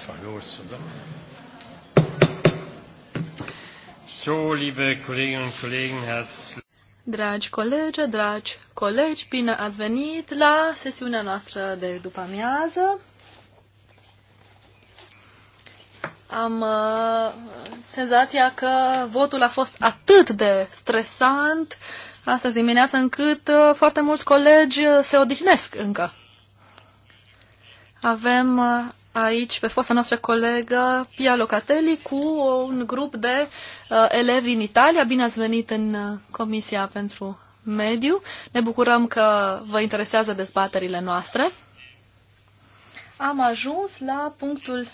Da. So, liebe Kolleginnen und Kollegen, herzlich Dragi colegi, dragi colegi, bine ați venit la sesiunea noastră de după amiază. Am uh, senzația că votul a fost atât de stresant astăzi dimineață încât uh, foarte mulți colegi uh, se odihnesc încă. Avem uh, aici pe fosta noastră colegă Pia Locatelli cu un grup de uh, elevi din Italia. Bine ați venit în uh, Comisia pentru Mediu. Ne bucurăm că vă interesează dezbaterile noastre. Am ajuns la punctul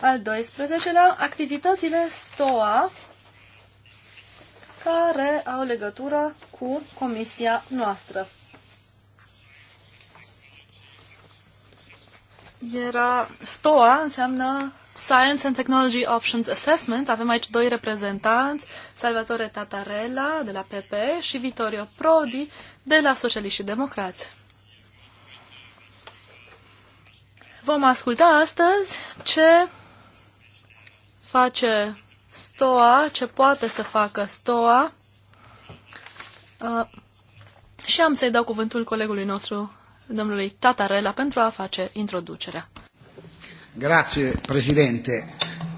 al 12-lea, activitățile STOA care au legătură cu comisia noastră. era STOA, înseamnă Science and Technology Options Assessment. Avem aici doi reprezentanți, Salvatore Tatarella de la PP și Vittorio Prodi de la Socialiști și Democrați. Vom asculta astăzi ce face STOA, ce poate să facă STOA. Uh, și am să-i dau cuvântul colegului nostru, domnului Tatarela pentru a face introducerea. Grazie, Presidente.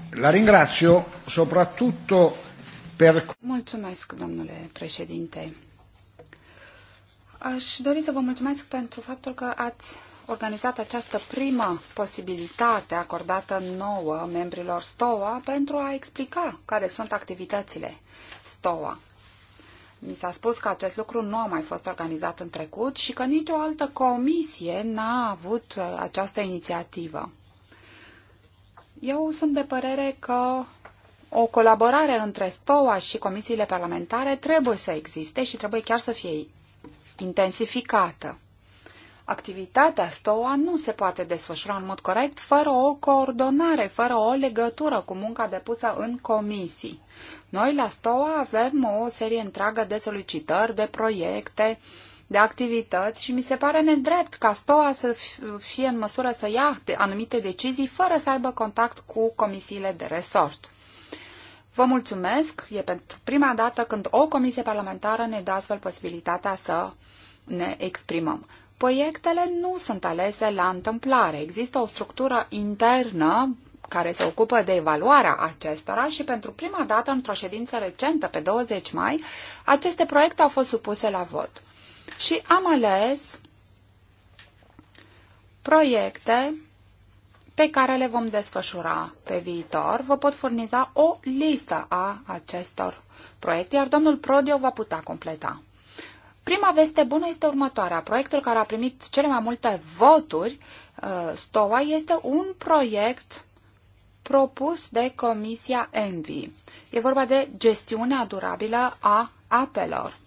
La ringrazio soprattutto per... Mulțumesc, domnule președinte. Aș dori să vă mulțumesc pentru faptul că ați organizat această primă posibilitate acordată nouă membrilor STOA pentru a explica care sunt activitățile STOA. Mi s-a spus că acest lucru nu a mai fost organizat în trecut și că nicio altă comisie n-a avut uh, această inițiativă. Eu sunt de părere că o colaborare între STOA și comisiile parlamentare trebuie să existe și trebuie chiar să fie intensificată. Activitatea STOA nu se poate desfășura în mod corect fără o coordonare, fără o legătură cu munca depusă în comisii. Noi la STOA avem o serie întreagă de solicitări, de proiecte, de activități și mi se pare nedrept ca STOA să fie în măsură să ia anumite decizii fără să aibă contact cu comisiile de resort. Vă mulțumesc, e pentru prima dată când o comisie parlamentară ne dă astfel posibilitatea să ne exprimăm. Proiectele nu sunt alese la întâmplare. Există o structură internă care se ocupă de evaluarea acestora și pentru prima dată într-o ședință recentă, pe 20 mai, aceste proiecte au fost supuse la vot. Și am ales proiecte pe care le vom desfășura pe viitor. Vă pot furniza o listă a acestor proiecte, iar domnul Prodio va putea completa. Prima veste bună este următoarea. Proiectul care a primit cele mai multe voturi, uh, STOA, este un proiect propus de Comisia Envi. E vorba de gestiunea durabilă a apelor.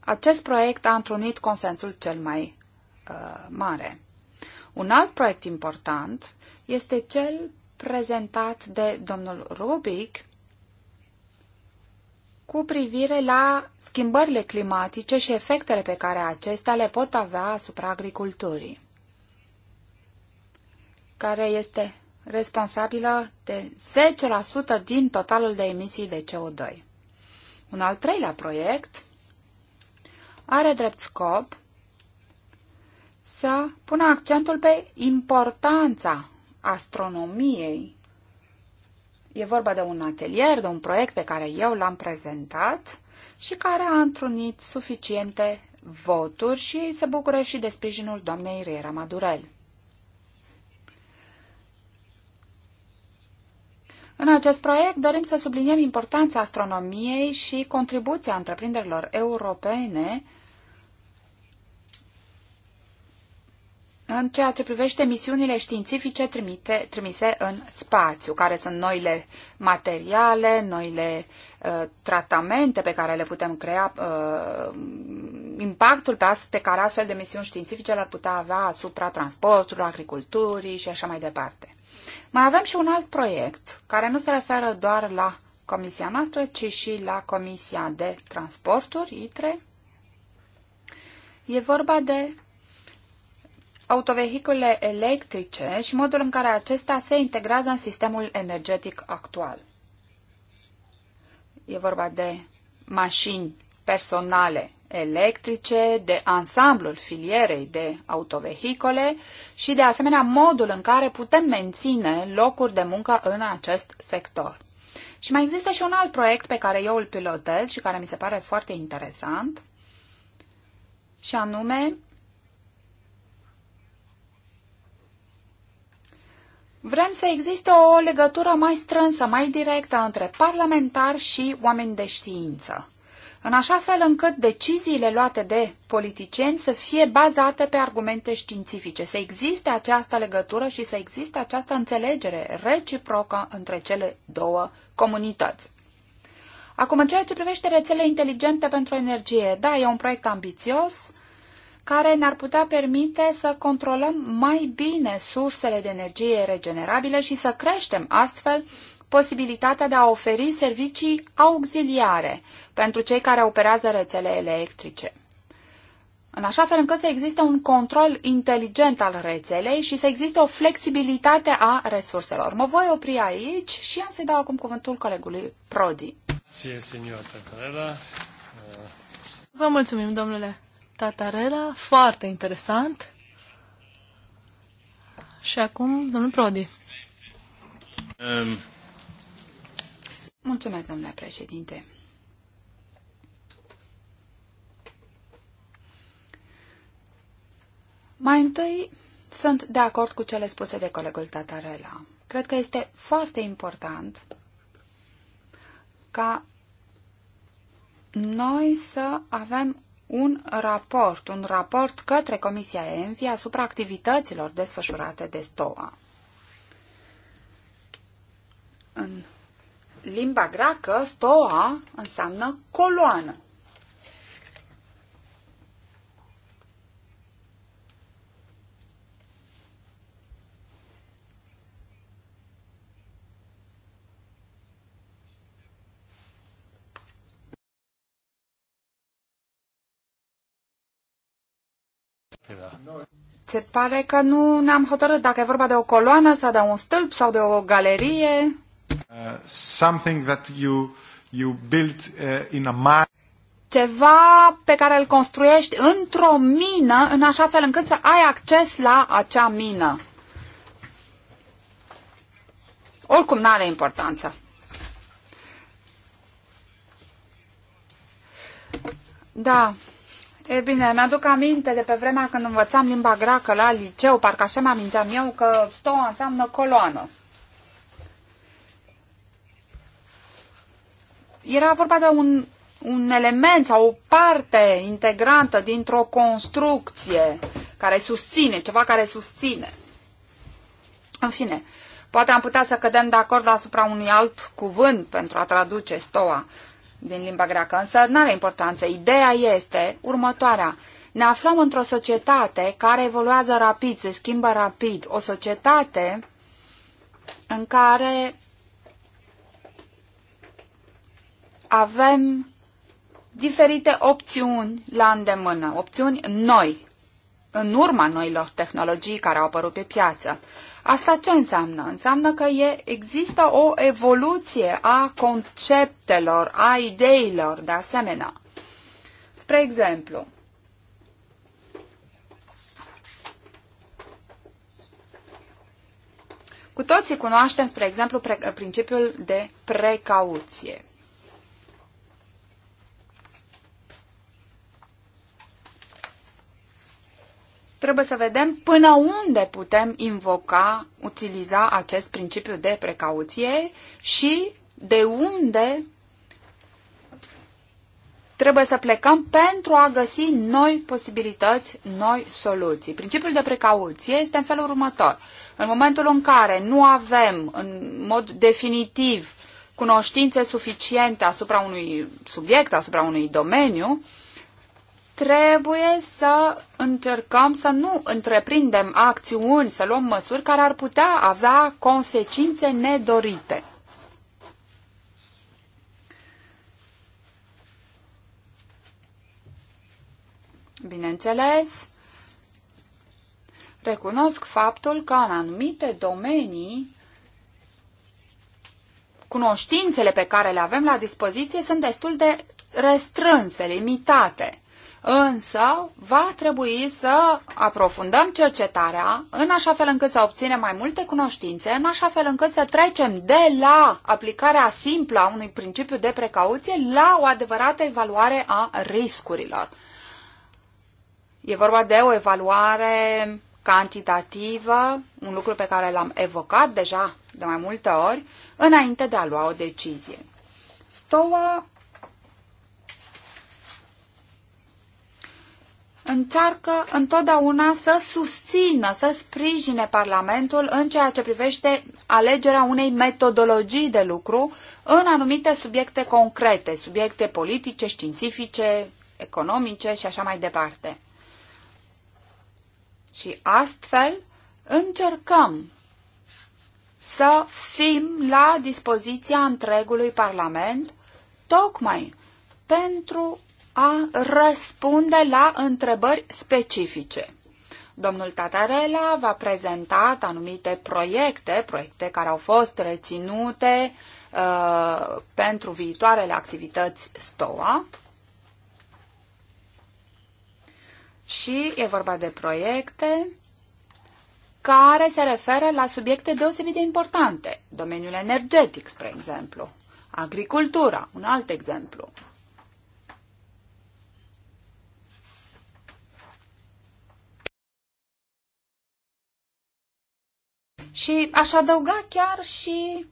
Acest proiect a întrunit consensul cel mai uh, mare. Un alt proiect important este cel prezentat de domnul Rubic cu privire la schimbările climatice și efectele pe care acestea le pot avea asupra agriculturii care este responsabilă de 10% din totalul de emisii de CO2. Un al treilea proiect are drept scop să pună accentul pe importanța astronomiei. E vorba de un atelier, de un proiect pe care eu l-am prezentat și care a întrunit suficiente voturi și se bucură și de sprijinul doamnei Riera Madurel. În acest proiect dorim să subliniem importanța astronomiei și contribuția întreprinderilor europene în ceea ce privește misiunile științifice trimite, trimise în spațiu, care sunt noile materiale, noile uh, tratamente pe care le putem crea, uh, impactul pe, pe care astfel de misiuni științifice le-ar putea avea asupra transportului, agriculturii și așa mai departe. Mai avem și un alt proiect care nu se referă doar la comisia noastră, ci și la Comisia de Transporturi, ITRE. E vorba de autovehiculele electrice și modul în care acestea se integrează în sistemul energetic actual. E vorba de mașini personale electrice, de ansamblul filierei de autovehicole și, de asemenea, modul în care putem menține locuri de muncă în acest sector. Și mai există și un alt proiect pe care eu îl pilotez și care mi se pare foarte interesant, și anume Vrem să existe o legătură mai strânsă, mai directă între parlamentari și oameni de știință, în așa fel încât deciziile luate de politicieni să fie bazate pe argumente științifice, să existe această legătură și să existe această înțelegere reciprocă între cele două comunități. Acum, în ceea ce privește rețele inteligente pentru energie, da, e un proiect ambițios, care ne-ar putea permite să controlăm mai bine sursele de energie regenerabile și să creștem astfel posibilitatea de a oferi servicii auxiliare pentru cei care operează rețele electrice. În așa fel încât să existe un control inteligent al rețelei și să existe o flexibilitate a resurselor. Mă voi opri aici și am să-i dau acum cuvântul colegului Prodi. Vă mulțumim, domnule Tatarela, foarte interesant. Și acum, domnul Prodi. Um. Mulțumesc, domnule președinte. Mai întâi, sunt de acord cu cele spuse de colegul Tatarela. Cred că este foarte important ca noi să avem un raport, un raport către Comisia ENVI asupra activităților desfășurate de STOA. În limba greacă, STOA înseamnă coloană. Se pare că nu ne-am hotărât dacă e vorba de o coloană sau de un stâlp sau de o galerie. Uh, something that you, you uh, in a mine. Ceva pe care îl construiești într-o mină, în așa fel încât să ai acces la acea mină. Oricum, nu are importanță. Da. E bine, mi-aduc aminte de pe vremea când învățam limba greacă la liceu, parcă așa mi-aminteam eu că stoa înseamnă coloană. Era vorba de un, un element sau o parte integrantă dintr-o construcție care susține, ceva care susține. În fine, poate am putea să cădem de acord asupra unui alt cuvânt pentru a traduce stoa, din limba greacă, însă nu are importanță. Ideea este următoarea. Ne aflăm într-o societate care evoluează rapid, se schimbă rapid. O societate în care avem diferite opțiuni la îndemână, opțiuni noi, în urma noilor tehnologii care au apărut pe piață. Asta ce înseamnă? Înseamnă că e, există o evoluție a conceptelor, a ideilor, de asemenea. Spre exemplu, cu toții cunoaștem, spre exemplu, principiul de precauție. trebuie să vedem până unde putem invoca, utiliza acest principiu de precauție și de unde trebuie să plecăm pentru a găsi noi posibilități, noi soluții. Principiul de precauție este în felul următor. În momentul în care nu avem în mod definitiv cunoștințe suficiente asupra unui subiect, asupra unui domeniu, uh, trebuie să încercăm să nu întreprindem acțiuni, să luăm măsuri care ar putea avea consecințe nedorite. Bineînțeles, recunosc faptul că în anumite domenii cunoștințele pe care le avem la dispoziție sunt destul de restrânse, limitate. Însă, va trebui să aprofundăm cercetarea în așa fel încât să obținem mai multe cunoștințe, în așa fel încât să trecem de la aplicarea simplă a unui principiu de precauție la o adevărată evaluare a riscurilor. E vorba de o evaluare cantitativă, un lucru pe care l-am evocat deja de mai multe ori, înainte de a lua o decizie. STOA încearcă întotdeauna să susțină, să sprijine Parlamentul în ceea ce privește alegerea unei metodologii de lucru în anumite subiecte concrete, subiecte politice, științifice, economice și așa mai departe. Și astfel încercăm să fim la dispoziția întregului Parlament tocmai pentru a răspunde la întrebări specifice. Domnul Tatarela va prezenta anumite proiecte, proiecte care au fost reținute uh, pentru viitoarele activități STOA. Și e vorba de proiecte care se referă la subiecte deosebit de importante. Domeniul energetic, spre exemplu, agricultura, un alt exemplu. Și aș adăuga chiar și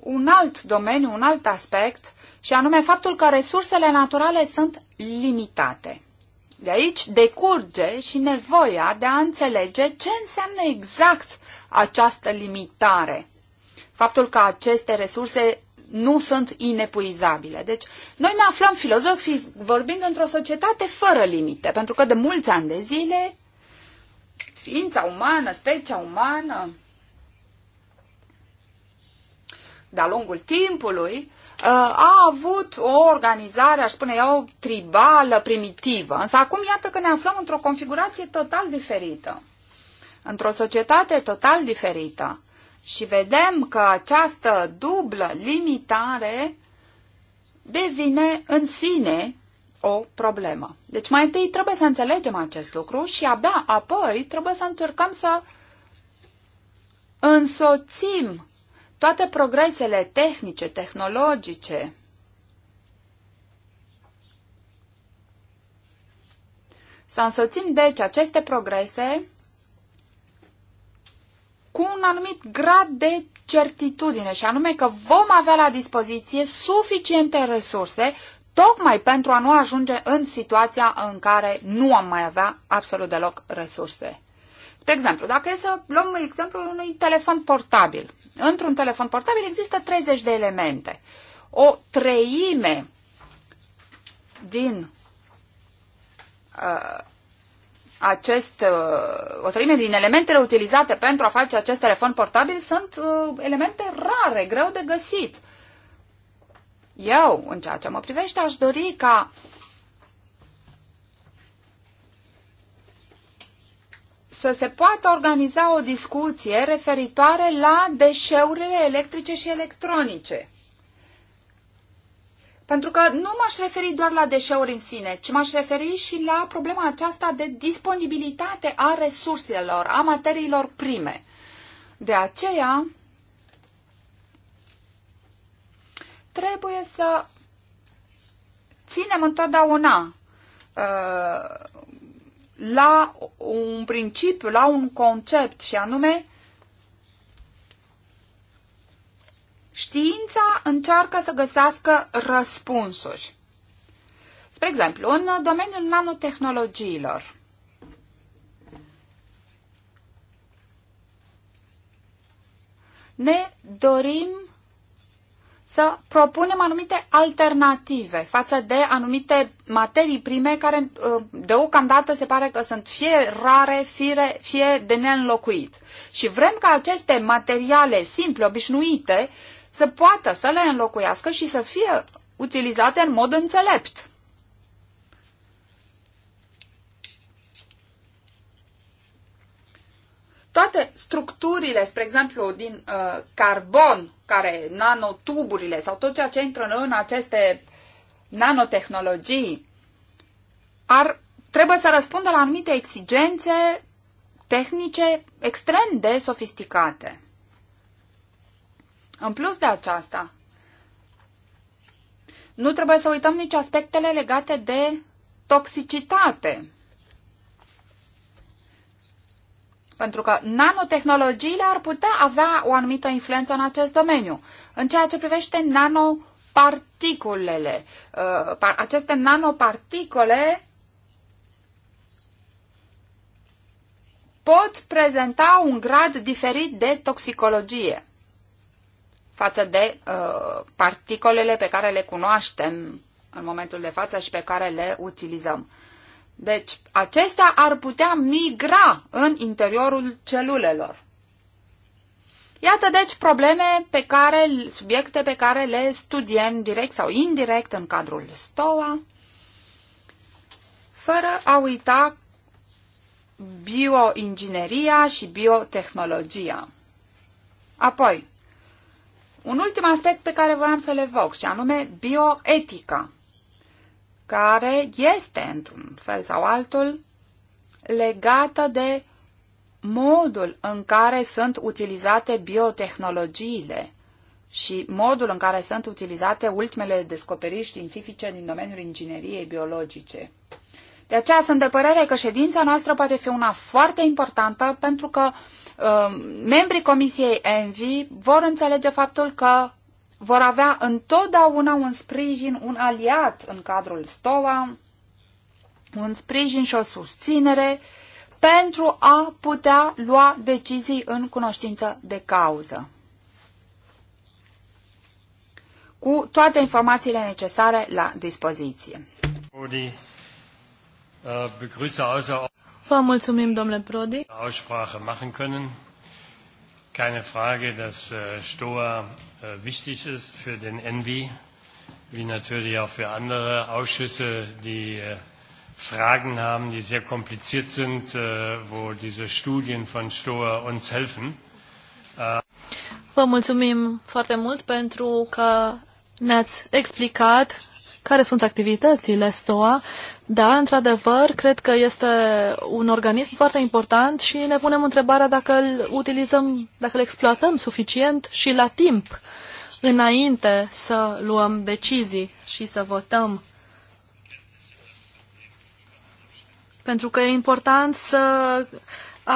un alt domeniu, un alt aspect, și anume faptul că resursele naturale sunt limitate. De aici decurge și nevoia de a înțelege ce înseamnă exact această limitare. Faptul că aceste resurse nu sunt inepuizabile. Deci, noi ne aflăm filozofii vorbind într-o societate fără limite, pentru că de mulți ani de zile, ființa umană, specia umană, de-a lungul timpului, uh, a avut o organizare, aș spune eu, tribală, primitivă. Însă acum iată că ne aflăm într-o configurație total diferită, într-o societate total diferită. Și vedem că această dublă limitare devine în sine o problemă. Deci mai întâi trebuie să înțelegem acest lucru și abia apoi trebuie să încercăm să însoțim toate progresele tehnice, tehnologice, Să însoțim, deci, aceste progrese cu un anumit grad de certitudine, și anume că vom avea la dispoziție suficiente resurse tocmai pentru a nu ajunge în situația în care nu am mai avea absolut deloc resurse. Spre exemplu, dacă e să luăm exemplul unui telefon portabil, într-un telefon portabil există 30 de elemente. O treime din uh, acest, uh, o treime din elementele utilizate pentru a face acest telefon portabil sunt uh, elemente rare, greu de găsit. Eu, în ceea ce mă privește, aș dori ca uh, să se poată organiza o discuție referitoare la deșeurile electrice și electronice. Pentru că nu m-aș referi doar la deșeuri în sine, ci m-aș referi și la problema aceasta de disponibilitate a resurselor, a materiilor prime. De aceea, trebuie să ținem întotdeauna uh, la un principiu, la un concept și anume știința încearcă să găsească răspunsuri. Spre exemplu, în domeniul nanotehnologiilor, ne dorim să propunem anumite alternative față de anumite materii prime care uh, deocamdată se pare că sunt fie rare, fie, fie de neînlocuit. Și vrem ca aceste materiale simple, obișnuite, să poată să le înlocuiască și să fie utilizate în mod înțelept. toate structurile, spre exemplu, din uh, carbon, care nanotuburile sau tot ceea ce intră în, aceste nanotehnologii, ar, trebuie să răspundă la anumite exigențe tehnice extrem de sofisticate. În plus de aceasta, nu trebuie să uităm nici aspectele legate de toxicitate. pentru că nanotehnologiile ar putea avea o anumită influență în acest domeniu. În ceea ce privește nanoparticulele, uh, aceste nanoparticule pot prezenta un grad diferit de toxicologie față de particulele uh, particolele pe care le cunoaștem în momentul de față și pe care le utilizăm. Deci, acestea ar putea migra în interiorul celulelor. Iată deci probleme pe care, subiecte pe care le studiem direct sau indirect în cadrul STOA, fără a uita bioingineria și biotehnologia. Apoi, un ultim aspect pe care vreau să le evoc, și anume bioetica care este, într-un fel sau altul, legată de modul în care sunt utilizate biotehnologiile și modul în care sunt utilizate ultimele descoperiri științifice din domeniul ingineriei biologice. De aceea sunt de părere că ședința noastră poate fi una foarte importantă pentru că uh, membrii Comisiei ENVI vor înțelege faptul că vor avea întotdeauna un sprijin, un aliat în cadrul STOA, un sprijin și o susținere pentru a putea lua decizii în cunoștință de cauză cu toate informațiile necesare la dispoziție. Uh, Vă mulțumim, domnule Prodi keine Frage, dass äh, Stoa äh, wichtig ist für den Envi, wie natürlich auch für andere Ausschüsse, die äh, Fragen haben, die sehr kompliziert sind, wo diese Studien von Stoa uns helfen. Vă mulțumim foarte mult pentru că ne-ați explicat care sunt activitățile STOA. Da, într-adevăr, cred că este un organism foarte important și ne punem întrebarea dacă îl utilizăm, dacă îl exploatăm suficient și la timp înainte să luăm decizii și să votăm. Pentru că e important să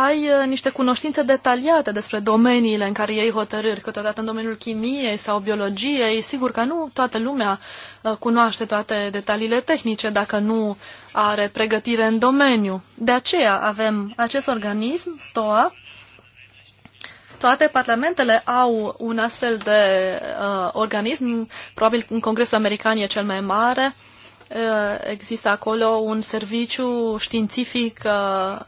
ai uh, niște cunoștințe detaliate despre domeniile în care iei hotărâri, câteodată în domeniul chimiei sau biologiei. Sigur că nu toată lumea uh, cunoaște toate detaliile tehnice dacă nu are pregătire în domeniu. De aceea avem acest organism, STOA, toate parlamentele au un astfel de uh, organism, probabil în Congresul American e cel mai mare, uh, Eh, există acolo un serviciu științific eh,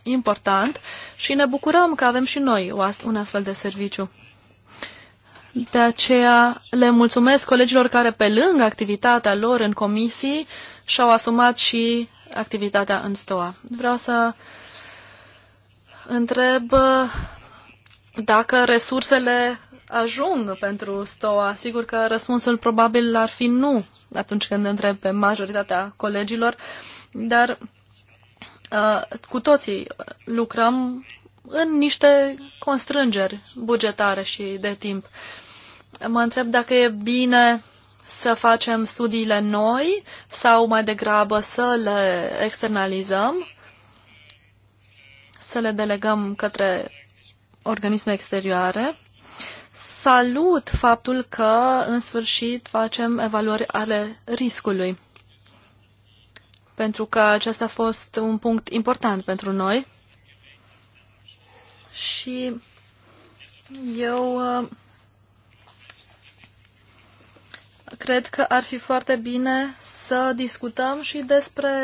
important și ne bucurăm că avem și noi un astfel de serviciu. De aceea le mulțumesc colegilor care, pe lângă activitatea lor în comisii, și-au asumat și activitatea în STOA. Vreau să întreb eh, dacă resursele ajung pentru STOA. Sigur că răspunsul probabil ar fi nu, atunci când întreb pe majoritatea colegilor, dar uh, cu toții lucrăm în niște constrângeri bugetare și de timp. Mă întreb dacă e bine să facem studiile noi sau mai degrabă să le externalizăm, să le delegăm către organisme exterioare salut faptul că, în sfârșit, facem evaluări ale riscului. Pentru că acesta a fost un punct important pentru noi. Și eu uh, cred că ar fi foarte bine să discutăm și despre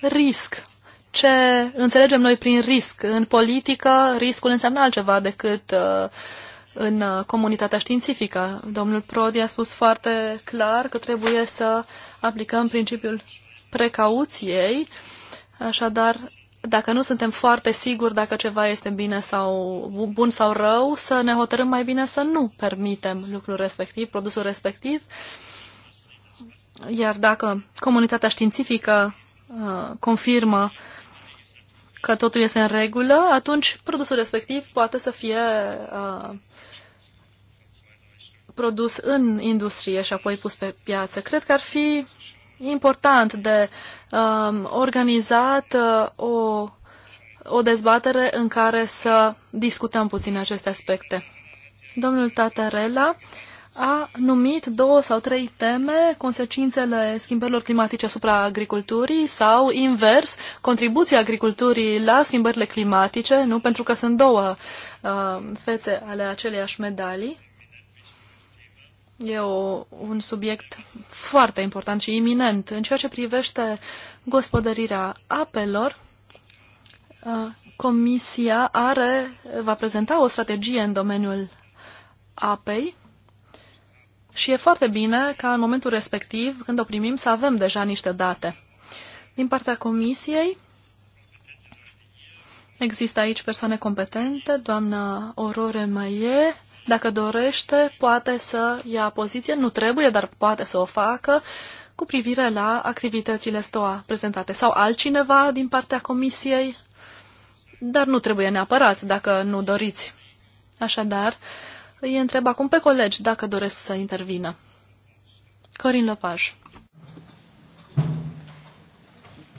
risc. Ce înțelegem noi prin risc? În politică, riscul înseamnă altceva decât uh, în uh, comunitatea științifică. Domnul Prodi a spus foarte clar că trebuie să aplicăm principiul precauției, așadar dacă nu suntem foarte siguri dacă ceva este bine sau bun sau rău, să ne hotărâm mai bine să nu permitem lucrul respectiv, produsul respectiv. Iar dacă comunitatea științifică uh, confirmă uh, că totul este în regulă, atunci produsul respectiv poate să fie uh, produs în industrie și apoi pus pe piață. Cred că ar fi important de uh, organizat uh, o, o dezbatere în care să discutăm puțin aceste aspecte. Domnul uh, a numit două sau trei teme, consecințele schimbărilor climatice asupra agriculturii sau, invers, contribuția agriculturii la schimbările climatice, nu pentru că sunt două uh, fețe ale aceleiași medalii. E o, un subiect foarte important și iminent. În ceea ce privește gospodărirea apelor, uh, Comisia are, va prezenta o strategie în domeniul apei și e foarte bine ca în momentul respectiv, când o primim, să avem deja niște date. Din partea comisiei, există aici persoane competente, doamna Orore Maie, dacă dorește, poate să ia poziție, nu trebuie, dar poate să o facă, cu privire la activitățile STOA prezentate. Sau altcineva din partea comisiei, dar nu trebuie neapărat, dacă nu doriți. Așadar, îi întreb acum pe colegi dacă doresc să intervină. Corin Lopaj.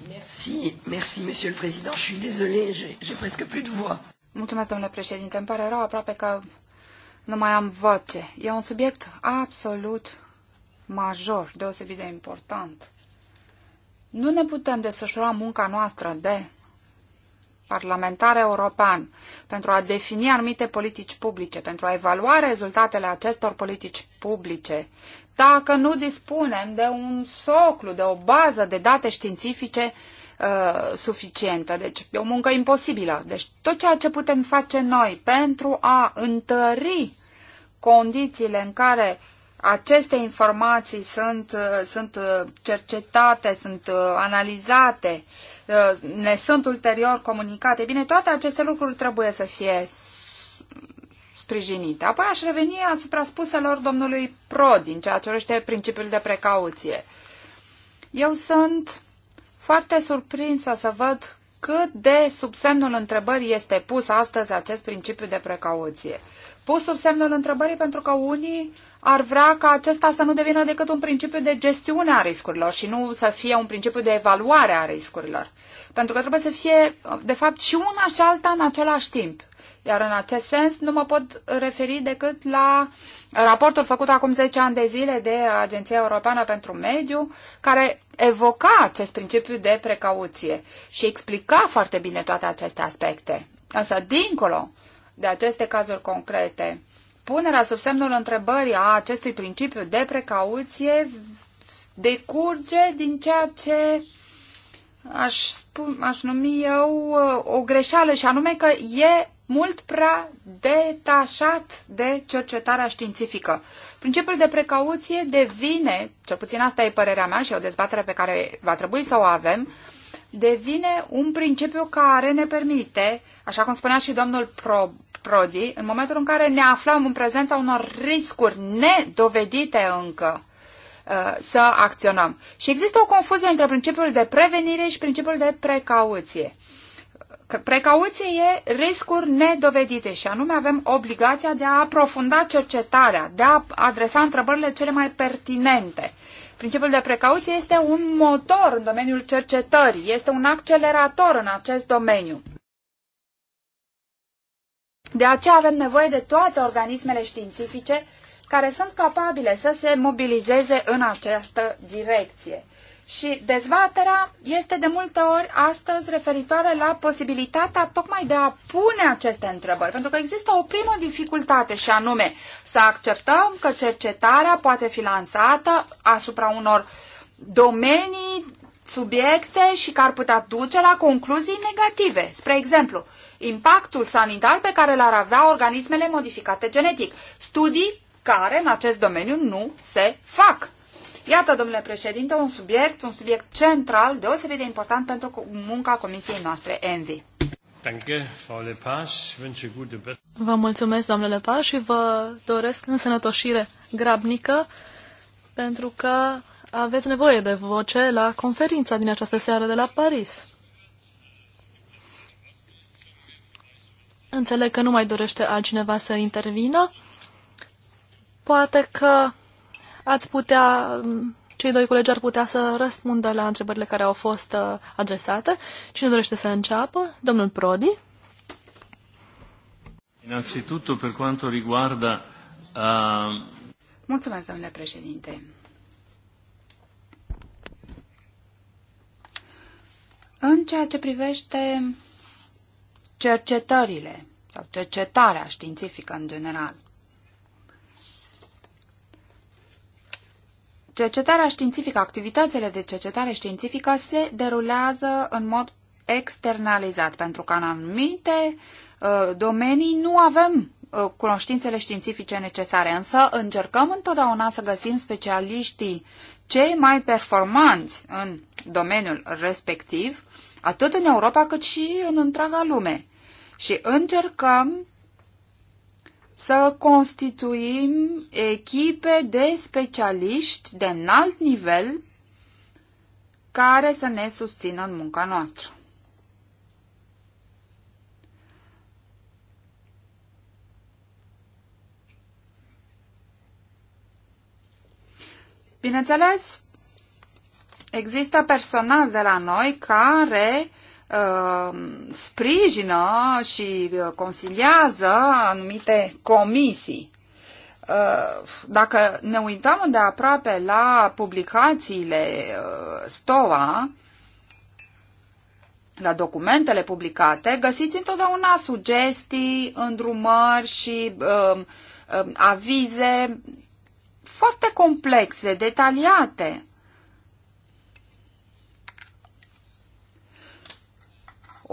Merci, merci, monsieur le président. Je suis désolé, j'ai presque plus de voix. Mulțumesc, domnule președinte. Îmi pare rău aproape că nu mai am voce. E un subiect absolut major, deosebit de important. Nu ne putem desfășura munca noastră de parlamentar european pentru a defini anumite politici publice, pentru a evalua rezultatele acestor politici publice, dacă nu dispunem de un soclu, de o bază de date științifice uh, suficientă. Deci e o muncă imposibilă. Deci tot ceea ce putem face noi pentru a întări condițiile în care aceste informații sunt, uh, sunt uh, cercetate, sunt uh, analizate, ne sunt ulterior comunicate. Bine, toate aceste lucruri trebuie să fie sprijinite. Apoi aș reveni asupra spuselor domnului Prodi, din ceea ce urește principiul de precauție. Eu sunt foarte surprinsă să văd cât de sub semnul întrebării este pus astăzi acest principiu de precauție. Pus sub semnul întrebării pentru că unii ar vrea ca acesta să nu devină decât un principiu de gestiune a riscurilor și nu să fie un principiu de evaluare a riscurilor. Pentru că trebuie să fie, de fapt, și una și alta în același timp. Iar în acest sens nu mă pot referi decât la raportul făcut acum 10 ani de zile de Agenția Europeană pentru Mediu, care evoca acest principiu de precauție și explica foarte bine toate aceste aspecte. Însă, dincolo de aceste cazuri concrete, punerea sub semnul întrebării a acestui principiu de precauție decurge din ceea ce aș, spun, aș numi eu uh, o greșeală și anume că e mult prea detașat de cercetarea științifică. Principiul de precauție devine, cel puțin asta e părerea mea și e o dezbatere pe care va trebui să o avem, devine un principiu care ne permite, așa cum spunea și domnul Pro, Prodi, în momentul în care ne aflăm în prezența unor riscuri nedovedite încă uh, să acționăm. Și există o confuzie între principiul de prevenire și principiul de precauție. Precauție e riscuri nedovedite și anume avem obligația de a aprofunda cercetarea, de a adresa întrebările cele mai pertinente. Principiul de precauție este un motor în domeniul cercetării, este un accelerator în acest domeniu. De aceea avem nevoie de toate organismele științifice care sunt capabile să se mobilizeze în această direcție. Și dezbaterea este de multe ori astăzi referitoare la posibilitatea tocmai de a pune aceste întrebări, pentru că există o primă dificultate și anume să acceptăm că cercetarea poate fi lansată asupra unor domenii, subiecte și că ar putea duce la concluzii negative. Spre exemplu, impactul sanitar pe care l-ar avea organismele modificate genetic. Studii care în acest domeniu nu se fac. Iată, domnule președinte, un subiect, un subiect central, deosebit de important pentru munca comisiei noastre ENVI. Vă mulțumesc, domnule Paș, și vă doresc însănătoșire grabnică, pentru că aveți nevoie de voce la conferința din această seară de la Paris. Înțeleg că nu mai dorește altcineva să intervină. Poate că ați putea, cei doi colegi ar putea să răspundă la întrebările care au fost uh, adresate. Cine dorește să înceapă? Domnul Prodi. Innanzitutto per quanto riguarda uh... Mulțumesc, domnule președinte. În ceea ce privește cercetările sau cercetarea științifică în general. Cercetarea științifică, activitățile de cercetare științifică se derulează în mod externalizat, pentru că în anumite uh, domenii nu avem uh, cunoștințele științifice necesare, însă încercăm întotdeauna să găsim specialiștii cei mai performanți în domeniul respectiv, atât în Europa cât și în întreaga lume și încercăm să constituim echipe de specialiști de înalt nivel care să ne susțină în munca noastră. Bineînțeles, există personal de la noi care Uh, sprijină și uh, consiliază anumite comisii. Uh, dacă ne uităm de aproape la publicațiile STOA, la documentele publicate, găsiți întotdeauna sugestii, îndrumări și avize foarte complexe, detaliate,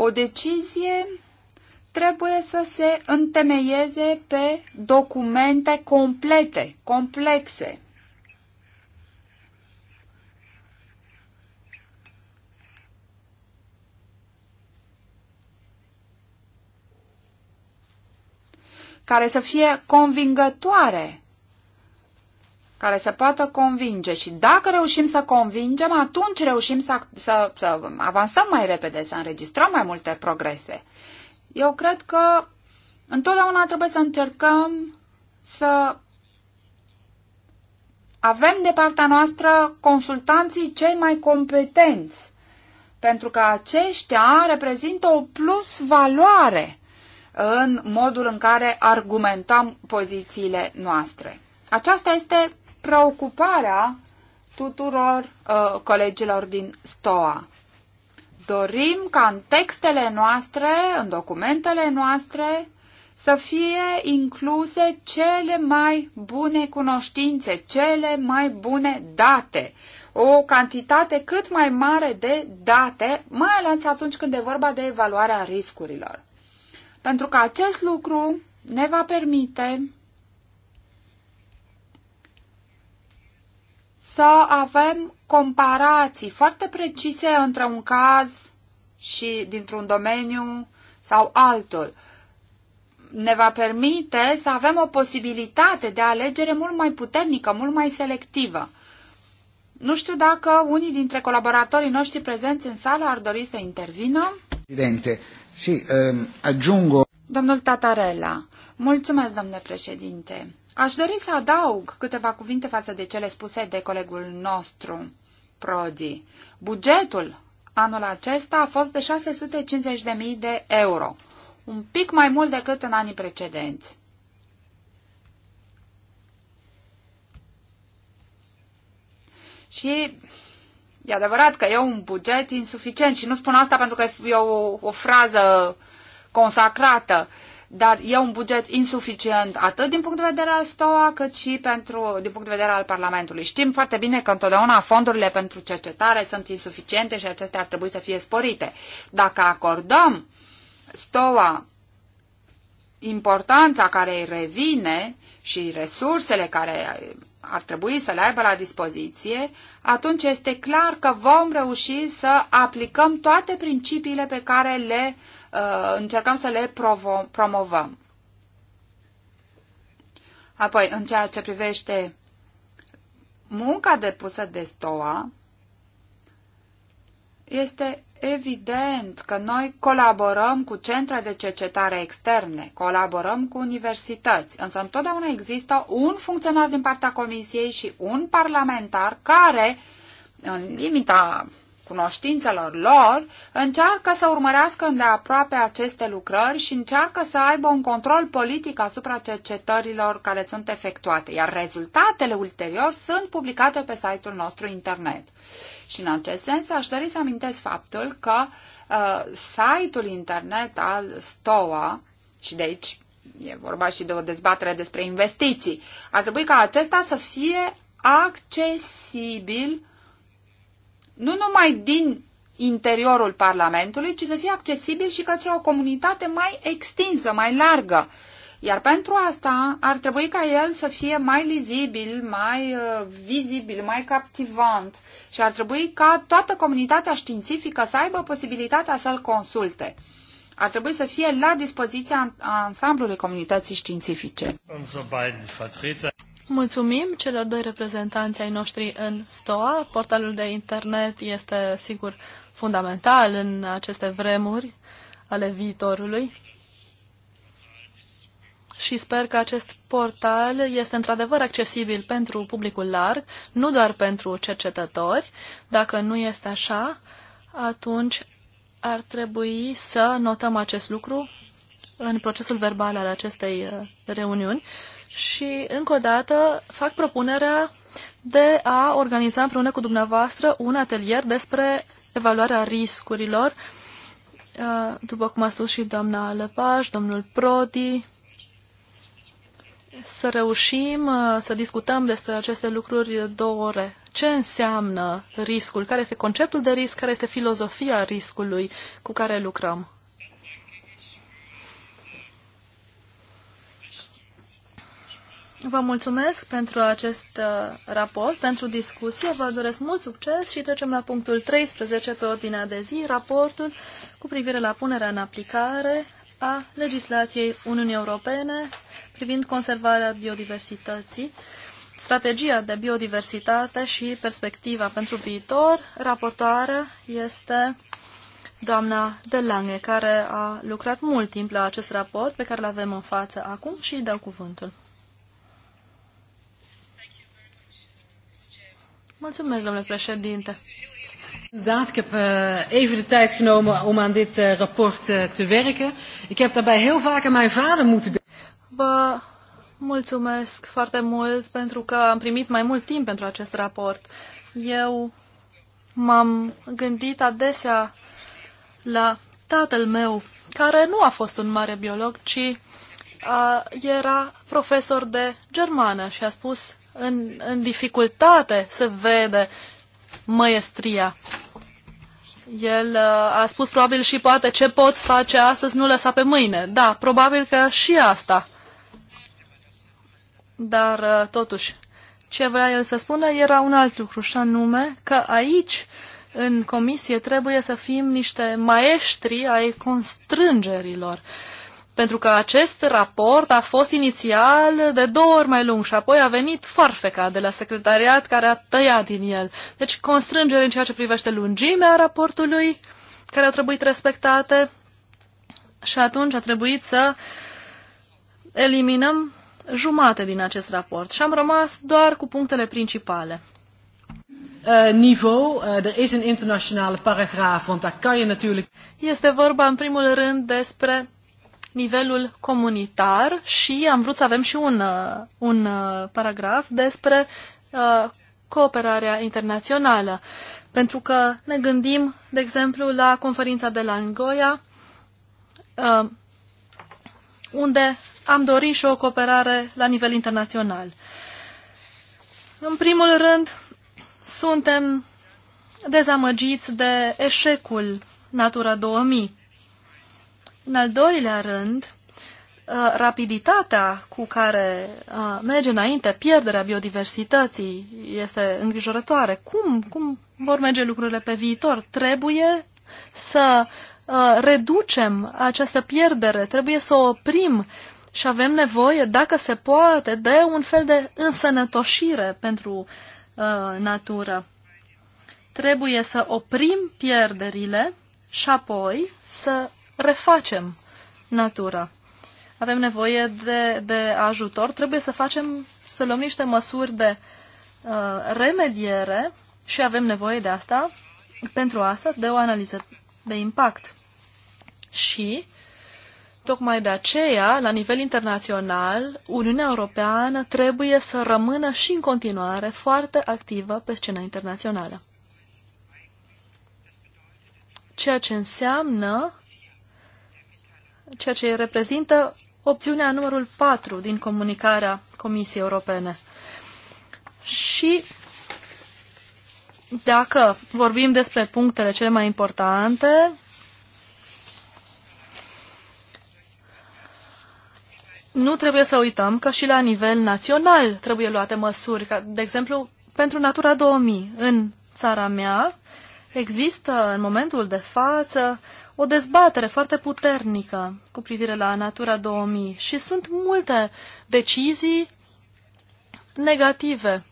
O decizie trebuie să se întemeieze pe documente complete, complexe. care să fie convingătoare care să poată convinge și dacă reușim să convingem, atunci reușim să, să, să avansăm mai repede, să înregistrăm mai multe progrese. Eu cred că întotdeauna trebuie să încercăm să avem de partea noastră consultanții cei mai competenți, pentru că aceștia reprezintă o plus valoare în modul în care argumentăm pozițiile noastre. Aceasta este preocuparea tuturor uh, colegilor din STOA. Dorim ca în textele noastre, în documentele noastre, să fie incluse cele mai bune cunoștințe, cele mai bune date, o cantitate cât mai mare de date, mai ales atunci când e vorba de evaluarea riscurilor. Pentru că acest lucru ne va permite să avem comparații foarte precise între un caz și dintr-un domeniu sau altul. Ne va permite să avem o posibilitate de alegere mult mai puternică, mult mai selectivă. Nu știu dacă unii dintre colaboratorii noștri prezenți în sală ar dori să intervină. Presidente, sì, si, um, ehm, aggiungo... Domnul Tatarella, mulțumesc, domnule președinte. Aș dori să adaug câteva cuvinte față de cele spuse de colegul nostru, Prodi. Bugetul anul acesta a fost de 650.000 de euro, un pic mai mult decât în anii precedenți. Și e adevărat că e un buget insuficient și nu spun asta pentru că e o, o frază consacrată, uh, dar e un buget insuficient atât din punct de vedere al STOA, cât și pentru, din punct de vedere al Parlamentului. Știm foarte bine că întotdeauna fondurile pentru cercetare sunt insuficiente și acestea ar trebui să fie sporite. Dacă acordăm STOA importanța care îi revine și resursele care ar trebui să le aibă la dispoziție, atunci este clar că vom reuși să aplicăm toate principiile pe care le uh, Uh, încercăm să le promovăm. Apoi, în ceea ce privește munca depusă de STOA, este evident că noi colaborăm cu centre de cercetare externe, colaborăm cu universități, însă întotdeauna există un funcționar din partea Comisiei și un parlamentar care, în limita cunoștințelor lor, încearcă să urmărească îndeaproape aceste lucrări și încearcă să aibă un control politic asupra cercetărilor care sunt efectuate, iar rezultatele ulterior sunt publicate pe site-ul nostru internet. Și în acest sens aș dori să amintesc faptul că uh, site-ul internet al STOA, și de aici e vorba și de o dezbatere despre investiții, ar trebui ca acesta să fie accesibil nu numai din interiorul Parlamentului, ci să fie accesibil și către o comunitate mai extinsă, mai largă. Iar pentru asta ar trebui ca el să fie mai lizibil, mai uh, vizibil, mai captivant și ar trebui ca toată comunitatea științifică să aibă posibilitatea să-l consulte. Ar trebui să fie la dispoziția ansamblului comunității științifice. Mulțumim celor doi reprezentanți ai noștri în STOA. Portalul de internet este, sigur, fundamental în aceste vremuri ale viitorului. Și sper că acest portal este într-adevăr accesibil pentru publicul larg, nu doar pentru cercetători. Dacă nu este așa, atunci ar trebui să notăm acest lucru în procesul verbal al acestei uh, reuniuni și, încă o dată, fac propunerea de a organiza împreună cu dumneavoastră un atelier despre evaluarea riscurilor, uh, după cum a spus și doamna Lepaj, domnul Prodi, să reușim uh, să discutăm despre aceste lucruri două ore. Ce înseamnă riscul? Care este conceptul de risc? Care este filozofia riscului cu care lucrăm? Vă mulțumesc pentru acest uh, raport, pentru discuție, vă doresc mult succes și trecem la punctul 13 pe ordinea de zi, raportul cu privire la punerea în aplicare a legislației Uniunii Europene privind conservarea biodiversității, strategia de biodiversitate și perspectiva pentru viitor. Raportoarea este doamna Delange, care a lucrat mult timp la acest raport pe care îl avem în față acum și îi dau cuvântul. Mulțumesc, domnule președinte. Inderdaad, ik heb uh, even de tijd genomen om aan dit uh, rapport uh, te werken. Ik heb daarbij heel vaak aan mijn vader moeten denken. Vă mulțumesc foarte mult pentru că am primit mai mult timp pentru acest raport. Eu m-am gândit adesea la tatăl meu, care nu a fost un mare biolog, ci a, era profesor de germană și a spus în, în dificultate se vede măestria. El uh, a spus probabil și poate ce poți face astăzi, nu lăsa pe mâine. Da, probabil că și asta. Dar uh, totuși, ce vrea el să spună era un alt lucru, și anume că aici, în comisie, trebuie să fim niște maestri ai constrângerilor. Uh, pentru că acest raport a fost inițial de două ori mai lung și apoi a venit farfeca de la secretariat care a tăiat din el. Deci constrângere în ceea ce privește lungimea raportului care au trebuit respectate și atunci a trebuit să eliminăm jumate din acest raport și am rămas doar cu punctele principale. Eh, niveau. Eh, er is een internationale paragraaf, want daar kan je natuurlijk. Este vorba în primul rând despre nivelul comunitar și am vrut să avem și un, uh, un uh, paragraf despre uh, cooperarea internațională. Pentru că ne gândim, de exemplu, la conferința de la Angoia, uh, unde am dorit și o cooperare la nivel internațional. În primul rând, suntem dezamăgiți de eșecul Natura 2000. În al doilea rând, uh, rapiditatea cu care uh, merge înainte pierderea biodiversității este îngrijorătoare. Cum, cum vor merge lucrurile pe viitor? Trebuie să uh, reducem această pierdere, trebuie să o oprim și avem nevoie, dacă se poate, de un fel de însănătoșire pentru natură. Trebuie să oprim pierderile și apoi să refacem natura. Avem nevoie de, de ajutor, trebuie să facem, să luăm niște măsuri de uh, remediere și avem nevoie de asta, pentru asta, de o analiză de impact. Și Tocmai de aceea, la nivel internațional, Uniunea Europeană trebuie să rămână și în continuare foarte activă pe scena internațională. Ceea ce înseamnă ceea ce reprezintă opțiunea numărul 4 din comunicarea Comisiei Europene. Și dacă vorbim despre punctele cele mai importante, nu trebuie să uităm că și la nivel național trebuie luate măsuri. Ca, de exemplu, pentru Natura 2000 în țara mea există în momentul de față o dezbatere foarte puternică cu privire la Natura 2000 și sunt multe decizii negative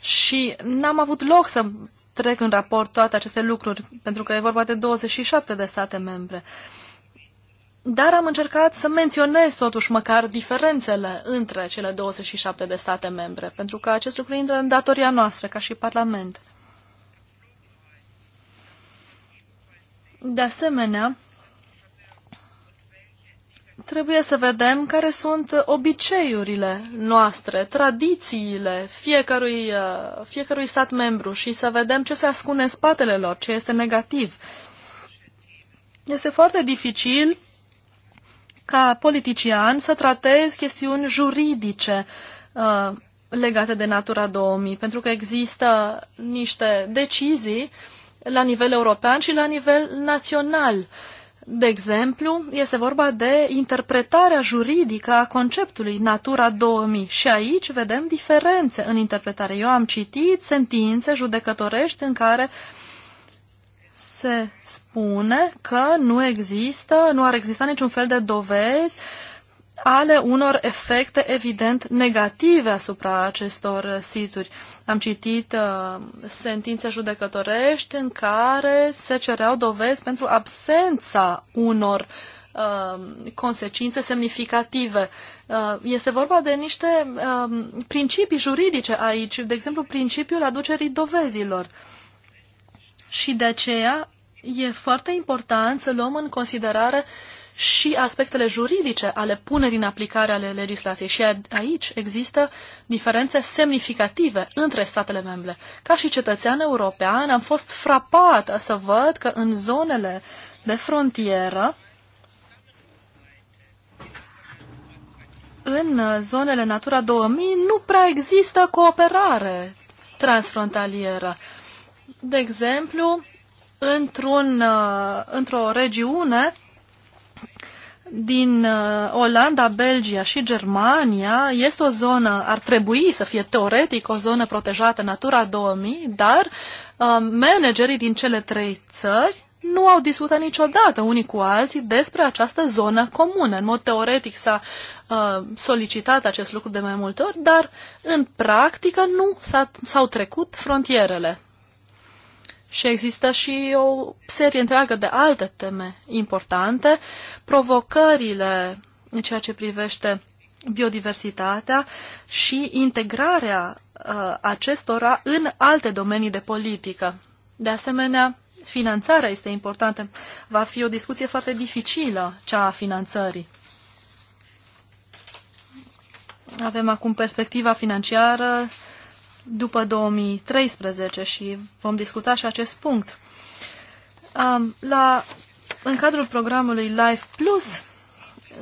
și n-am avut loc să trec în raport toate aceste lucruri, pentru că e vorba de 27 de state membre. Dar am încercat să menționez totuși măcar diferențele între cele 27 de state membre, pentru că acest lucru intră în datoria noastră ca și Parlament. De asemenea, trebuie să vedem care sunt obiceiurile noastre, tradițiile fiecărui, uh, fiecărui stat membru și să vedem ce se ascunde în spatele lor, ce este negativ. Este foarte dificil ca politician să tratezi chestiuni juridice uh, legate de Natura 2000, pentru că există niște decizii uh, la nivel european și la nivel național. De exemplu, este vorba de interpretarea juridică a conceptului Natura 2000 și aici vedem diferențe în interpretare. Eu am citit sentințe judecătorești în care se spune că nu există, nu ar exista niciun fel de dovezi uh, ale unor efecte evident negative asupra acestor situri. Am citit uh, sentințe judecătorești în care se cereau dovezi pentru absența unor uh, consecințe semnificative. Uh, este vorba de niște uh, principii juridice aici, de exemplu principiul aducerii dovezilor. Și de aceea e foarte important să luăm în considerare uh, și aspectele juridice ale punerii în aplicare ale legislației. Și aici există diferențe semnificative între statele membre. Ca și cetățean european am fost frapată să văd că în zonele de frontieră, în zonele Natura 2000, nu prea există cooperare transfrontalieră. De exemplu, într-un, uh, într-o regiune din uh, Olanda, Belgia și Germania este o zonă, ar trebui să fie teoretic o zonă protejată Natura 2000, dar uh, managerii din cele trei țări nu au discutat niciodată unii cu alții despre această zonă comună. În mod teoretic s-a uh, solicitat acest lucru de mai multe ori, dar în practică nu s-au trecut frontierele. Și există și o serie întreagă de alte teme importante, provocările în ceea ce privește biodiversitatea și integrarea uh, acestora în alte domenii de politică. De asemenea, finanțarea este importantă. Va fi o discuție foarte dificilă, cea a finanțării. Avem acum perspectiva financiară după 2013 și vom discuta și acest punct. Um, la, în cadrul programului Life Plus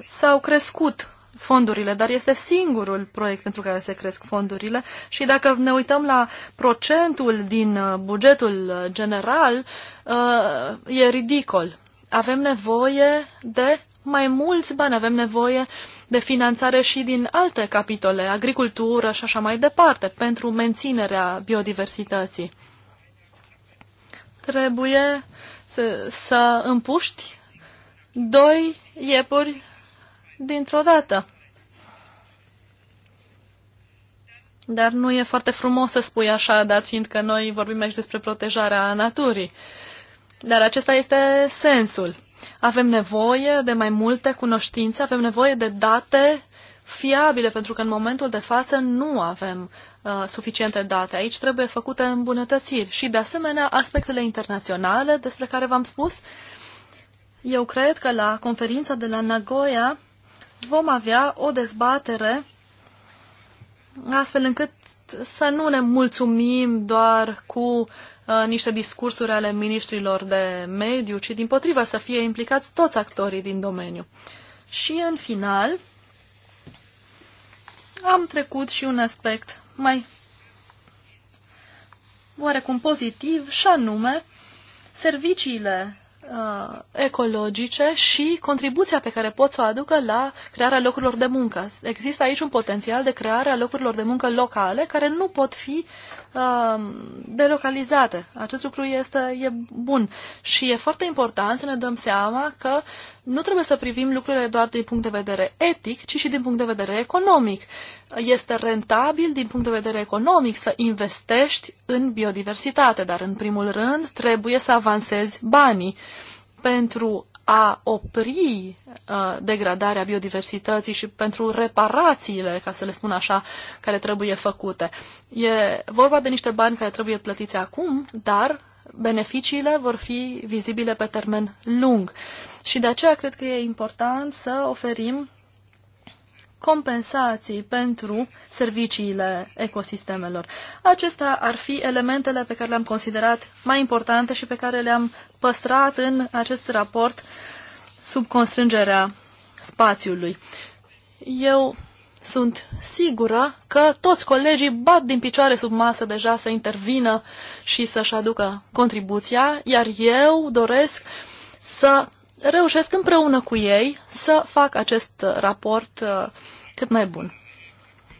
s-au crescut fondurile, dar este singurul proiect pentru care se cresc fondurile și dacă ne uităm la procentul din uh, bugetul general, uh, e ridicol. Avem nevoie de mai mulți bani, avem nevoie de finanțare și din alte capitole, agricultură și așa mai departe, pentru menținerea biodiversității. Trebuie să, să împuști doi iepuri dintr-o dată. Dar nu e foarte frumos să spui așa, dat fiindcă noi vorbim aici despre protejarea naturii. Dar acesta este sensul. Avem nevoie de mai multe cunoștințe, avem nevoie de date fiabile, pentru că în momentul de față nu avem uh, suficiente date. Aici trebuie făcute îmbunătățiri și, de asemenea, aspectele internaționale despre care v-am spus. Eu cred că la conferința de la Nagoya vom avea o dezbatere astfel încât să nu ne mulțumim doar cu uh, niște discursuri ale ministrilor de mediu, ci din potriva să fie implicați toți actorii din domeniu. Și în final am trecut și un aspect mai oarecum pozitiv și anume serviciile uh, ecologice și contribuția pe care pot să o aducă la crearea locurilor de muncă. Există aici un potențial de creare a locurilor de muncă locale care nu pot fi uh, delocalizate. Acest lucru este e bun și e foarte important să ne dăm seama că nu trebuie să privim lucrurile doar din punct de vedere etic, ci și din punct de vedere economic. Este rentabil din punct de vedere economic să investești în biodiversitate, dar în primul rând trebuie să avansezi banii pentru a opri uh, degradarea biodiversității și pentru reparațiile, ca să le spun așa, care trebuie făcute. E vorba de niște bani care trebuie plătiți acum, dar beneficiile vor fi vizibile pe termen lung. Uh, și de aceea cred că e important să oferim compensații pentru serviciile ecosistemelor. Acestea ar fi elementele pe care le-am considerat mai importante și pe care le-am păstrat în acest raport sub constrângerea spațiului. Eu sunt sigură că toți colegii bat din picioare sub masă deja să intervină și să-și aducă contribuția, iar eu doresc să reușesc împreună cu ei să fac acest raport uh, cât mai bun.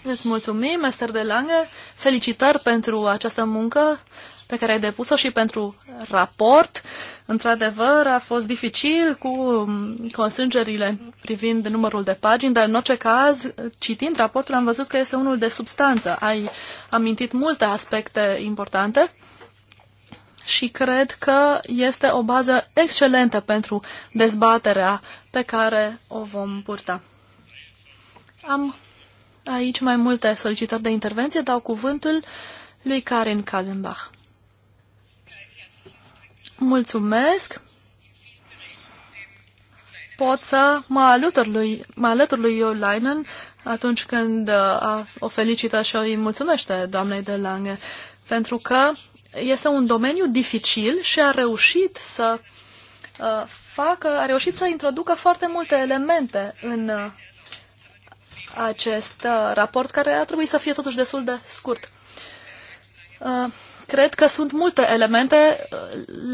Îți mulțumim, Esther de Lange, felicitări pentru această muncă pe care ai depus-o și pentru raport. Într-adevăr, a fost dificil cu um, constrângerile privind numărul de pagini, dar în orice caz, citind raportul, am văzut că este unul de substanță. Ai amintit multe aspecte importante și cred că este o bază excelentă pentru dezbaterea pe care o vom purta. Am aici mai multe solicitări de intervenție. Dau cuvântul lui Karin Kallenbach. Mulțumesc! Pot să mă alătur lui, mă alătur lui Leinen atunci când uh, a, o felicită și o îi mulțumește doamnei de Lange, pentru că este un domeniu dificil și a reușit să uh, facă, a reușit să introducă foarte multe elemente în uh, acest uh, raport, care a trebuit să fie totuși destul de scurt. cred că sunt multe elemente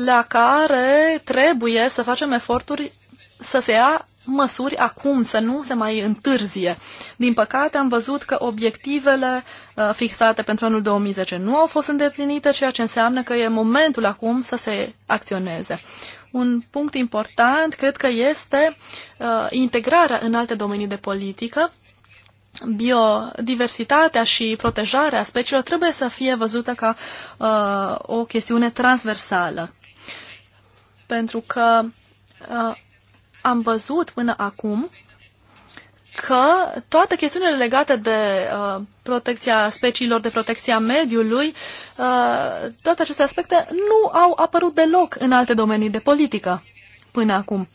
la care trebuie să facem eforturi să se ia măsuri acum, să nu se mai întârzie. Din păcate, am văzut că obiectivele uh, fixate pentru anul 2010 nu au fost îndeplinite, ceea ce înseamnă că e momentul acum să se acționeze. Un punct important, cred că, este uh, integrarea în alte domenii de politică, biodiversitatea și protejarea speciilor trebuie să fie văzută ca uh, o chestiune transversală. Pentru că uh, am văzut până acum că toate chestiunile legate de uh, protecția speciilor, de protecția mediului, uh, toate aceste aspecte nu au apărut deloc în alte domenii de politică până acum.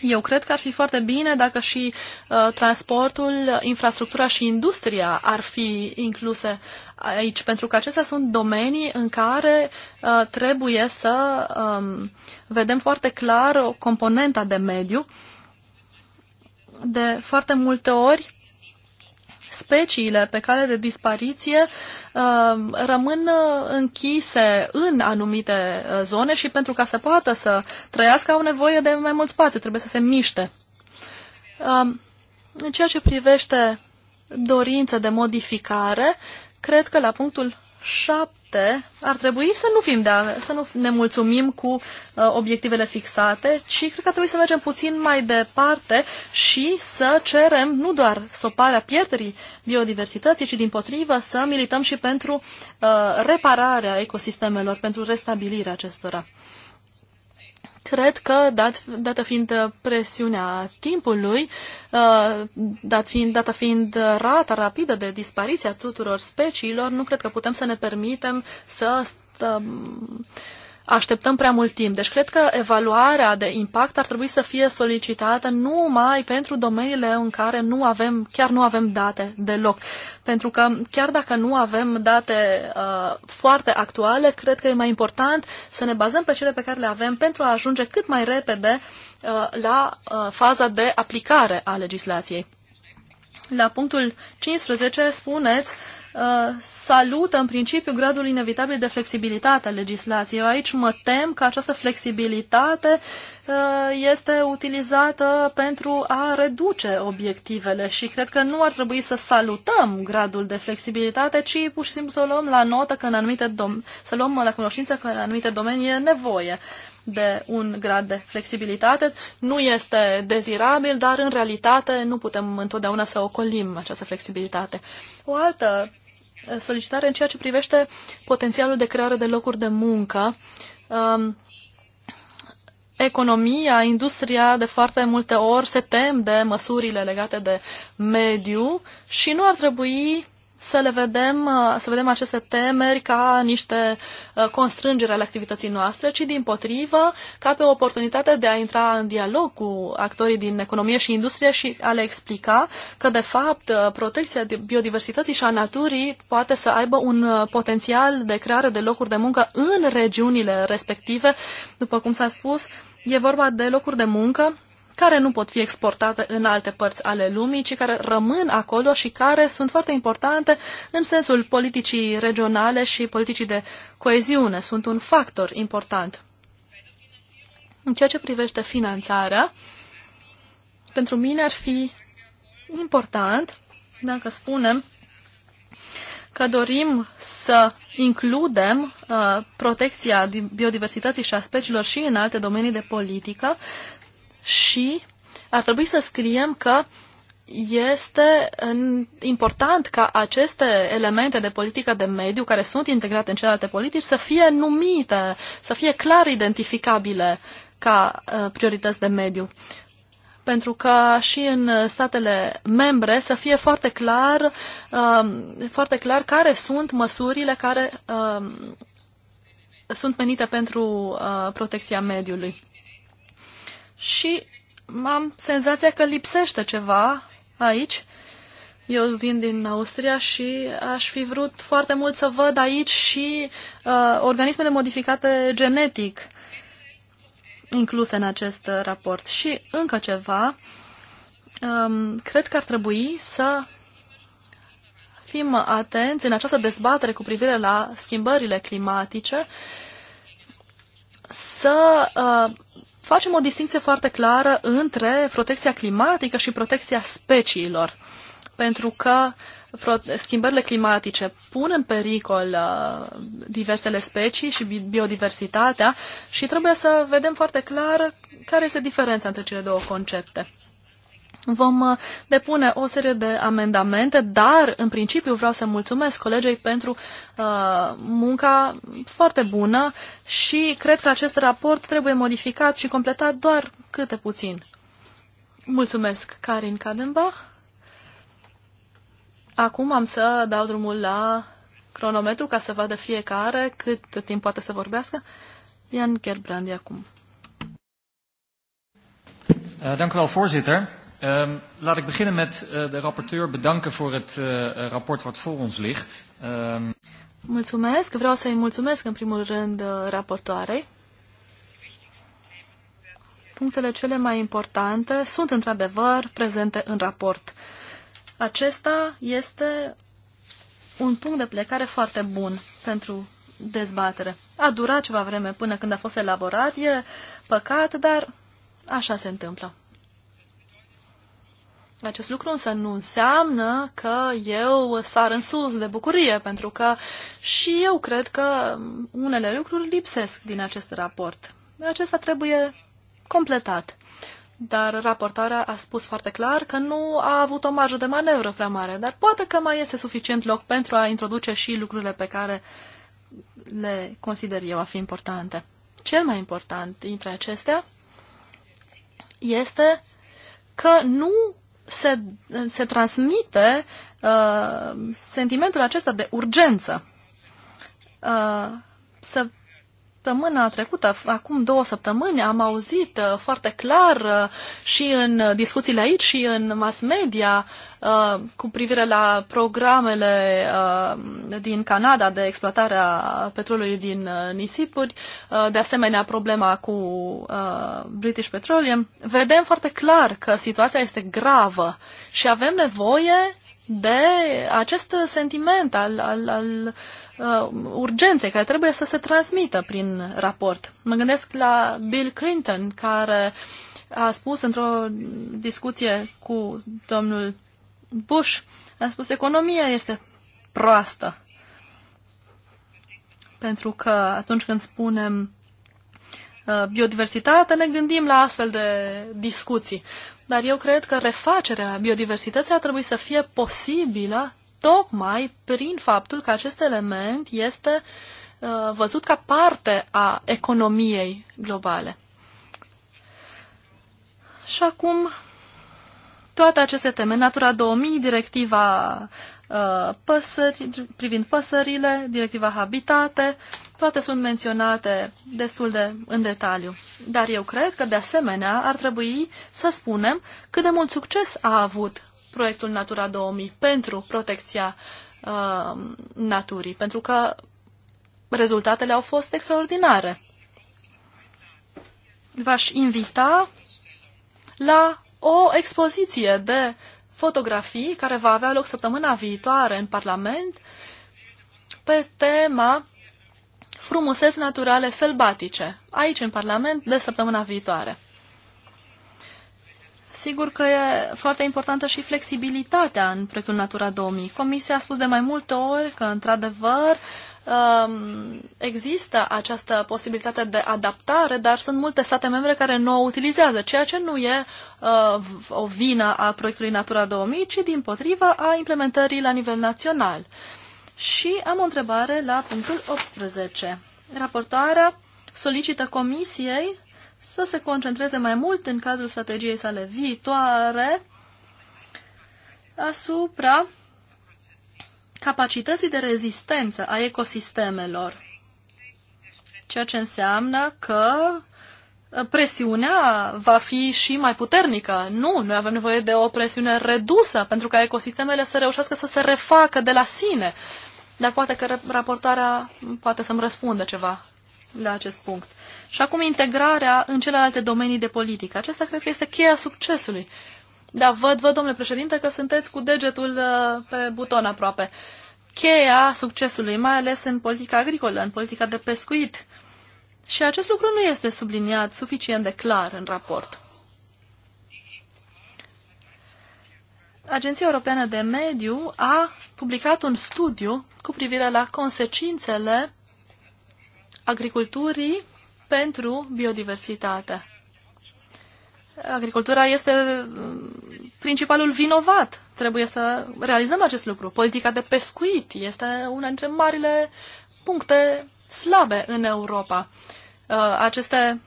Eu cred că ar fi foarte bine dacă și uh, transportul, infrastructura și industria ar fi incluse aici, pentru că acestea sunt domenii în care uh, trebuie să um, vedem foarte clar o componenta de mediu. De foarte multe ori, speciile pe cale de dispariție um, uh, rămân închise în anumite uh, zone și pentru ca să poată să trăiască au nevoie de mai mult spațiu, trebuie să se miște. Uh, în ceea ce privește dorință de modificare, cred că la punctul 7 ar trebui să nu fim de, să nu ne mulțumim cu uh, obiectivele fixate, ci cred că ar trebui să mergem puțin mai departe și să cerem nu doar stoparea pierderii biodiversității, ci din potrivă să milităm și pentru uh, repararea ecosistemelor, pentru restabilirea acestora. Cred că, dat, dată fiind uh, presiunea timpului, uh, dat fiind, dată fiind uh, rata rapidă de dispariție a tuturor speciilor, nu cred că putem să ne permitem să stăm, așteptăm prea mult timp. Deci cred că evaluarea de impact ar trebui să fie solicitată numai pentru domeniile în care nu avem, chiar nu avem date deloc. Pentru că chiar dacă nu avem date uh, foarte actuale, cred că e mai important să ne bazăm pe cele pe care le avem pentru a ajunge cât mai repede uh, la uh, faza de aplicare a legislației. La punctul 15 spuneți uh, Uh, salută în principiu gradul inevitabil de flexibilitate a legislației. Eu aici mă tem că această flexibilitate uh, este utilizată pentru a reduce obiectivele și cred că nu ar trebui să salutăm gradul de flexibilitate, ci pur și simplu să luăm la notă că în anumite dom- să luăm la cunoștință că în anumite domenii e nevoie de un grad de flexibilitate. Nu este dezirabil, dar în realitate nu putem întotdeauna să ocolim această flexibilitate. O altă solicitare în ceea ce privește potențialul de creare de locuri de muncă. Um, economia, industria de foarte multe ori se tem de măsurile legate de mediu și nu ar trebui să le vedem, uh, să vedem aceste temeri ca niște uh, constrângeri ale activității noastre, ci din potrivă ca pe o oportunitate de a intra în dialog cu actorii din economie și industrie și a le explica că, de fapt, uh, protecția biodiversității și a naturii poate să aibă un potențial de creare de locuri de muncă în regiunile respective. După cum s-a spus, e vorba de locuri de muncă care nu pot fi exportate în alte părți ale lumii, ci care rămân acolo și care sunt foarte importante în sensul politicii regionale și politicii de coeziune. Sunt un factor important. În ceea ce privește finanțarea, pentru mine ar fi important dacă spunem că dorim să includem uh, protecția biodiversității și a speciilor și în alte domenii de politică, și ar trebui să scriem că este important ca aceste elemente de politică de mediu care sunt integrate în celelalte politici să fie numite, să fie clar identificabile ca uh, priorități de mediu. Pentru că și în statele membre să fie foarte clar, um, foarte clar care sunt măsurile care um, sunt menite pentru uh, protecția mediului și am senzația că lipsește ceva aici. Eu vin din Austria și aș fi vrut foarte mult să văd aici și uh, organismele modificate genetic incluse în acest raport. Și încă ceva, um, cred că ar trebui să fim atenți în această dezbatere cu privire la schimbările climatice, să uh, facem o distinție foarte clară între protecția climatică și protecția speciilor. Pentru că schimbările climatice pun în pericol uh, diversele specii și biodiversitatea și trebuie să vedem foarte clar care este diferența între cele două concepte. Vom uh, depune o serie de amendamente, dar în principiu vreau să mulțumesc colegei pentru uh, munca foarte bună și cred că acest raport trebuie modificat și completat doar câte puțin. Mulțumesc, Karin Kadenbach. Acum am să dau drumul la cronometru ca să vadă fiecare cât timp poate să vorbească. Jan Gerbrandi acum. Uh, dank u wel, voorzitter. Um, laat ik beginnen met uh, de rapporteur bedanken voor het uh, rapport wat voor ons ligt. Um... Mulțumesc. Vreau să-i mulțumesc în primul rând eh, raportoarei. Punctele cele mai importante sunt într-adevăr prezente în raport. Acesta este un punct de plecare foarte bun pentru dezbatere. A durat ceva vreme până când a fost elaborat, e păcat, dar așa se întâmplă. Acest lucru însă nu înseamnă că eu sar în sus de bucurie, pentru că și eu cred că unele lucruri lipsesc din acest raport. Acesta trebuie completat. Dar raportarea a spus foarte clar că nu a avut o marjă de manevră prea mare, dar poate că mai este suficient loc pentru a introduce și lucrurile pe care le consider eu a fi importante. Cel mai important dintre acestea este că nu se, se transmite uh, sentimentul acesta de urgență. Uh, să săptămâna trecută, acum două săptămâni, am auzit uh, foarte clar uh, și în discuțiile aici și în mass media uh, cu privire la programele din Canada de exploatare a petrolului din nisipuri, de asemenea problema cu British Petroleum, vedem foarte clar că situația este gravă și avem nevoie de acest sentiment al, al, al uh, uh, urgențe care trebuie să se transmită prin raport. Mă gândesc la Bill Clinton, care a spus într-o discuție cu domnul Bush, a spus economia este proastă. Pentru că atunci când spunem uh, biodiversitate, ne gândim la astfel de discuții. Dar eu cred că refacerea biodiversității ar trebui să fie posibilă tocmai prin faptul că acest element este uh, văzut ca parte a economiei globale. Și acum, toate aceste teme, Natura 2000, directiva uh, păsări, privind păsările, directiva habitate, toate sunt menționate destul de în detaliu. Dar eu cred că, de asemenea, ar trebui să spunem cât de mult succes a avut proiectul Natura 2000 pentru protecția uh, naturii, pentru că rezultatele au fost extraordinare. V-aș invita la o expoziție de fotografii care va avea loc săptămâna viitoare în Parlament pe tema frumuseți naturale sălbatice, aici în Parlament, de săptămâna viitoare. Sigur că e foarte importantă și flexibilitatea în proiectul Natura 2000. Comisia a spus de mai multe ori că, într-adevăr, um, există această posibilitate de adaptare, dar sunt multe state membre care nu o utilizează, ceea ce nu e uh, o vină a proiectului Natura 2000, ci din potrivă a implementării la nivel național. Și am o întrebare la punctul 18. Raportoarea solicită Comisiei să se concentreze mai mult în cadrul strategiei sale viitoare asupra capacității de rezistență a ecosistemelor, ceea ce înseamnă că presiunea va fi și mai puternică. Nu, noi avem nevoie de o presiune redusă pentru ca ecosistemele să reușească să se refacă de la sine. Dar poate că raportarea poate să-mi răspundă ceva la acest punct. Și acum integrarea în celelalte domenii de politică. Acesta cred că este cheia succesului. Da, văd, văd, domnule președinte, că sunteți cu degetul uh, pe buton aproape. Cheia succesului, mai ales în politica agricolă, în politica de pescuit. Și acest lucru nu este subliniat suficient de clar în raport. Agenția Europeană de Mediu a publicat un studiu cu privire la consecințele agriculturii pentru biodiversitate. Agricultura este mm, principalul vinovat. Trebuie să realizăm acest lucru. Politica de pescuit este una dintre marile puncte slabe în Europa. Uh, aceste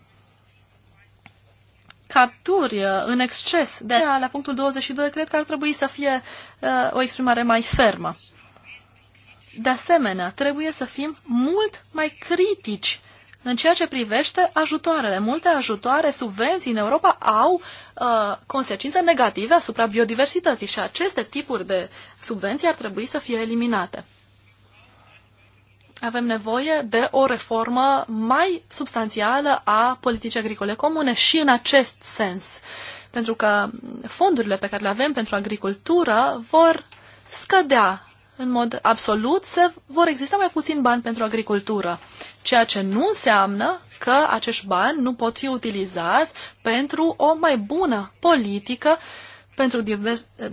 capturi uh, în exces. De la punctul 22, cred că ar trebui să fie uh, o exprimare mai fermă. De asemenea, trebuie să fim mult mai critici în ceea ce privește ajutoarele, multe ajutoare, subvenții în Europa au uh, consecințe negative asupra biodiversității și aceste tipuri de subvenții ar trebui să fie eliminate. Avem nevoie de o reformă mai substanțială a politicii agricole comune și în acest sens, pentru că fondurile pe care le avem pentru agricultură vor scădea în mod absolut, se vor exista mai puțin bani pentru agricultură ceea ce nu înseamnă că acești bani nu pot fi utilizați pentru o mai bună politică pentru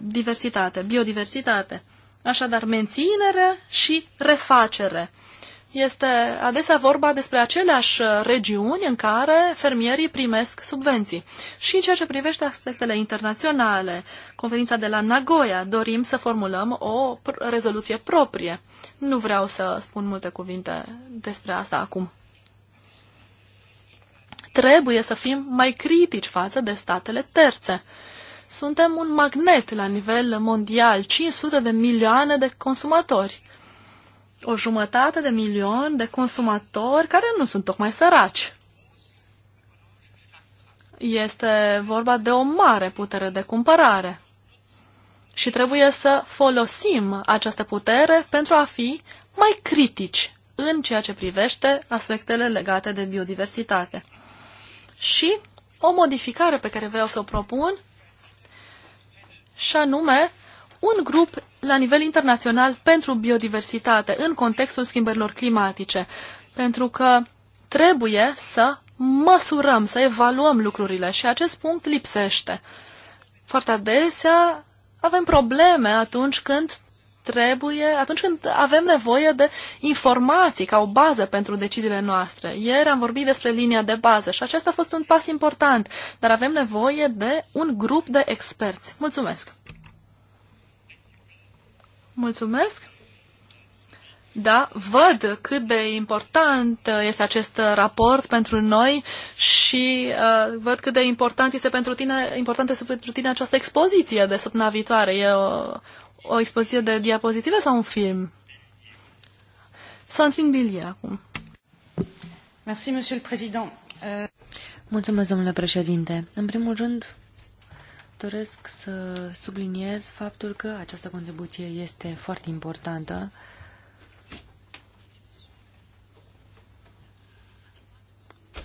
diversitate, biodiversitate. Așadar, menținere și refacere. Este adesea vorba despre aceleași regiuni în care fermierii primesc subvenții. Și în ceea ce privește aspectele internaționale, conferința de la Nagoya, dorim să formulăm o rezoluție proprie. Nu vreau să spun multe cuvinte despre asta acum trebuie să fim mai critici față de statele terțe. Suntem un magnet la nivel mondial, 500 de milioane de consumatori o jumătate de milion de consumatori care nu sunt tocmai săraci. Este vorba de o mare putere de cumpărare. Și trebuie să folosim această putere pentru a fi mai critici în ceea ce privește aspectele legate de biodiversitate. Și o modificare pe care vreau să o propun, și anume un grup la nivel internațional pentru biodiversitate în contextul schimbărilor climatice, pentru că trebuie să măsurăm, să evaluăm lucrurile și acest punct lipsește. Foarte adesea avem probleme atunci când trebuie, atunci când avem nevoie de informații ca o bază pentru deciziile noastre. Ieri am vorbit despre linia de bază și acesta a fost un pas important, dar avem nevoie de un grup de experți. Mulțumesc! Mulțumesc! Da, văd cât de important uh, este acest uh, raport pentru noi și uh, văd cât de important este pentru tine, important este pentru tine această expoziție de săptămâna viitoare. E o, o expoziție de diapozitive sau un film? Sunt în bilie acum. Merci, Monsieur le Président. Uh... Mulțumesc, domnule președinte. În primul rând, doresc să subliniez faptul că această contribuție este foarte importantă.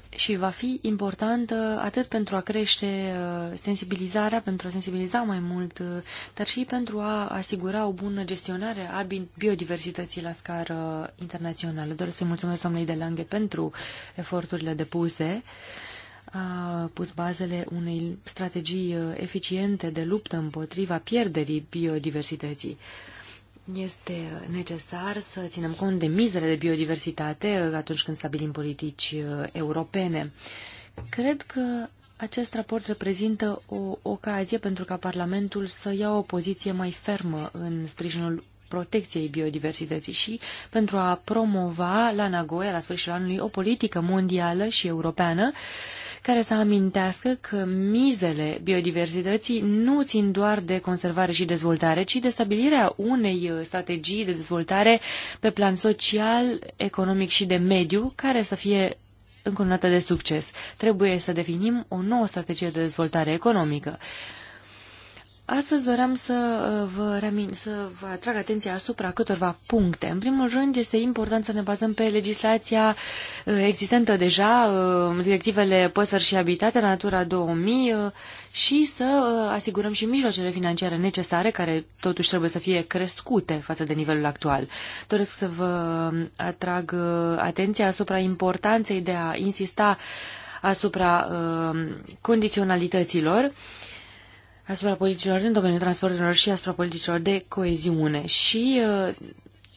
și va fi importantă atât pentru a crește uh, sensibilizarea, pentru a sensibiliza mai mult, uh, dar și pentru a asigura o bună gestionare a biodiversității la scară internațională. Doresc să-i mulțumesc doamnei de Lange pentru eforturile depuse a pus bazele unei strategii uh, eficiente de luptă împotriva pierderii biodiversității. Este necesar să ținem cont de mizele de biodiversitate uh, atunci când stabilim politici uh, europene. Cred că acest raport reprezintă o ocazie pentru ca Parlamentul să ia o poziție mai fermă în sprijinul protecției biodiversității și pentru a promova la Nagoya, la sfârșitul anului, o politică mondială și europeană uh, care să amintească că mizele biodiversității nu țin doar de conservare și dezvoltare, ci de stabilirea unei strategii de dezvoltare pe plan social, economic și de mediu, care să fie încoronată de succes. Trebuie să definim o nouă strategie de dezvoltare economică. Astăzi doream să uh, vă, reamin, să vă atrag atenția asupra câtorva puncte. În primul rând, este important să ne bazăm pe legislația uh, existentă deja, uh, directivele păsări și habitate, Natura 2000, și să asigurăm și mijloacele financiare necesare, care totuși trebuie să fie crescute față de nivelul actual. Doresc să vă atrag atenția asupra importanței de a insista asupra condiționalităților. Uh, asupra politicilor din domeniul transporturilor și asupra politicilor de coeziune. Și uh,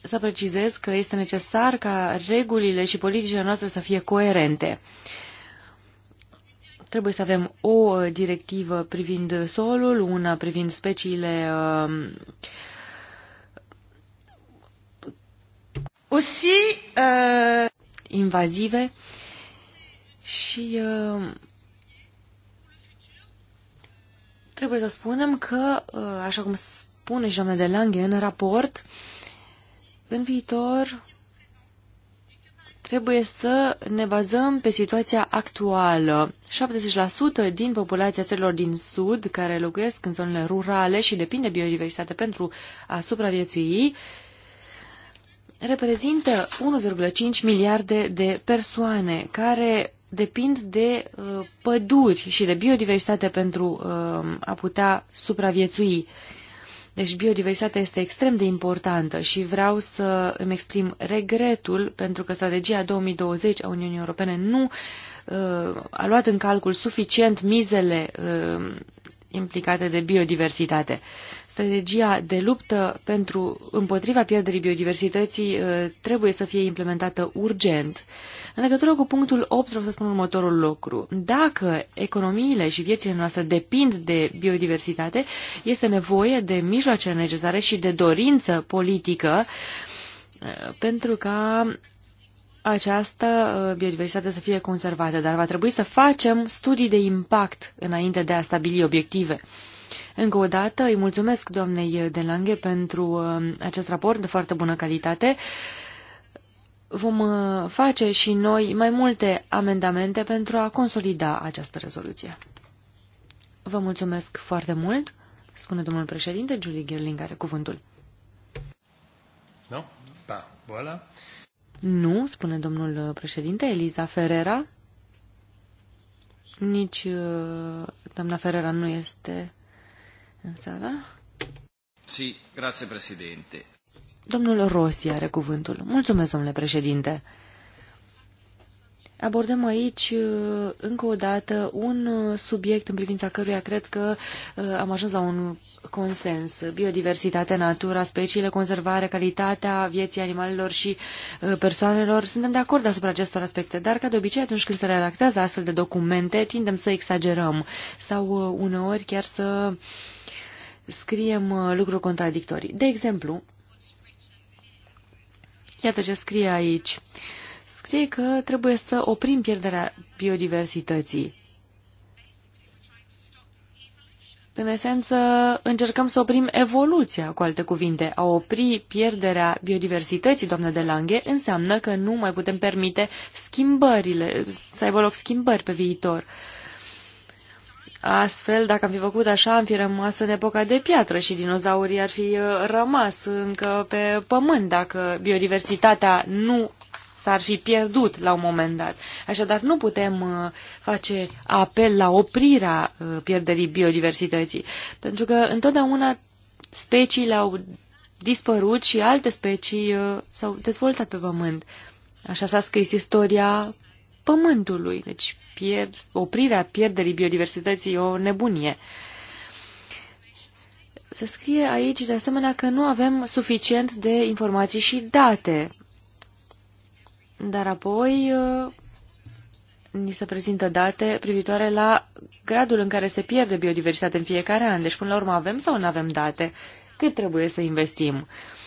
să precizez că este necesar ca regulile și politicile noastre să fie coerente. Trebuie să avem o uh, directivă privind solul, una privind speciile uh, Aussi, uh... invazive și uh, Trebuie să spunem că, uh, așa cum spune și doamna de Lange în raport, în viitor trebuie să ne bazăm pe situația actuală. 70% din populația țărilor din sud care locuiesc în zonele rurale și depinde de biodiversitate pentru a supraviețui reprezintă 1,5 miliarde de persoane care depind de uh, păduri și de biodiversitate pentru uh, a putea supraviețui. Deci biodiversitatea este extrem de importantă și vreau să îmi exprim regretul pentru că strategia 2020 a Uniunii Europene nu uh, a luat în calcul suficient mizele uh, implicate de biodiversitate. Uh, strategia de luptă pentru împotriva pierderii biodiversității uh, trebuie să fie implementată urgent. În legătură cu punctul 8 vreau să spun următorul lucru. Dacă economiile și viețile noastre depind de biodiversitate, este nevoie de mijloace necesare și de dorință politică uh, pentru ca această uh, biodiversitate să fie conservată, dar va trebui să facem studii de impact înainte de a stabili obiective. Încă o dată îi mulțumesc doamnei Lange pentru uh, acest raport de foarte bună calitate. Vom uh, face și noi mai multe amendamente pentru a consolida această rezoluție. Vă mulțumesc foarte mult, spune domnul președinte. Julie Gerling are cuvântul. Nu? No? Pa, voilà. Nu, spune domnul președinte, Eliza Ferrera. Nici uh, doamna Ferrera nu este în sală. Si, grazie, președinte. Domnul Rossi are cuvântul. Mulțumesc, domnule președinte. Abordăm aici uh, încă o dată un uh, subiect în privința căruia cred că uh, am ajuns la un consens. Biodiversitate, natura, speciile, conservare, calitatea vieții animalelor și persoanelor. Suntem de acord asupra acestor aspecte, dar ca de obicei atunci când se redactează astfel de documente, tindem să exagerăm sau uneori chiar să uh, scriem uh, lucruri contradictorii. De exemplu, iată ce scrie aici. Scrie că trebuie să oprim pierderea biodiversității. În esență, încercăm să oprim evoluția, cu alte cuvinte. A opri pierderea biodiversității, doamnă de Lange, înseamnă că nu mai putem permite schimbările, să aibă loc schimbări pe viitor. Uh, Astfel, dacă am fi făcut așa, am fi rămas în epoca de piatră și dinozaurii ar fi uh, rămas încă pe pământ dacă biodiversitatea nu s-ar fi pierdut la un moment dat. Așadar, nu putem uh, face apel la oprirea uh, pierderii biodiversității, pentru că întotdeauna speciile au dispărut și alte specii s-au dezvoltat pe pământ. Așa s-a scris istoria pământului. Deci pierd, oprirea pierderii biodiversității e o nebunie. Se scrie aici, de asemenea, că nu avem suficient de informații și date. Dar apoi uh, ni se prezintă date privitoare la gradul în care se pierde biodiversitatea în fiecare an. Deci, până la urmă, avem sau nu avem date? Cât trebuie să investim? Uh,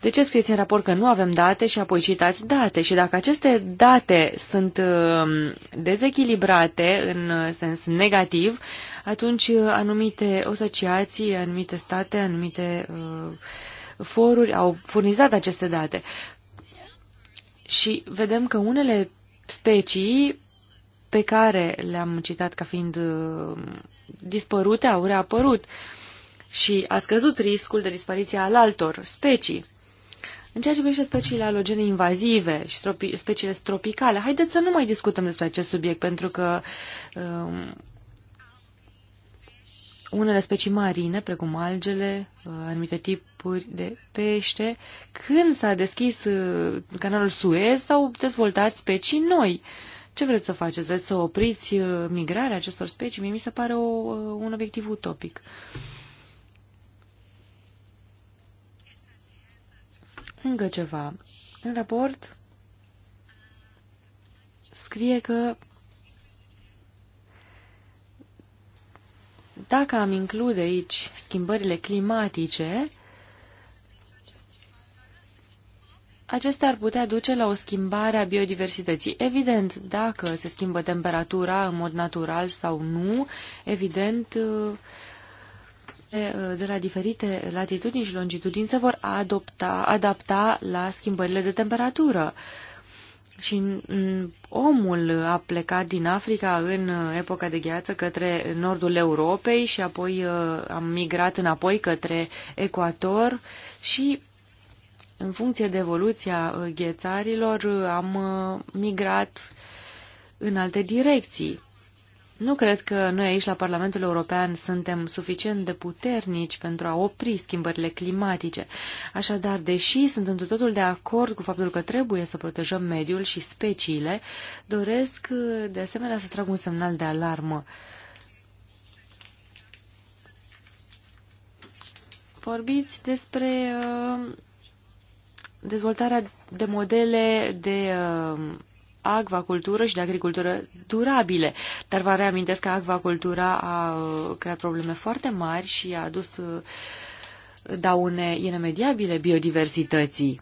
de ce scrieți în raport că nu avem date și apoi citați date? Și dacă aceste date sunt um, dezechilibrate în uh, sens negativ, atunci uh, anumite asociații, anumite state, anumite uh, foruri au furnizat aceste date. Și vedem că unele specii pe care le-am citat ca fiind dispărute au reapărut și a scăzut riscul de dispariție al altor specii. În ceea ce privește speciile alogene invazive și tropi, speciile tropicale, haideți să nu mai discutăm despre acest subiect, pentru că um, unele specii marine, precum algele, uh, anumite tipuri de pește, când s-a deschis uh, canalul Suez, s-au dezvoltat specii noi. Ce vreți să faceți? Vreți să opriți uh, migrarea acestor specii? Mie mi se pare o, uh, un obiectiv utopic. Uh, Încă ceva. În raport scrie că dacă am include aici schimbările climatice, acestea ar putea duce la o schimbare a biodiversității. Evident, dacă se schimbă temperatura în mod natural sau nu, evident, Uh, de la diferite latitudini și longitudini se vor adopta, adapta la schimbările de temperatură. Și omul a plecat din Africa în uh, epoca de gheață către nordul Europei și apoi uh, a migrat înapoi către ecuator și în funcție de evoluția ghețarilor am migrat în alte direcții. Nu cred că noi aici la Parlamentul European suntem suficient de puternici pentru a opri schimbările climatice. Așadar, deși sunt întru totul de acord cu faptul că trebuie să protejăm mediul și speciile, doresc de asemenea să trag un semnal de alarmă. Vorbiți despre uh, dezvoltarea de modele de uh, acvacultură și de agricultură durabile. Dar vă reamintesc că acvacultura a uh, creat probleme foarte mari și a adus uh, daune inemediabile biodiversității.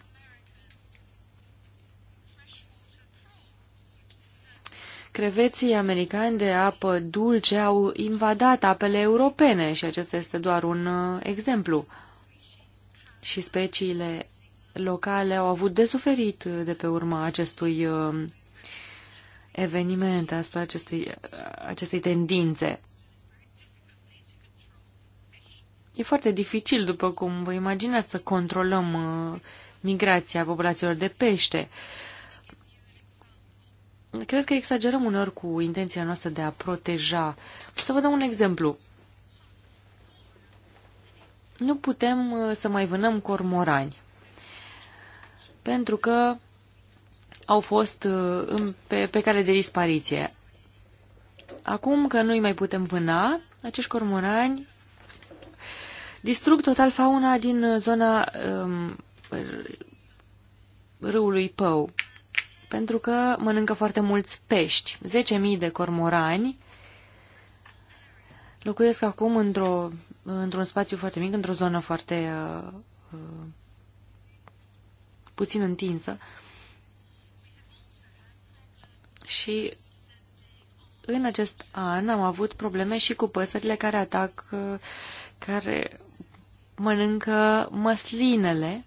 creveții americani de apă dulce au invadat apele europene și acesta este doar un uh, exemplu. Și speciile locale au avut de suferit de pe urma acestui evenimente, asupra acestui, acestei tendințe. E foarte dificil, după cum vă imaginați, să controlăm uh, migrația populațiilor de pește. Cred că exagerăm uneori cu intenția noastră de a proteja. Să vă dau un exemplu. Nu putem uh, să mai vânăm cormorani, pentru că au fost uh, pe, pe cale de dispariție. Acum că nu-i mai putem vâna, acești cormorani distrug total fauna din uh, zona um, râului Pău, pentru că mănâncă foarte mulți pești. 10.000 de cormorani locuiesc acum într un într-un spațiu foarte mic, într-o zonă foarte uh, uh, puțin întinsă. Uh, și în acest an am avut probleme și cu păsările care atac, care mănâncă măslinele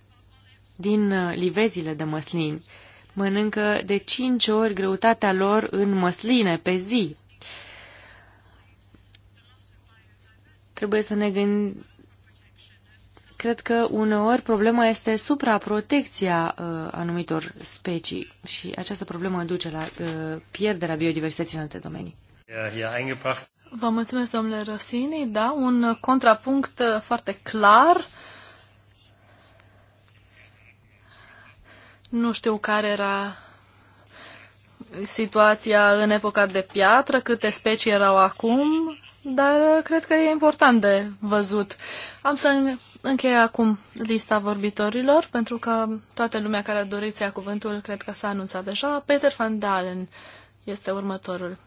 din uh, livezile de măslini. Mănâncă de cinci ori greutatea lor în măsline pe zi. Trebuie să ne gândim Cred că uneori problema este supraprotecția uh, anumitor specii și această problemă duce la uh, pierderea biodiversității în alte domenii. Vă mulțumesc, domnule Rosini. Da, un contrapunct uh, foarte clar. Nu știu care era situația în epoca de piatră, câte specii erau acum dar uh, cred că e important de văzut. Am să închei acum lista vorbitorilor, pentru că toată lumea care a dorit să ia cuvântul, cred că s-a anunțat deja. Peter van Dalen este următorul.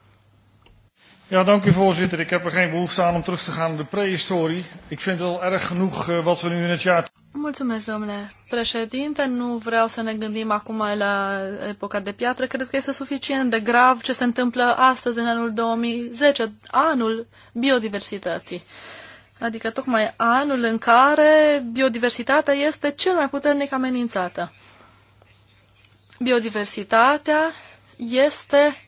Ja, dank u voorzitter. Ik heb er geen behoefte aan om terug te gaan naar de prehistorie. Ik vind het al erg genoeg uh, wat we nu in het jaar... Mulțumesc, domnule președinte. Nu vreau să ne gândim acum la epoca de piatră. Cred că este suficient de grav ce se întâmplă astăzi, în anul 2010, anul biodiversității. Adică tocmai anul în care biodiversitatea este cel mai puternic amenințată. Biodiversitatea este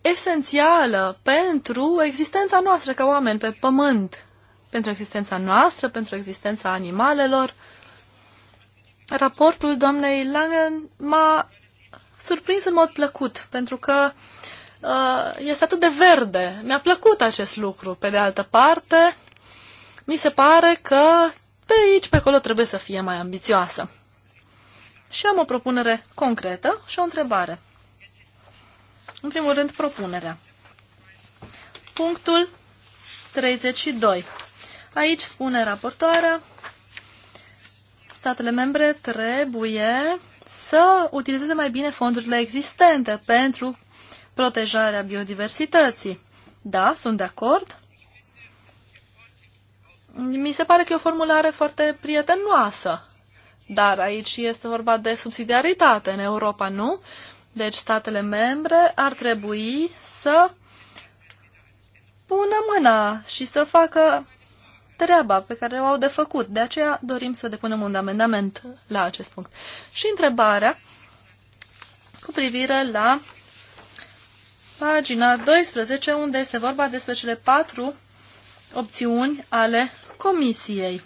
esențială pentru existența noastră ca oameni pe pământ pentru existența noastră, pentru existența animalelor. Raportul doamnei Langen m-a surprins în mod plăcut, pentru că uh, este atât de verde. Mi-a plăcut acest lucru. Pe de altă parte, mi se pare că pe aici, pe acolo trebuie să fie mai ambițioasă. Și am o propunere concretă și o întrebare. În primul rând, propunerea. Punctul 32. Aici spune raportoarea, statele membre trebuie să utilizeze mai bine fondurile existente pentru protejarea biodiversității. Da, sunt de acord. Mi se pare că e o formulare foarte prietenoasă, dar aici este vorba de subsidiaritate. În Europa nu. Deci statele membre ar trebui să pună mâna și să facă treaba pe care o au de făcut. De aceea dorim să depunem un amendament la acest punct. Și întrebarea cu privire la pagina 12, unde este vorba despre cele patru opțiuni ale comisiei.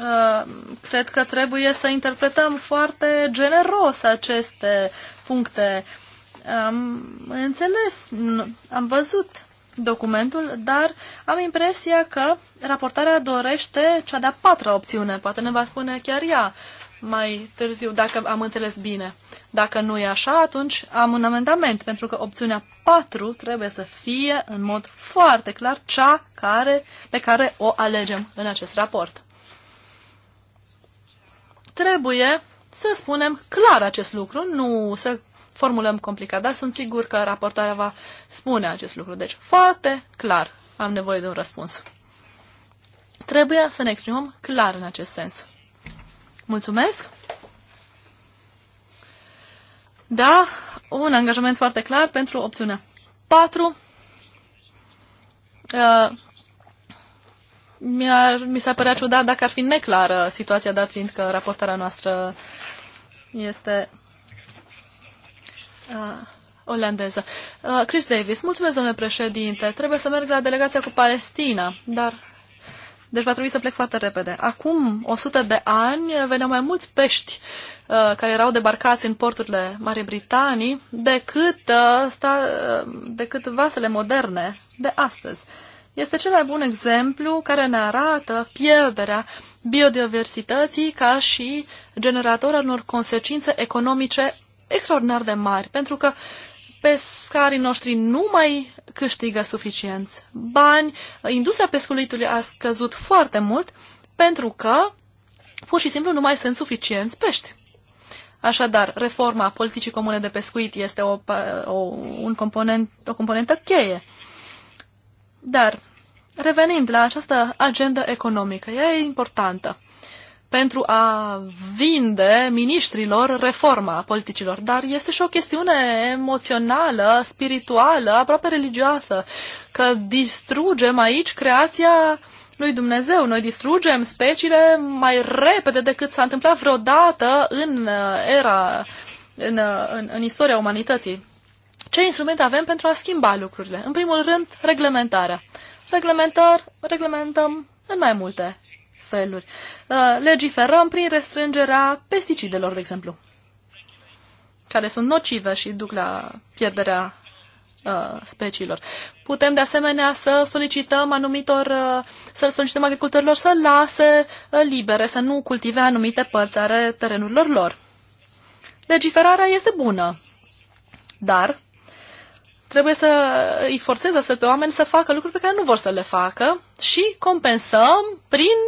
Uh, cred că trebuie să interpretăm foarte generos aceste puncte. Am înțeles, am văzut documentul, dar am impresia că raportarea dorește cea de-a patra opțiune. Poate ne va spune chiar ea mai târziu, dacă am înțeles bine. Dacă nu e așa, atunci am un amendament, pentru că opțiunea 4 trebuie să fie în mod foarte clar cea care, pe care o alegem în acest raport. Trebuie să spunem clar acest lucru, nu să formulăm complicat, dar sunt sigur că raportarea va spune acest lucru. Deci, foarte clar am nevoie de un răspuns. Trebuie să ne exprimăm clar în acest sens. Mulțumesc! Da, un angajament foarte clar pentru opțiunea 4. Uh, mi-ar, mi s-ar părea ciudat dacă ar fi neclară situația, dat fiind că raportarea noastră este uh, olandeză. Uh, Chris Davis, mulțumesc, domnule președinte. Trebuie să merg la delegația cu Palestina, dar... Deci va trebui să plec foarte repede. Acum 100 de ani veneau mai mulți pești uh, care erau debarcați în porturile Marii Britanii decât, uh, sta, uh, decât vasele moderne de astăzi. Este cel mai bun exemplu care ne arată pierderea biodiversității ca și generatorul unor consecințe economice extraordinar de mari, pentru că pescarii noștri nu mai câștigă suficienți bani, industria pescuitului a scăzut foarte mult pentru că pur și simplu nu mai sunt suficienți pești. Așadar, reforma politicii comune de pescuit este o, o, un component, o componentă cheie. Dar, revenind la această agendă economică, ea e importantă pentru a vinde miniștrilor reforma politicilor, dar este și o chestiune emoțională, spirituală, aproape religioasă, că distrugem aici creația lui Dumnezeu. Noi distrugem speciile mai repede decât s-a întâmplat vreodată în uh, era, în, uh, în, în istoria umanității. Ce instrumente avem pentru a schimba lucrurile? În primul rând, reglementarea. Reglementar, reglementăm în mai multe feluri. Uh, legiferăm prin restrângerea pesticidelor, de exemplu, care sunt nocive și duc la pierderea uh, speciilor. Putem de asemenea să solicităm anumitor, uh, să solicităm agricultorilor să lase libere, să nu cultive anumite părți ale terenurilor lor. Legiferarea este bună, dar trebuie să îi forțez astfel pe oameni să facă lucruri pe care nu vor să le facă și compensăm prin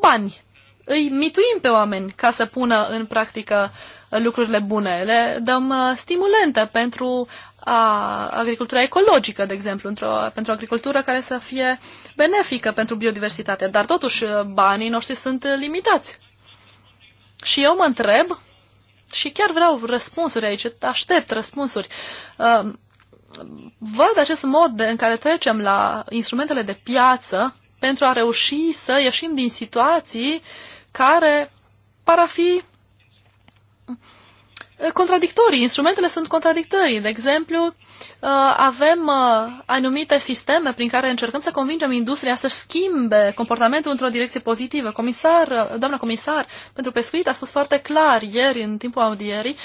bani. Îi mituim pe oameni ca să pună în practică lucrurile bune. Le dăm uh, stimulente pentru a agricultura ecologică, de exemplu, pentru o agricultură care să fie benefică pentru biodiversitate. Dar totuși uh, banii noștri sunt uh, limitați. Și eu mă întreb, și chiar vreau răspunsuri aici, aștept răspunsuri. Văd acest mod în care trecem la instrumentele de piață pentru a reuși să ieșim din situații care par a fi contradictorii. Instrumentele sunt contradictorii. De exemplu, uh, avem uh, anumite sisteme prin care încercăm să convingem industria să-și schimbe comportamentul într-o direcție pozitivă. Comisar, uh, doamna comisar, pentru pescuit a spus foarte clar ieri în timpul audierii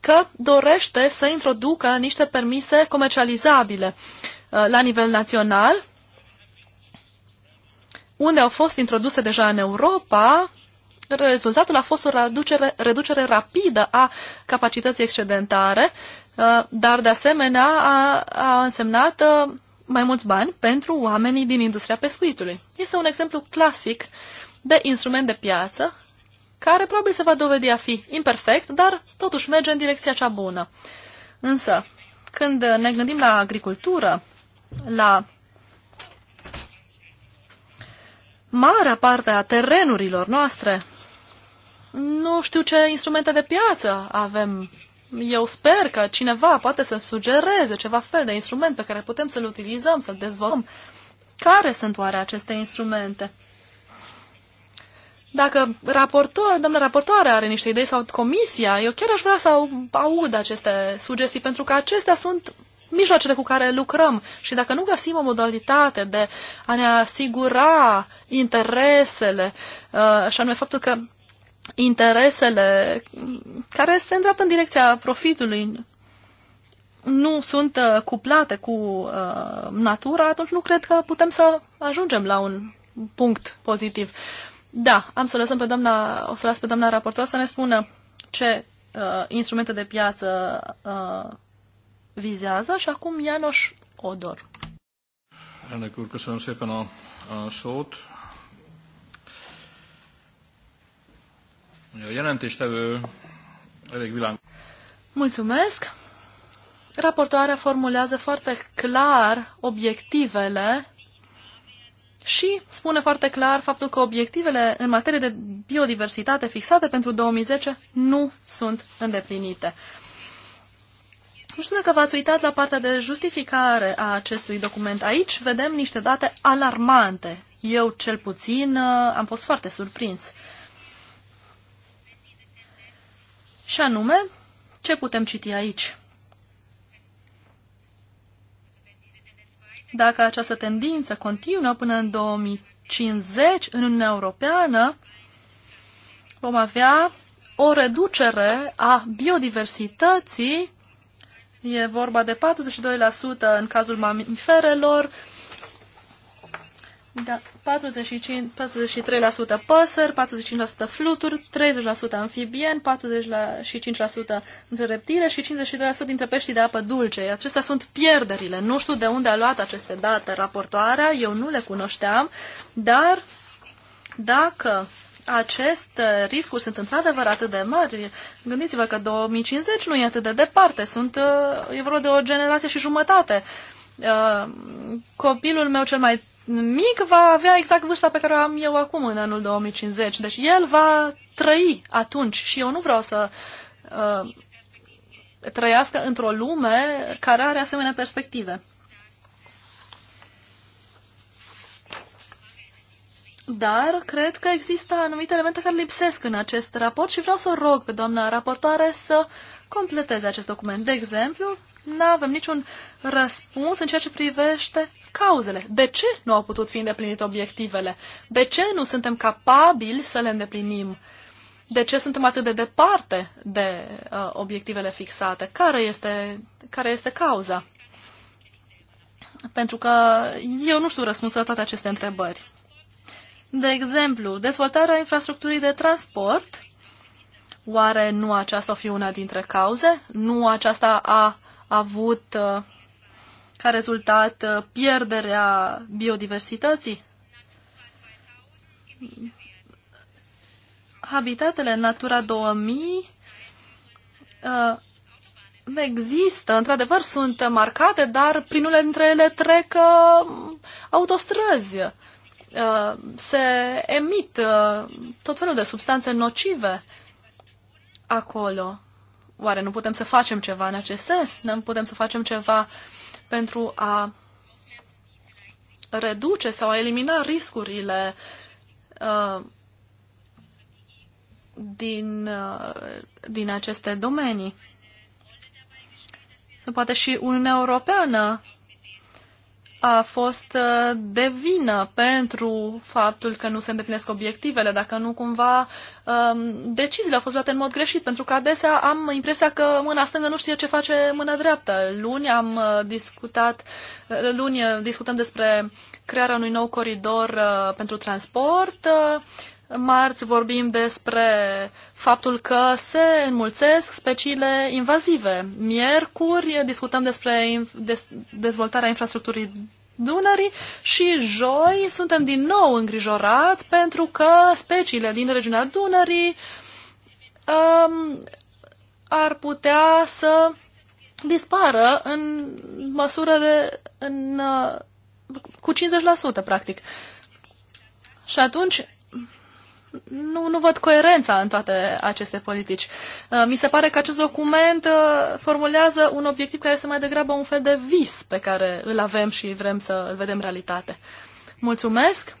că dorește să introducă niște permise comercializabile la nivel național unde au fost introduse deja în Europa, rezultatul a fost o reducere, reducere rapidă a capacității excedentare, uh, dar de asemenea a, a însemnat uh, mai mulți bani pentru oamenii din industria pescuitului. Este un exemplu clasic de instrument de piață care probabil se va dovedi a fi imperfect, dar totuși merge în direcția cea bună. Însă, când ne gândim la agricultură, la marea parte a terenurilor noastre. Nu știu ce instrumente de piață avem. Eu sper că cineva poate să sugereze ceva fel de instrument pe care putem să-l utilizăm, să-l dezvoltăm. Care sunt oare aceste instrumente? Dacă raportor, domnule raportoare are niște idei sau comisia, eu chiar aș vrea să aud aceste sugestii, pentru că acestea sunt mijloacele cu care lucrăm și dacă nu găsim o modalitate de a ne asigura interesele uh, și anume faptul că interesele care se îndreaptă în direcția profitului nu sunt uh, cuplate cu uh, natura, atunci nu cred că putem să ajungem la un punct pozitiv. Da, am să lăsăm pe doamna, o să las pe doamna raportor să ne spună ce uh, instrumente de piață uh, vizează și acum Ianoș Odor. Elnök köszönöm szépen a, a szót. A jelentéstevő elég világ. Mulțumesc! Raportoarea formulează foarte clar obiectivele și spune foarte clar faptul că obiectivele în materie de biodiversitate fixate pentru 2010 nu sunt îndeplinite. Nu știu dacă v-ați uitat la partea de justificare a acestui document. Aici vedem niște date alarmante. Eu, cel puțin, uh, am fost foarte surprins. Și anume, ce putem citi aici? Dacă această tendință continuă până în 2050 în Uniunea Europeană, vom avea o reducere a biodiversității E vorba de 42% în cazul mamiferelor, da, 45, 43% păsări, 45% fluturi, 30% amfibieni, 45% dintre reptile și 52% dintre peștii de apă dulce. Acestea sunt pierderile. Nu știu de unde a luat aceste date raportoarea, eu nu le cunoșteam, dar dacă aceste uh, riscuri sunt într-adevăr atât de mari. Gândiți-vă că 2050 nu e atât de departe, sunt, uh, e vorba de o generație și jumătate. Uh, copilul meu cel mai mic va avea exact vârsta pe care o am eu acum în anul 2050. Deci el va trăi atunci și eu nu vreau să uh, trăiască într-o lume care are asemenea perspective. Dar cred că există anumite elemente care lipsesc în acest raport și vreau să o rog pe doamna raportoare să completeze acest document. De exemplu, nu avem niciun răspuns în ceea ce privește cauzele. De ce nu au putut fi îndeplinite obiectivele? De ce nu suntem capabili să le îndeplinim? De ce suntem atât de departe de uh, obiectivele fixate? Care este, care este cauza? Pentru că eu nu știu răspunsul la toate aceste întrebări. De exemplu, dezvoltarea infrastructurii de transport. Oare nu aceasta o fi una dintre cauze? Nu aceasta a avut uh, ca rezultat uh, pierderea biodiversității? Habitatele Natura 2000 uh, există, într-adevăr sunt marcate, dar prin unele dintre ele trec autostrăzi Uh, se emit uh, tot felul de substanțe nocive acolo. Oare nu putem să facem ceva în acest sens? Nu putem să facem ceva pentru a reduce sau a elimina riscurile uh, din, din aceste domenii. Poate și Uniunea Europeană a fost uh, de vină pentru faptul că nu se îndeplinesc obiectivele, dacă nu cumva um, deciziile au fost luate în mod greșit, pentru că adesea am impresia că mâna stângă nu știe ce face mâna dreaptă. Luni am uh, discutat, uh, luni discutăm despre crearea unui nou coridor pentru transport Marți vorbim despre faptul că se înmulțesc speciile invazive. Miercuri discutăm despre dezvoltarea infrastructurii Dunării și joi suntem din nou îngrijorați pentru că speciile din regiunea Dunării um, ar putea să dispară în măsură de în, uh, cu 50% practic. Și atunci nu, nu văd coerența în toate aceste politici. Uh, mi se pare că acest document uh, formulează un obiectiv care este mai degrabă un fel de vis pe care îl avem și vrem să îl vedem realitate. Mulțumesc!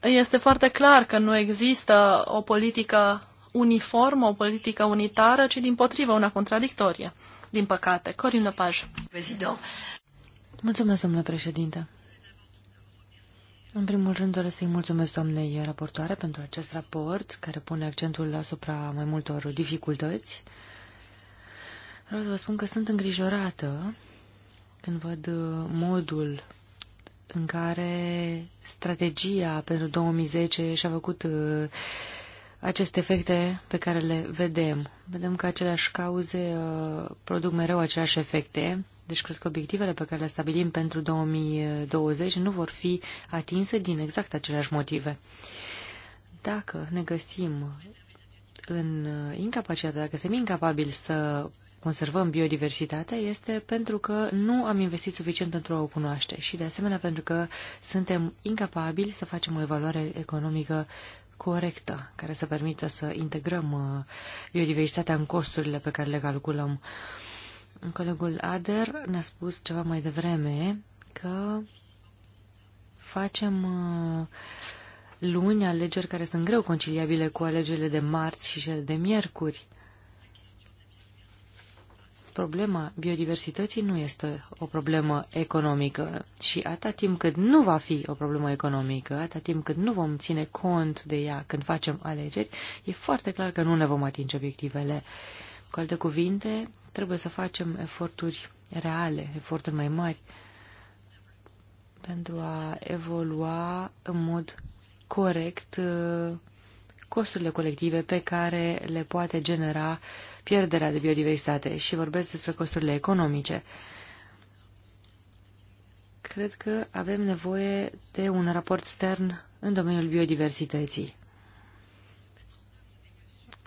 Este foarte clar că nu există o politică uniformă, o politică unitară, ci din potrivă una contradictorie. Din păcate. Corin Lepaj. Mulțumesc, domnule președinte. În primul rând doresc să-i mulțumesc doamnei raportoare pentru acest raport care pune accentul asupra mai multor dificultăți. Vreau să vă spun că sunt îngrijorată când văd uh, modul în care strategia pentru 2010 și-a făcut uh, aceste efecte pe care le vedem. Vedem că aceleași cauze uh, produc mereu aceleași efecte deci cred că obiectivele pe care le stabilim pentru 2020 nu vor fi atinse din exact aceleași motive. Dacă ne găsim în incapacitate, dacă suntem incapabili să conservăm biodiversitatea, este pentru că nu am investit suficient pentru a o cunoaște și, de asemenea, pentru că suntem incapabili să facem o evaluare economică corectă, care să permită să integrăm uh, biodiversitatea în costurile pe care le calculăm. Uh, Colegul Ader ne-a spus ceva mai devreme că facem uh, luni alegeri care sunt greu conciliabile cu alegerile de marți și cele de miercuri. Problema biodiversității nu este o problemă economică și atâta timp cât nu va fi o problemă economică, atâta timp cât nu vom ține cont de ea când facem alegeri, e foarte clar că nu ne vom atinge obiectivele. Cu alte cuvinte, Trebuie să facem eforturi reale, eforturi mai mari, pentru a evolua în mod corect uh, costurile colective pe care le poate genera pierderea de biodiversitate și vorbesc despre costurile economice. Cred că avem nevoie de un raport stern în domeniul biodiversității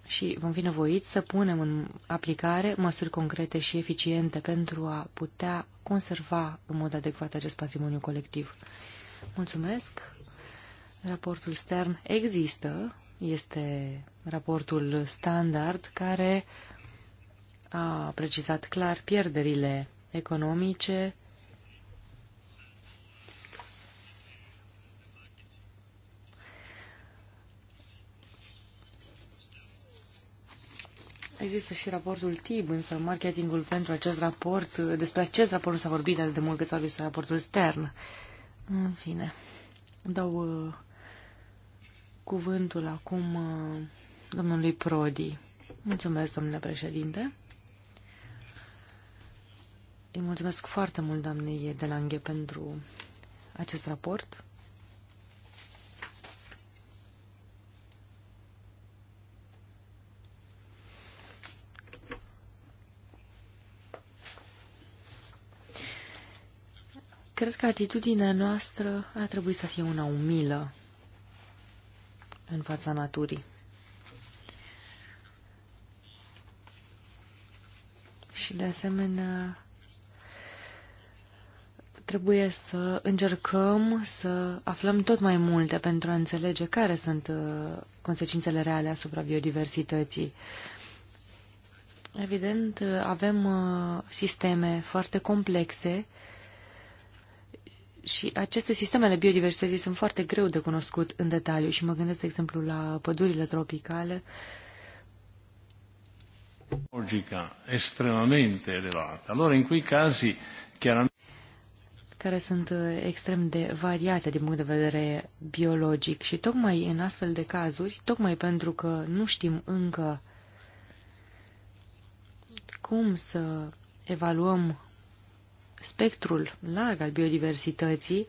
și vom fi nevoiți să punem în aplicare măsuri concrete și eficiente pentru a putea conserva în mod adecvat acest patrimoniu colectiv. Mulțumesc! Raportul Stern există, este raportul standard care a precizat clar pierderile economice Există și raportul TIB, însă marketingul pentru acest raport, despre acest raport nu s-a vorbit de mult cât s-a vorbit raportul Stern. În fine, dau uh, cuvântul acum uh, domnului Prodi. Mulțumesc, domnule președinte. Îi mulțumesc foarte mult, doamnei Delanghe, pentru acest raport. Cred că atitudinea noastră ar trebui să fie una umilă în fața naturii. Și de asemenea trebuie să încercăm să aflăm tot mai multe pentru a înțelege care sunt uh, consecințele reale asupra biodiversității. Evident, uh, avem uh, sisteme foarte complexe și aceste sisteme ale biodiversității sunt foarte greu de cunoscut în detaliu și mă gândesc, de exemplu, la pădurile tropicale. Logica extremamente elevată. Alor, în cui casi, chiar care sunt eh, extrem de variate din punct de vedere biologic și tocmai în astfel de cazuri, tocmai pentru că nu știm încă cum să evaluăm spectrul larg al biodiversității,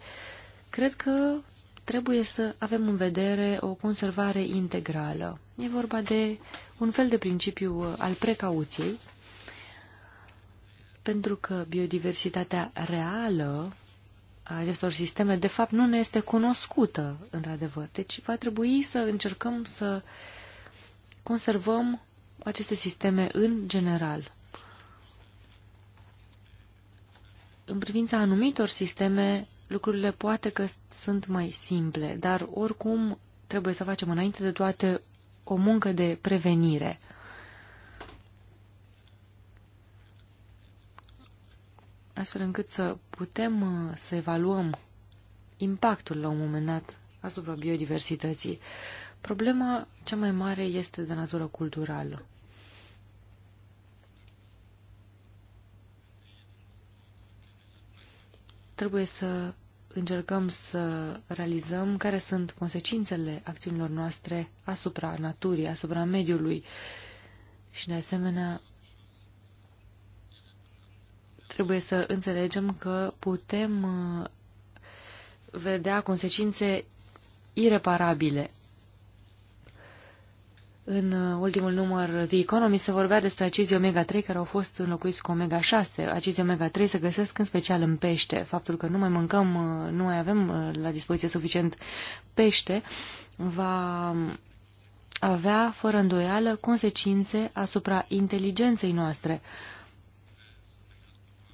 cred că trebuie să avem în vedere o conservare integrală. E vorba de un fel de principiu uh, al precauției, pentru că biodiversitatea reală a acestor sisteme, de fapt, nu ne este cunoscută, într-adevăr. Deci va trebui să încercăm să conservăm aceste sisteme în general. în privința anumitor sisteme, lucrurile poate că sunt mai simple, dar oricum trebuie să facem înainte de toate o muncă de prevenire. Astfel încât să putem uh, să evaluăm impactul la un moment dat asupra biodiversității. Problema cea mai mare este de natură culturală. trebuie să încercăm să realizăm care sunt consecințele acțiunilor noastre asupra naturii, asupra mediului și, de asemenea, trebuie să înțelegem că putem uh, vedea consecințe ireparabile în uh, ultimul număr de Economy se vorbea despre acizii omega-3 care au fost înlocuiți cu omega-6. Acizii omega-3 se găsesc în special în pește. Faptul că nu mai mâncăm, uh, nu mai avem uh, la dispoziție suficient pește, va avea, fără îndoială, consecințe asupra inteligenței noastre.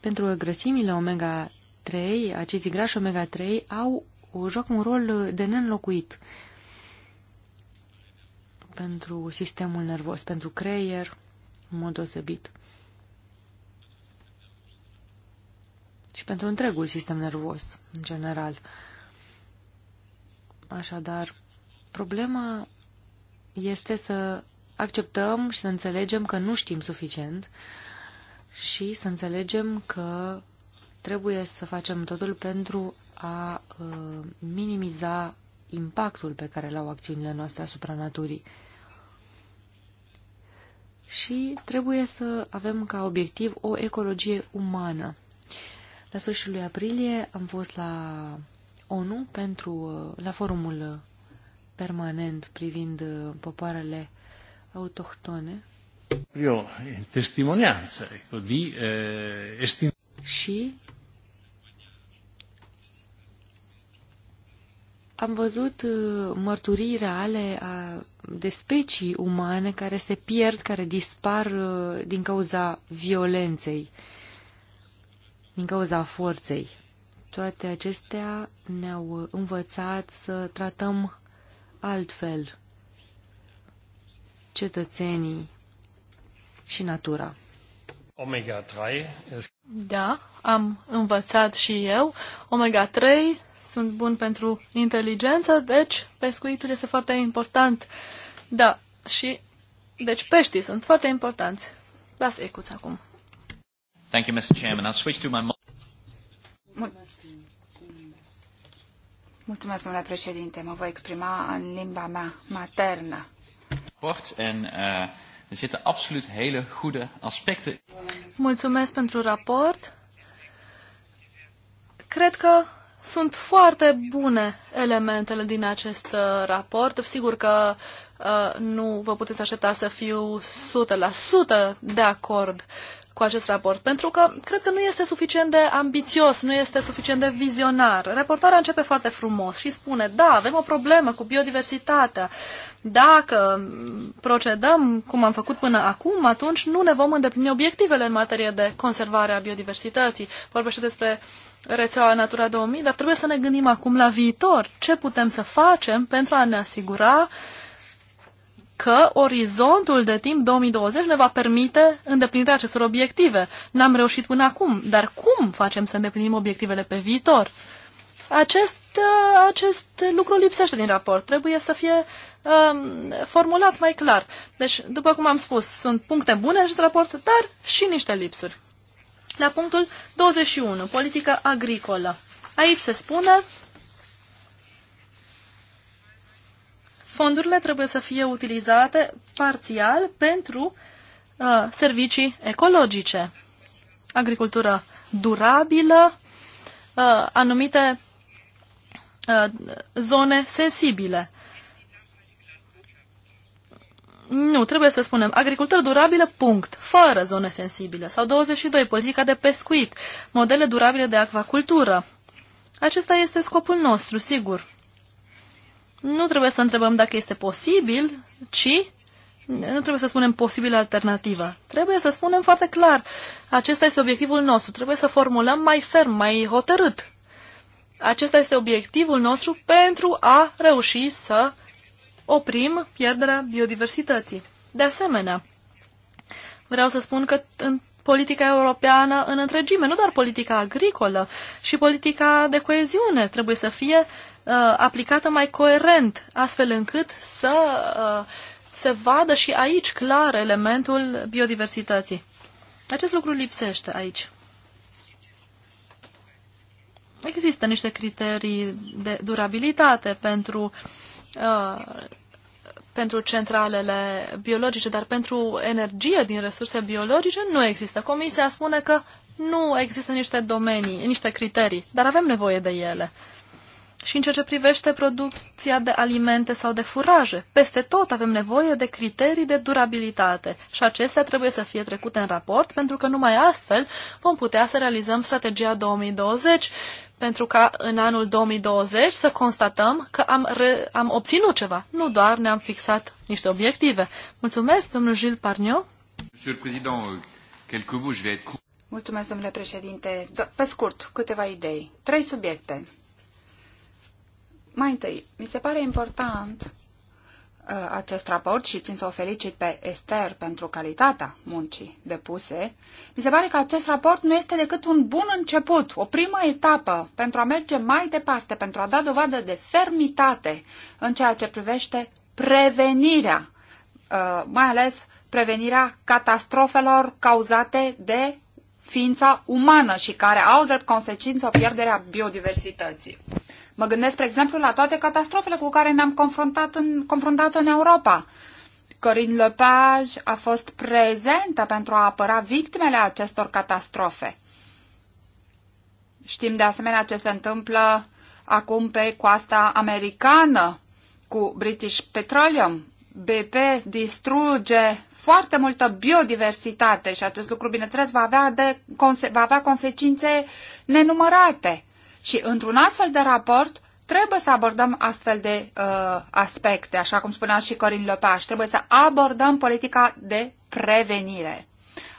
Pentru grăsimile omega-3, acizii grași omega-3 au, joacă un rol de nenlocuit pentru sistemul nervos, pentru creier, în mod deosebit. Și pentru întregul sistem nervos, în general. Așadar, problema este să acceptăm și să înțelegem că nu știm suficient și să înțelegem că trebuie să facem totul pentru a ă, minimiza impactul pe care l-au acțiunile noastre asupra naturii și trebuie să avem ca obiectiv o ecologie umană. La sfârșitul lui aprilie am fost la ONU pentru, la forumul permanent privind uh, popoarele autohtone. Proprio testimonianță, ecco, di eh, și am văzut uh, mărturii reale a, de specii umane care se pierd, care dispar uh, din cauza violenței, din cauza forței. Toate acestea ne-au învățat să tratăm altfel cetățenii și natura. Omega 3. Da, am învățat și eu. Omega 3 sunt buni pentru inteligență, deci pescuitul este foarte important. Da, și deci peștii sunt foarte importanți. Las ecuț acum. Thank you, Mr. Chairman. I'll switch to my... Mul- Mulțumesc, domnule președinte. Mă voi exprima în limba mea maternă. Port en uh, er zitten absoluut hele goede aspecten. Mulțumesc pentru raport. Cred că sunt foarte bune elementele din acest uh, raport. Sigur că uh, nu vă puteți aștepta să fiu 100% de acord cu acest raport, pentru că cred că nu este suficient de ambițios, nu este suficient de vizionar. Reportarea începe foarte frumos și spune, da, avem o problemă cu biodiversitatea. Dacă procedăm cum am făcut până acum, atunci nu ne vom îndeplini obiectivele în materie de conservare a biodiversității. Vorbește despre uh, rețeaua Natura 2000, dar trebuie să ne gândim acum la viitor. Ce putem să facem pentru a ne asigura că orizontul de timp 2020 ne va permite îndeplinirea acestor obiective. N-am reușit până acum, dar cum facem să îndeplinim obiectivele pe viitor? Acest, uh, acest lucru lipsește din raport. Trebuie să fie um, formulat mai clar. Deci, după cum am spus, sunt puncte bune în acest raport, dar și niște lipsuri la punctul 21, politică agricolă. Aici se spune fondurile trebuie să fie utilizate parțial pentru uh, servicii ecologice, agricultură durabilă, uh, anumite uh, zone sensibile. Nu, trebuie să spunem agricultură durabilă, punct, fără zone sensibile. Sau 22, politica de pescuit, modele durabile de acvacultură. Acesta este scopul nostru, sigur. Nu trebuie să întrebăm dacă este posibil, ci nu trebuie să spunem posibilă alternativă. Trebuie să spunem foarte clar, acesta este obiectivul nostru. Trebuie să formulăm mai ferm, mai hotărât. Acesta este obiectivul nostru pentru a reuși să oprim pierderea biodiversității. De asemenea, vreau să spun că în politica europeană în întregime, nu doar politica agricolă, și politica de coeziune trebuie să fie uh, aplicată mai coerent, astfel încât să uh, se vadă și aici clar elementul biodiversității. Acest lucru lipsește aici. Există niște criterii de durabilitate pentru uh, Uh, pentru centralele biologice, dar pentru energie din resurse biologice nu există. Comisia spune că nu există niște domenii, niște criterii, dar avem nevoie de ele. Și în ceea ce privește producția de alimente sau de furaje, peste tot avem nevoie de criterii de durabilitate și acestea trebuie să fie trecute în raport pentru că numai astfel vom putea să realizăm strategia 2020 pentru ca în anul 2020 să constatăm că am, re, am obținut ceva, nu doar ne-am fixat niște obiective. Mulțumesc, domnul Gilles Parniot. Euh, Mulțumesc, domnule președinte. Pe scurt, câteva idei. Trei subiecte. Mai întâi, mi se pare important Uh, acest raport și țin să o felicit pe Esther pentru calitatea muncii depuse, mi se pare că acest raport nu este decât un bun început, o primă etapă pentru a merge mai departe, pentru a da dovadă de fermitate în ceea ce privește prevenirea, uh, mai ales prevenirea catastrofelor cauzate de ființa umană și care au drept consecință o pierdere a biodiversității. Mă gândesc, spre exemplu, la toate catastrofele cu care ne-am confruntat în, confruntat în Europa. Corinne Lepage a fost prezentă pentru a apăra victimele acestor catastrofe. Știm de asemenea ce se întâmplă acum pe coasta americană cu British Petroleum. BP distruge foarte multă biodiversitate și acest lucru, bineînțeles, va avea, de, va avea consecințe nenumărate. Și într-un astfel de raport trebuie să abordăm astfel de uh, aspecte, așa cum spunea și Corin Lopaș, Trebuie să abordăm politica de prevenire.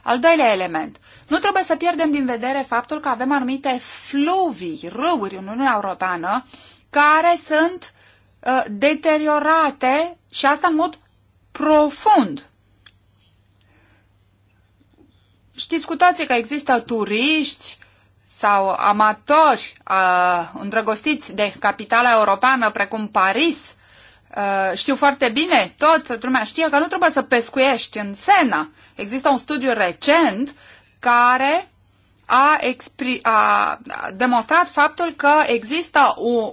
Al doilea element. Nu trebuie să pierdem din vedere faptul că avem anumite fluvii, râuri în Uniunea Europeană, care sunt uh, deteriorate și asta în mod profund. Știți cu toții că există turiști sau amatori uh, îndrăgostiți de capitala europeană precum Paris, uh, știu foarte bine, tot lumea știe că nu trebuie să pescuiești în Sena. Există un studiu recent care a, expri- a demonstrat faptul că există un,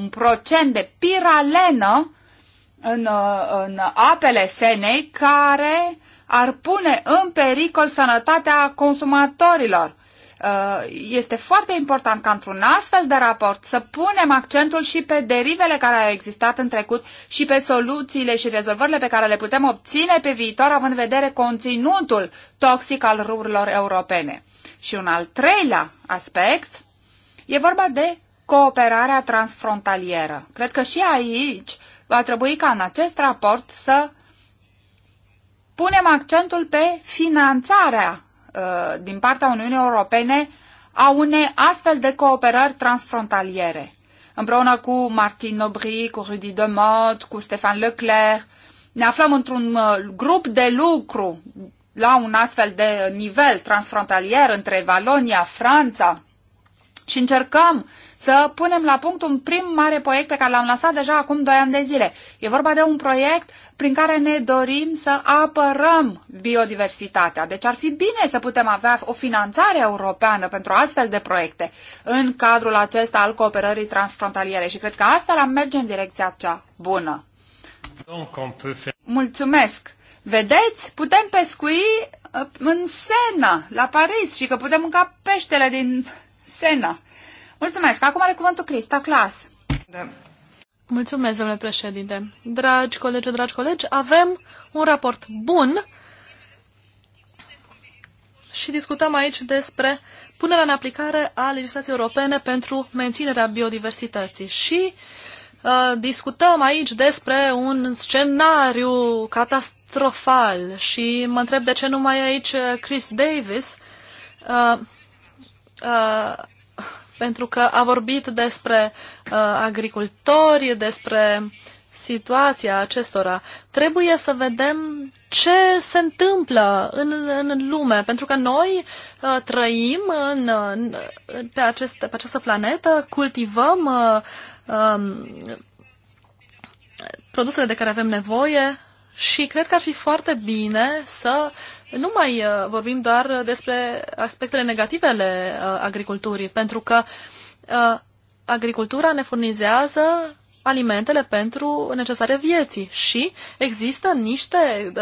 un procent de piralenă în, uh, în apele Senei care ar pune în pericol sănătatea consumatorilor. Uh, este foarte important ca într-un astfel de raport să punem accentul și pe derivele care au existat în trecut și pe soluțiile și rezolvările pe care le putem obține pe viitor, având în vedere conținutul toxic al rurilor europene. Și un al treilea aspect e vorba de cooperarea transfrontalieră. Cred că și aici va trebui ca în acest raport să punem accentul pe finanțarea Uh, din partea Uniunii Europene a unei astfel de cooperări transfrontaliere. Împreună cu Martin Aubry, cu Rudy Demot, cu Stefan Leclerc, ne aflăm într-un uh, grup de lucru la un astfel de nivel transfrontalier între Valonia, Franța și încercăm să punem la punct un prim mare proiect pe care l-am lansat deja acum 2 ani de zile. E vorba de un proiect prin care ne dorim să apărăm biodiversitatea. Deci ar fi bine să putem avea o finanțare europeană pentru astfel de proiecte în cadrul acesta al cooperării transfrontaliere și cred că astfel am merge în direcția cea bună. Mulțumesc! Vedeți, putem pescui uh, în Sena, la Paris, și că putem mânca peștele din Sena. Mulțumesc. Acum are cuvântul Crista Clas. Da. Mulțumesc, domnule președinte. Dragi colegi, dragi colegi, avem un raport bun și discutăm aici despre punerea în aplicare a legislației europene pentru menținerea biodiversității și uh, discutăm aici despre un scenariu catastrofal și mă întreb de ce nu mai e aici Chris Davis. Uh, uh, pentru că a vorbit despre uh, agricultori, despre situația acestora. Trebuie să vedem ce se întâmplă în, în lume, pentru că noi uh, trăim în, în, pe, acest, pe această planetă, cultivăm uh, um, produsele de care avem nevoie și cred că ar fi foarte bine să uh, nu mai uh, vorbim doar uh, despre aspectele negative ale uh, agriculturii, pentru că agricultura ne furnizează alimentele pentru necesare vieții și există niște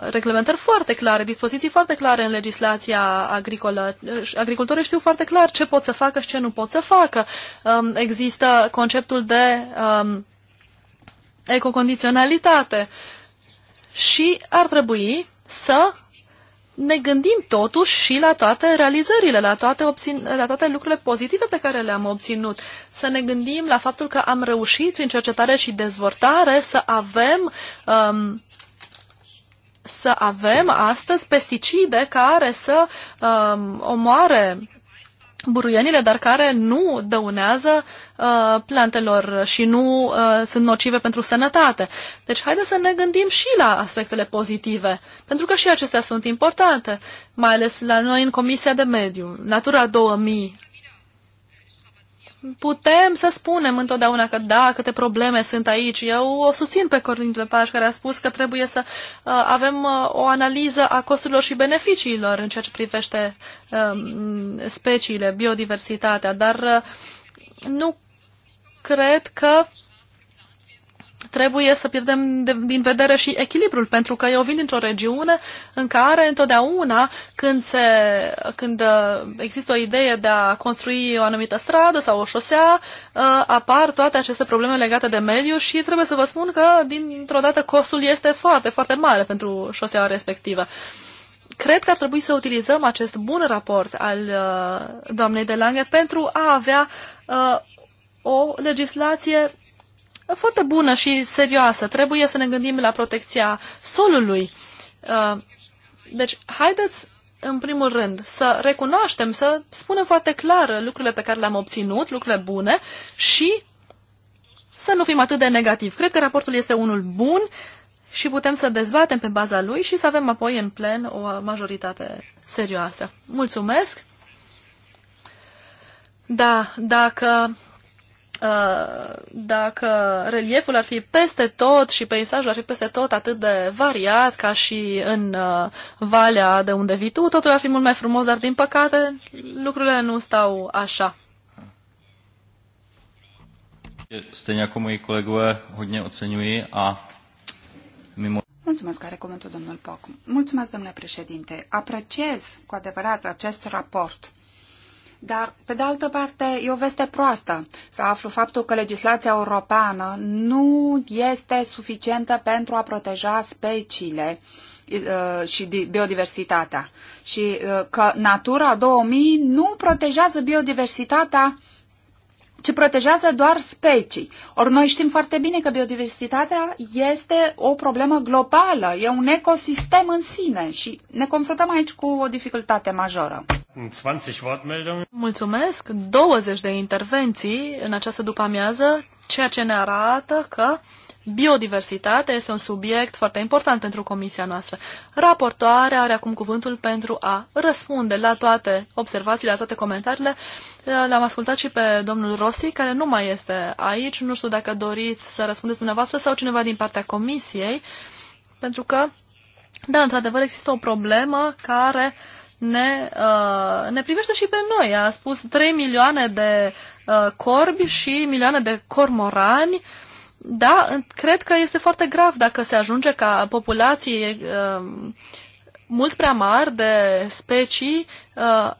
reglementări foarte clare, dispoziții foarte clare în legislația agricolă. Deci, agricultorii știu foarte clar ce pot să facă și ce nu pot să facă. Um, există conceptul de um, ecocondiționalitate și ar trebui să ne gândim totuși și la toate realizările, la toate, obțin, la toate lucrurile pozitive pe care le-am obținut. Să ne gândim la faptul că am reușit prin cercetare și dezvoltare să avem um, să avem astăzi pesticide care să um, omoare buruienile, dar care nu dăunează Uh, plantelor și nu uh, sunt nocive pentru sănătate. Deci haideți să ne gândim și la aspectele pozitive, pentru că și acestea sunt importante, mai ales la noi în Comisia de Mediu, Natura 2000. Putem să spunem întotdeauna că da, câte probleme sunt aici. Eu o susțin pe Corin Plepaș, care a spus că trebuie să uh, avem uh, o analiză a costurilor și beneficiilor în ceea ce privește uh, speciile, biodiversitatea, dar uh, nu cred că trebuie să pierdem de, din vedere și echilibrul, pentru că eu vin dintr-o regiune în care întotdeauna când, se, când uh, există o idee de a construi o anumită stradă sau o șosea, uh, apar toate aceste probleme legate de mediu și trebuie să vă spun că dintr-o dată costul este foarte, foarte mare pentru șoseaua respectivă. Cred că ar trebui să utilizăm acest bun raport al uh, doamnei de Lange pentru a avea uh, uh, o legislație foarte bună și serioasă. Trebuie să ne gândim la protecția solului. Uh, deci, haideți în primul rând, să recunoaștem, să spunem foarte clar lucrurile pe care le-am obținut, lucrurile bune și să nu fim atât de negativi. Cred că raportul este unul bun și putem să dezbatem pe baza lui și să avem apoi în plen o majoritate serioasă. Mulțumesc! Da, dacă uh, dacă relieful ar fi peste tot și peisajul ar fi peste tot atât de variat ca și în uh, valea de unde vii tu, totul ar fi mult mai frumos, dar din păcate lucrurile nu stau așa. Stejně jako moji kolegové hodně oceňuji a mimo... Mulțumesc, are cuvântul domnul Poc. Mulțumesc, domnule președinte. Apreciez cu adevărat acest raport dar, pe de altă parte, e o veste proastă să aflu faptul că legislația europeană nu este suficientă pentru a proteja speciile uh, și biodiversitatea și uh, că Natura 2000 nu protejează biodiversitatea ci protejează doar specii. Ori noi știm foarte bine că biodiversitatea este o problemă globală, e un ecosistem în sine și ne confruntăm aici cu o dificultate majoră. Mulțumesc! 20 de intervenții în această după-amiază, ceea ce ne arată că biodiversitatea este un subiect foarte important pentru comisia noastră. Raportoarea are acum cuvântul pentru a răspunde la toate observațiile, la toate comentariile. L-am ascultat și pe domnul Rossi, care nu mai este aici. Nu știu dacă doriți să răspundeți dumneavoastră sau cineva din partea comisiei, pentru că, da, într-adevăr, există o problemă care uh, ne, uh, ne privește și pe noi. A spus 3 milioane de uh, corbi și milioane de cormorani. Da, cred că este foarte grav dacă se ajunge ca populații uh, mult prea mari de specii uh,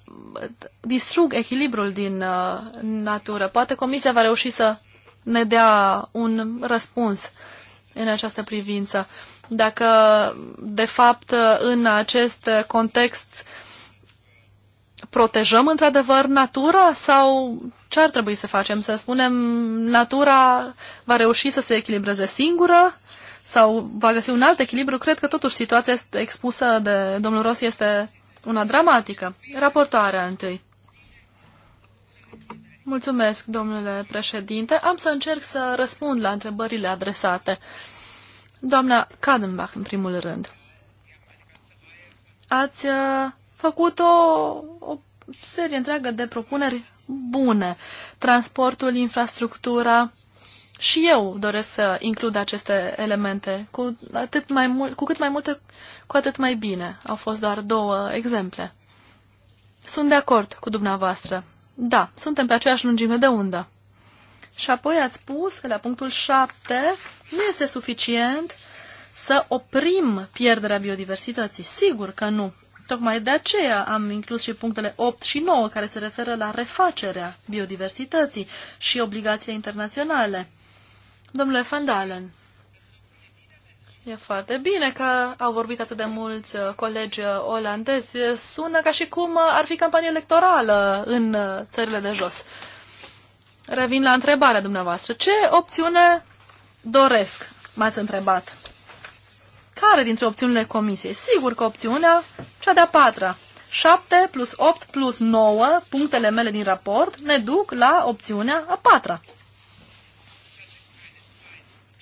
distrug echilibrul din uh, natură. Poate Comisia va reuși să ne dea un răspuns în această privință. Dacă, de fapt, în acest context protejăm într-adevăr natura sau ce ar trebui să facem? Să spunem, natura va reuși să se echilibreze singură sau va găsi un alt echilibru? Cred că totuși situația este expusă de domnul Rossi este una dramatică. Raportarea întâi. Mulțumesc, domnule președinte. Am să încerc să răspund la întrebările adresate. Doamna Kadenbach, în primul rând. Ați uh, făcut o, o serie întreagă de propuneri bune. Transportul, infrastructura, și eu doresc să includ aceste elemente. Cu, atât mai mult, cu cât mai multe, cu atât mai bine. Au fost doar două exemple. Sunt de acord cu dumneavoastră. Da, suntem pe aceeași lungime de undă. Și apoi ați spus că la punctul 7 nu este suficient să oprim pierderea biodiversității. Sigur că nu. Tocmai de aceea am inclus și punctele 8 și 9 care se referă la refacerea biodiversității și obligațiile internaționale. Domnule Van Dalen, e foarte bine că au vorbit atât de mulți uh, colegi uh, olandezi. Sună ca și cum uh, ar fi campanie electorală în țările de jos. Revin la întrebarea dumneavoastră. Ce opțiune doresc? M-ați întrebat care dintre opțiunile comisiei? Sigur că opțiunea, cea de-a patra, 7 plus 8 plus 9, punctele mele din raport, ne duc la opțiunea a patra.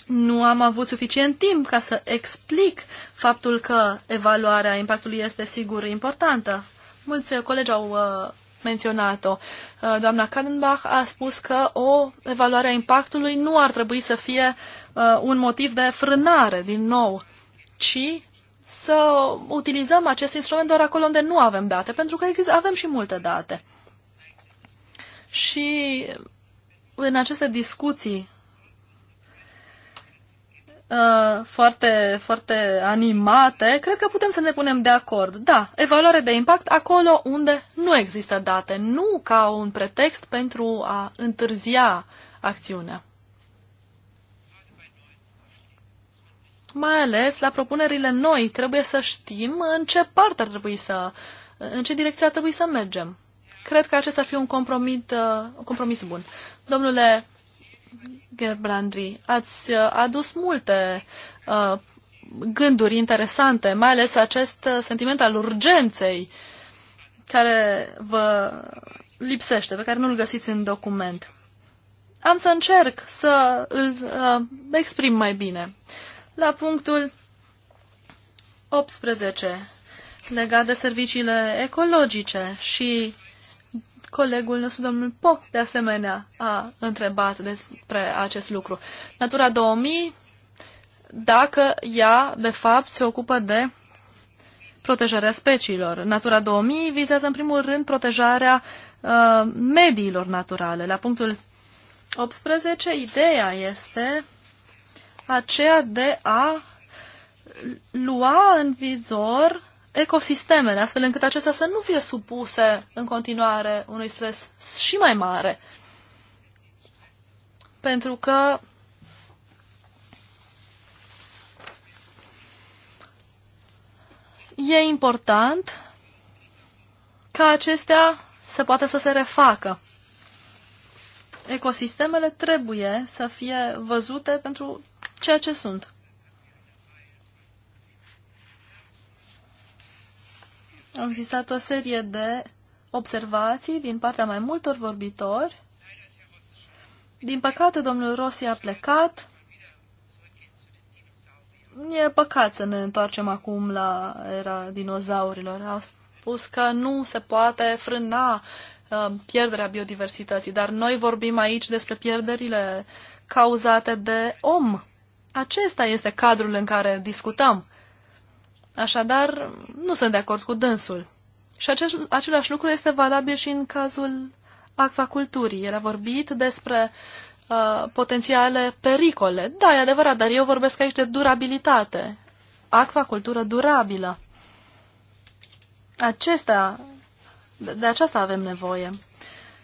Nu am avut suficient timp ca să explic faptul că evaluarea impactului este sigur importantă. Mulți colegi au uh, menționat-o. Uh, doamna Kadenbach a spus că o evaluare a impactului nu ar trebui să fie uh, un motiv de frânare, din nou ci să utilizăm acest instrument doar acolo unde nu avem date, pentru că avem și multe date. Și în aceste discuții uh, foarte, foarte animate, cred că putem să ne punem de acord. Da, evaluare de impact acolo unde nu există date, nu ca un pretext pentru a întârzia acțiunea. mai ales la propunerile noi. Trebuie să știm în ce parte ar trebui să, în ce direcție ar trebui să mergem. Cred că acesta ar fi un compromis, uh, un compromis bun. Domnule Gerbrandri, ați uh, adus multe uh, gânduri interesante, mai ales acest sentiment al urgenței care vă lipsește, pe care nu-l găsiți în document. Am să încerc să îl uh, exprim mai bine. Uh, la punctul 18, legat de serviciile ecologice și colegul nostru, domnul Poc, de asemenea, a întrebat despre acest lucru. Natura 2000, dacă ea, de fapt, se ocupă de protejarea speciilor. Natura 2000 vizează, în primul rând, protejarea uh, mediilor naturale. La punctul 18, ideea este aceea de a lua în vizor ecosistemele, astfel încât acestea să nu fie supuse în continuare unui stres și mai mare. Pentru că e important ca acestea să poată să se refacă ecosistemele trebuie să fie văzute pentru ceea ce sunt. Au existat o serie de observații din partea mai multor vorbitori. Din păcate, domnul Rossi a plecat. E păcat să ne întoarcem acum la era dinozaurilor. Au spus că nu se poate frâna Uh, pierderea biodiversității, dar noi vorbim aici despre pierderile cauzate de om. Acesta este cadrul în care discutăm. Așadar, nu sunt de acord cu dânsul. Și acest, același lucru este valabil și în cazul acvaculturii. El a vorbit despre uh, potențiale pericole. Da, e adevărat, dar eu vorbesc aici de durabilitate. Acvacultură durabilă. Acestea de aceasta avem nevoie.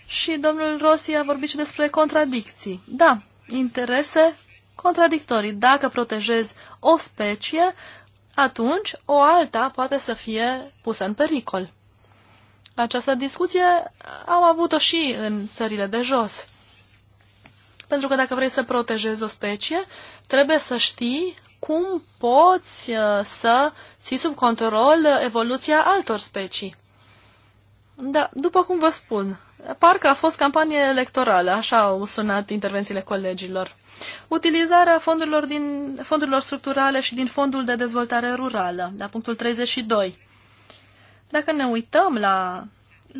Și domnul Rossi a vorbit și despre contradicții. Da, interese contradictorii. Dacă protejezi o specie, atunci o alta poate să fie pusă în pericol. Această discuție am avut-o și în țările de jos. Pentru că dacă vrei să protejezi o specie, trebuie să știi cum poți uh, să ții sub control evoluția altor specii. Da, după cum vă spun, parcă a fost campanie electorală, așa au sunat intervențiile colegilor. Utilizarea fondurilor, din, fondurilor structurale și din fondul de dezvoltare rurală, la punctul 32. Dacă ne uităm la,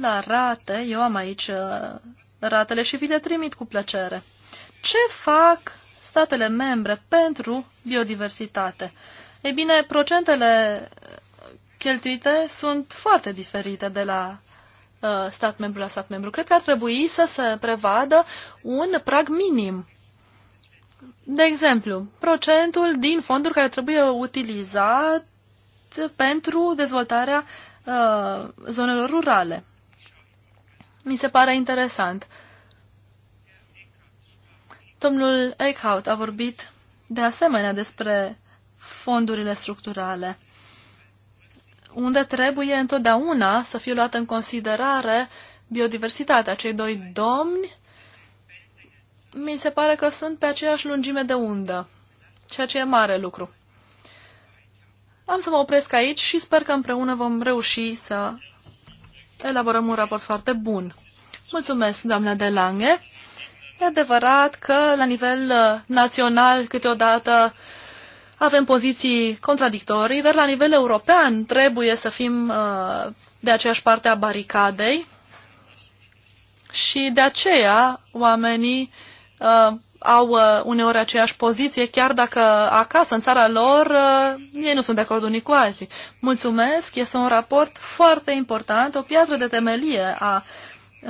la rate, eu am aici uh, ratele și vi le trimit cu plăcere. Ce fac statele membre pentru biodiversitate? Ei bine, procentele cheltuite sunt foarte diferite de la Uh, stat membru la stat membru. Cred că ar trebui să se prevadă un prag minim. De exemplu, procentul din fonduri care trebuie utilizat pentru dezvoltarea uh, zonelor rurale. Mi se pare interesant. Domnul Eichhout a vorbit de asemenea despre fondurile structurale unde trebuie întotdeauna să fie luată în considerare biodiversitatea. Cei doi domni mi se pare că sunt pe aceeași lungime de undă, ceea ce e mare lucru. Am să mă opresc aici și sper că împreună vom reuși să elaborăm un raport foarte bun. Mulțumesc, doamna de Lange. E adevărat că la nivel uh, național câteodată avem poziții contradictorii, dar la nivel european trebuie să fim uh, de aceeași parte a baricadei și de aceea oamenii uh, au uh, uneori aceeași poziție, chiar dacă acasă, în țara lor, uh, ei nu sunt de acord unii cu alții. Mulțumesc, este un raport foarte important, o piatră de temelie a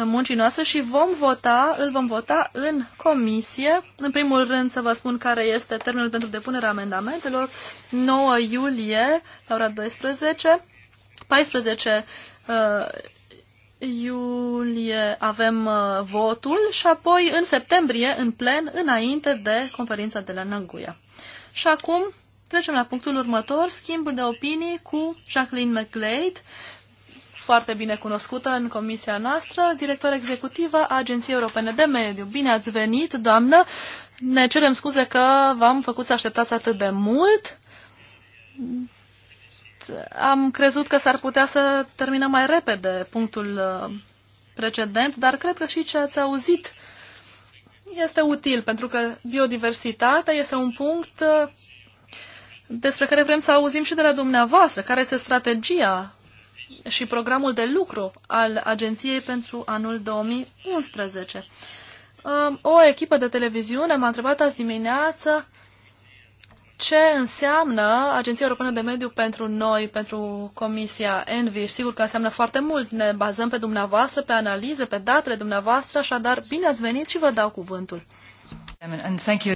muncii noastre și vom vota, îl vom vota în comisie. În primul rând să vă spun care este termenul pentru depunerea amendamentelor, 9 iulie la ora 12, 14 uh, iulie avem uh, votul și apoi în septembrie în plen înainte de conferința de la Nanguia. Și acum trecem la punctul următor, schimbul de opinii cu Jacqueline McGlade, foarte bine cunoscută în comisia noastră, director executivă a Agenției Europene de Mediu. Bine ați venit, doamnă! Ne cerem scuze că v-am făcut să așteptați atât de mult. Am crezut că s-ar putea să terminăm mai repede punctul uh, precedent, dar cred că și ce ați auzit este util, pentru că biodiversitatea este un punct uh, despre care vrem să auzim și de la dumneavoastră, care este strategia și programul de lucru al agenției pentru anul 2011. O echipă de televiziune m-a întrebat azi dimineață ce înseamnă Agenția Europeană de Mediu pentru noi, pentru Comisia Envi. Sigur că înseamnă foarte mult. Ne bazăm pe dumneavoastră, pe analize, pe datele dumneavoastră, așadar bine ați venit și vă dau cuvântul. And thank you.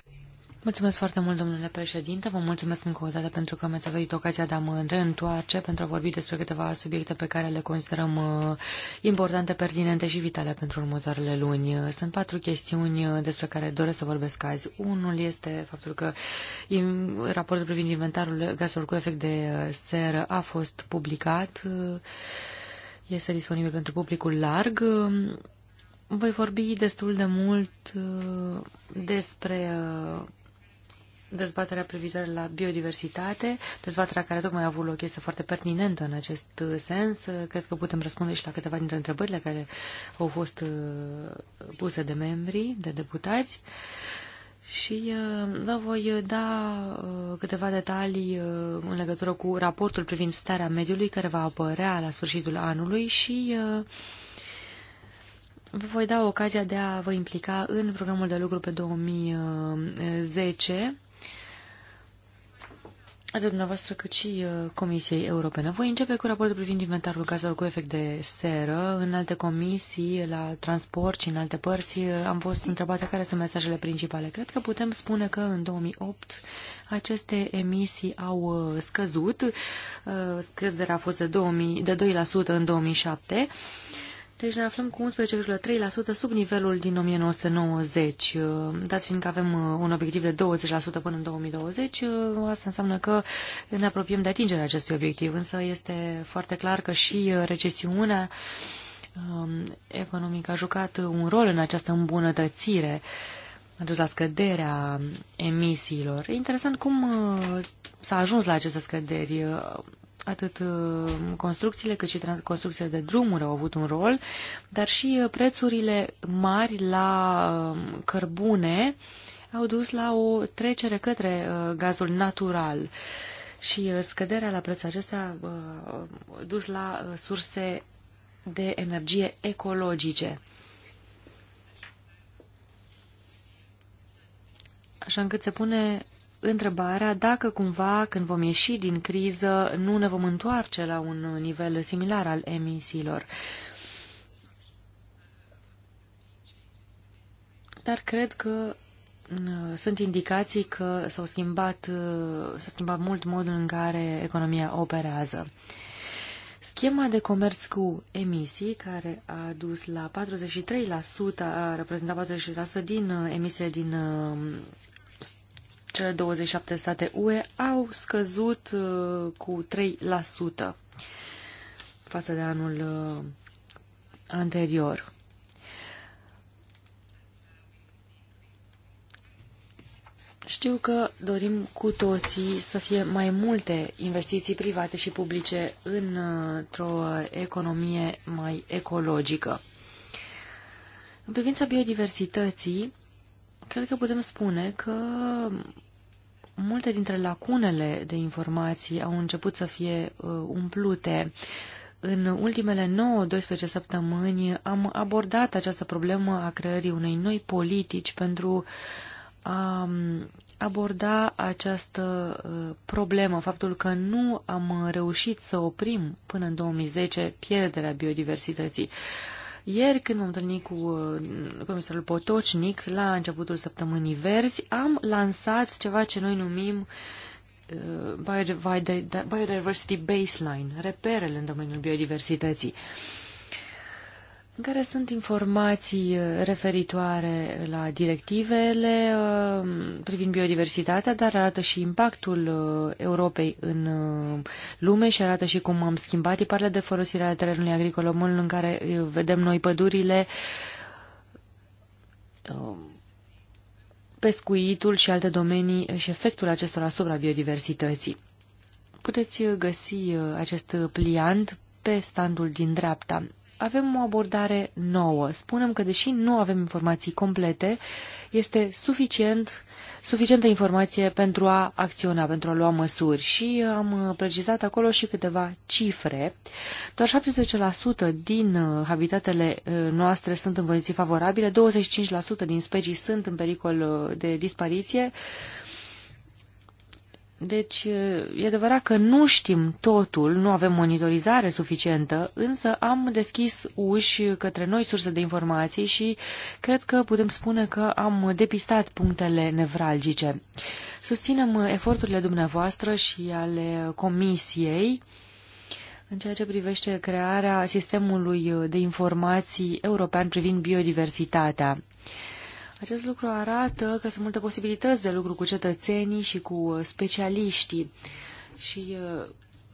Mulțumesc foarte mult, domnule președinte. Vă mulțumesc încă o dată pentru că mi-ați oferit ocazia de a mă reîntoarce pentru a vorbi despre câteva subiecte pe care le considerăm uh, importante, pertinente și vitale pentru următoarele luni. Sunt patru chestiuni uh, despre care doresc să vorbesc azi. Unul este faptul că raportul privind inventarul gazelor cu efect de uh, seră a fost publicat. Este disponibil pentru publicul larg voi vorbi destul de mult despre dezbaterea privitoare la biodiversitate. Dezbaterea care tocmai a avut loc este foarte pertinentă în acest uh, sens. Uh, cred că putem răspunde și la câteva dintre întrebările care au fost uh, puse de membrii, de deputați. Și vă voi da câteva detalii în legătură cu raportul privind starea mediului care va apărea la sfârșitul anului și Vă voi da ocazia de a vă implica în programul de lucru pe 2010 atât dumneavoastră cât și uh, Comisiei Europene. Voi începe cu raportul privind inventarul gazelor cu efect de seră. În alte comisii, la transport și în alte părți, uh, am fost întrebate care sunt mesajele principale. Cred că putem spune că în 2008 aceste emisii au uh, scăzut. Scăderea a fost de, 2000, de 2% în 2007 deci ne aflăm cu 11,3% sub nivelul din 1990, uh, dat fiindcă avem uh, un obiectiv de 20% până în 2020, uh, asta înseamnă că ne apropiem de atingerea acestui obiectiv, însă este foarte clar că și recesiunea um, economică a jucat un rol în această îmbunătățire, a dus la scăderea emisiilor. E interesant cum s-a ajuns la aceste scăderi atât uh, construcțiile cât și construcțiile de drumuri au avut un rol, dar și uh, prețurile mari la uh, cărbune au dus la o trecere către gazul natural și scăderea la prețul acesta a dus la surse de energie ecologice. Așa încât se pune întrebarea dacă cumva când vom ieși din criză nu ne vom întoarce la un nivel similar al emisiilor. Dar cred că uh, sunt indicații că s a schimbat, uh, s-a schimbat mult modul în care economia operează. Schema de comerț cu emisii, care a dus la 43%, a reprezentat 43% din uh, emisiile din cele 27 state UE au scăzut uh, cu 3% față de anul uh, anterior. Știu că dorim cu toții să fie mai multe investiții private și publice uh, într-o economie mai ecologică. În privința biodiversității, Cred că putem spune că multe dintre lacunele de informații au început să fie uh, umplute. În ultimele 9-12 săptămâni am abordat această problemă a creării unei noi politici pentru a um, aborda această uh, problemă, faptul că nu am reușit să oprim până în 2010 pierderea biodiversității. Uh, ieri, când m-am întâlnit cu uh, comisarul Potocnic, la începutul săptămânii verzi, am lansat ceva ce noi numim uh, Biodiversity Baseline, reperele în domeniul biodiversității în care sunt informații uh, referitoare la directivele uh, privind biodiversitatea, dar arată și impactul uh, Europei în lume și arată și cum am schimbat tiparele de folosire a terenului agricol, omul în care vedem noi pădurile, pescuitul și alte domenii și efectul acestor asupra biodiversității. Puteți găsi acest pliant pe standul din dreapta avem o abordare nouă. Spunem că, deși nu avem informații complete, este suficient, suficientă informație pentru a acționa, pentru a lua măsuri. Și am precizat acolo și câteva cifre. Doar 17% din uh, habitatele uh, noastre sunt în condiții favorabile, 25% din specii sunt în pericol uh, de dispariție, deci, e adevărat că nu știm totul, nu avem monitorizare suficientă, însă am deschis uși către noi surse de informații și cred că putem spune că am depistat punctele nevralgice. Susținem eforturile dumneavoastră și ale Comisiei în ceea ce privește crearea sistemului de informații european privind biodiversitatea. Acest lucru arată că sunt multe posibilități de lucru cu cetățenii și cu uh, specialiștii și uh,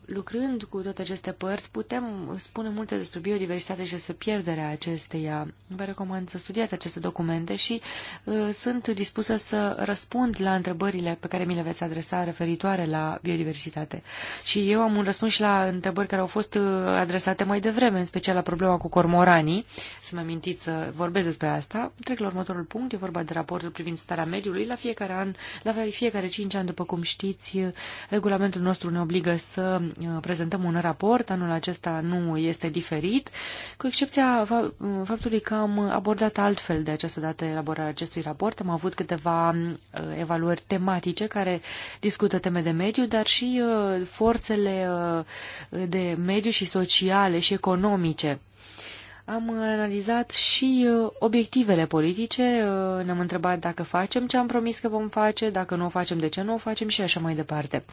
lucrând cu toate aceste părți, putem spune multe despre biodiversitate și despre pierderea acesteia. Vă recomand să studiați aceste documente și uh, sunt dispusă să răspund la întrebările pe care mi le veți adresa referitoare la biodiversitate. Și eu am un răspuns și la întrebări care au fost uh, adresate mai devreme, în special la problema cu cormoranii. Să-mi amintiți să vorbesc despre asta. Trec la următorul punct, e vorba de raportul privind starea mediului. La fiecare an, la fiecare cinci ani, după cum știți, regulamentul nostru ne obligă să Uh, prezentăm un raport, anul acesta nu este diferit, cu excepția uh, faptului că am abordat altfel de această dată elaborarea acestui raport. Am avut câteva uh, evaluări tematice care discută teme de mediu, dar și forțele de mediu și sociale și economice am analizat și obiectivele politice, ne-am întrebat dacă facem ce am promis că vom face, dacă nu o facem, de ce nu o facem și așa mai departe.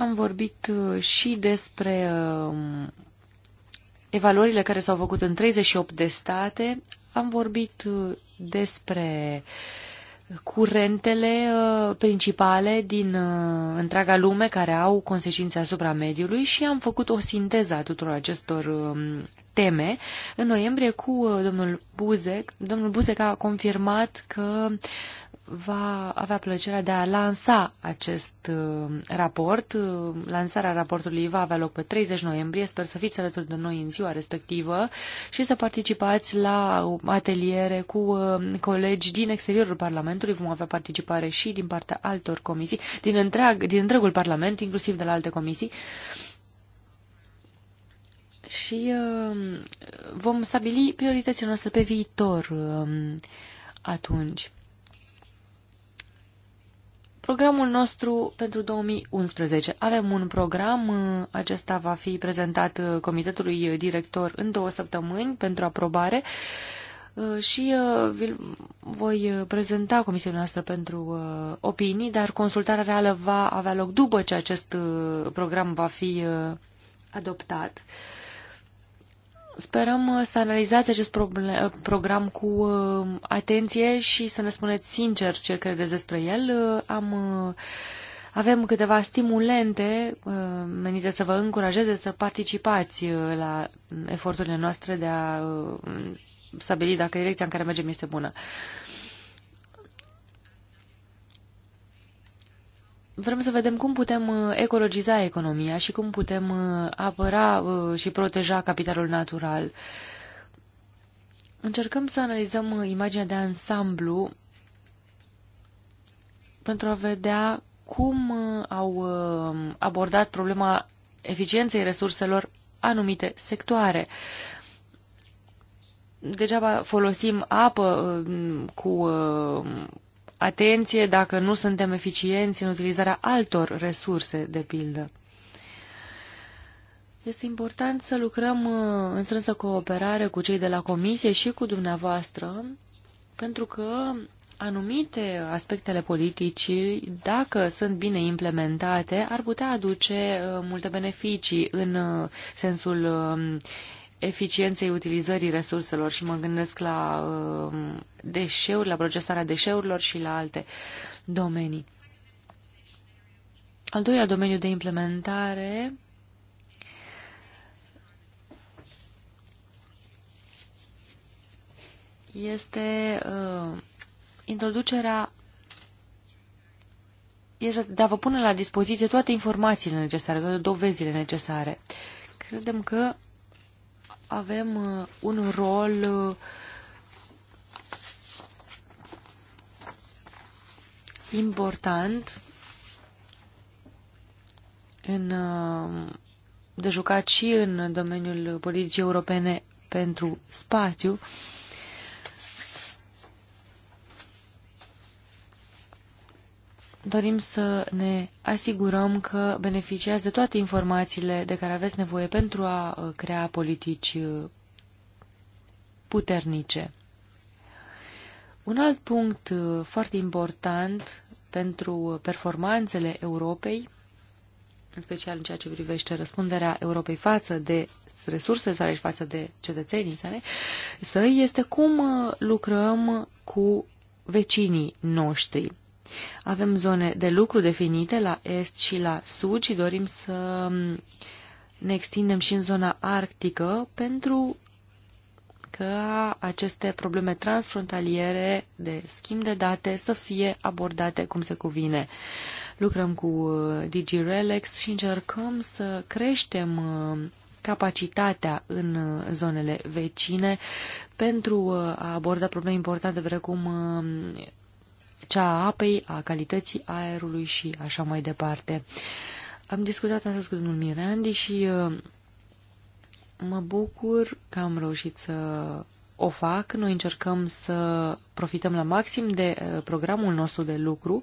Am vorbit uh, și despre um, evaluările care s-au făcut în 38 de state. Am vorbit uh, despre curentele uh, principale din întreaga lume care au consecințe asupra mediului și am făcut o sinteză a tuturor acestor um, teme. În noiembrie cu domnul Buzek, domnul Buzek a confirmat că va avea plăcerea de a lansa acest uh, raport. Uh, lansarea raportului va avea loc pe 30 noiembrie. Sper să fiți alături de noi în ziua respectivă și să participați la ateliere cu uh, colegi din exteriorul Parlamentului. Vom avea participare și din partea altor comisii, din, întreag, din întregul Parlament, inclusiv de la alte comisii și vom stabili prioritățile noastre pe viitor atunci. Programul nostru pentru 2011. Avem un program, uh, acesta va fi prezentat uh, Comitetului Director în două săptămâni pentru aprobare uh, și voi prezenta comisiunea noastră pentru opinii, dar consultarea reală va avea loc după ce acest program va fi adoptat. Sperăm uh, să analizați acest uh, program cu uh, atenție și să ne spuneți sincer ce credeți despre el. Am, avem câteva stimulente menite să vă încurajeze să participați la eforturile noastre de a stabili dacă direcția în care mergem este bună. Vrem să vedem cum putem uh, ecologiza economia și cum putem uh, apăra uh, și proteja capitalul natural. Încercăm să analizăm imaginea de ansamblu pentru a vedea cum au abordat problema eficienței resurselor anumite sectoare. Degeaba folosim apă cu atenție dacă nu suntem eficienți în utilizarea altor resurse, de pildă. Este important să lucrăm uh, în strânsă cooperare cu cei de la comisie și cu dumneavoastră, pentru că anumite aspectele politicii, dacă sunt bine implementate, ar putea aduce uh, multe beneficii în uh, sensul um, eficienței utilizării resurselor și mă gândesc la um, deșeuri, la procesarea deșeurilor și la alte domenii. Al doilea domeniu de implementare este uh, introducerea este de a vă pune la dispoziție toate informațiile necesare, toate dovezile necesare. Credem că avem uh, un rol uh, important în, uh, de jucat și în domeniul politicii europene pentru spațiu. Uh, dorim să ne asigurăm că beneficiați de toate informațiile de care aveți nevoie pentru a uh, crea politici uh, puternice. Un alt punct uh, foarte important pentru performanțele Europei, în special în ceea ce privește răspunderea Europei față de resurse sale și față de cetățenii sale, săi, este cum lucrăm cu vecinii noștri avem zone de lucru definite la est și la sud și dorim să ne extindem și în zona arctică pentru ca aceste probleme transfrontaliere de schimb de date să fie abordate cum se cuvine. Lucrăm cu uh, DigiRelex și încercăm să creștem uh, capacitatea în uh, zonele vecine pentru a aborda probleme importante precum cea a apei, a calității aerului și așa mai departe. Am discutat astăzi cu domnul Mirandi și uh, mă bucur că am reușit să o fac. Noi încercăm să profităm la maxim de uh, programul nostru de lucru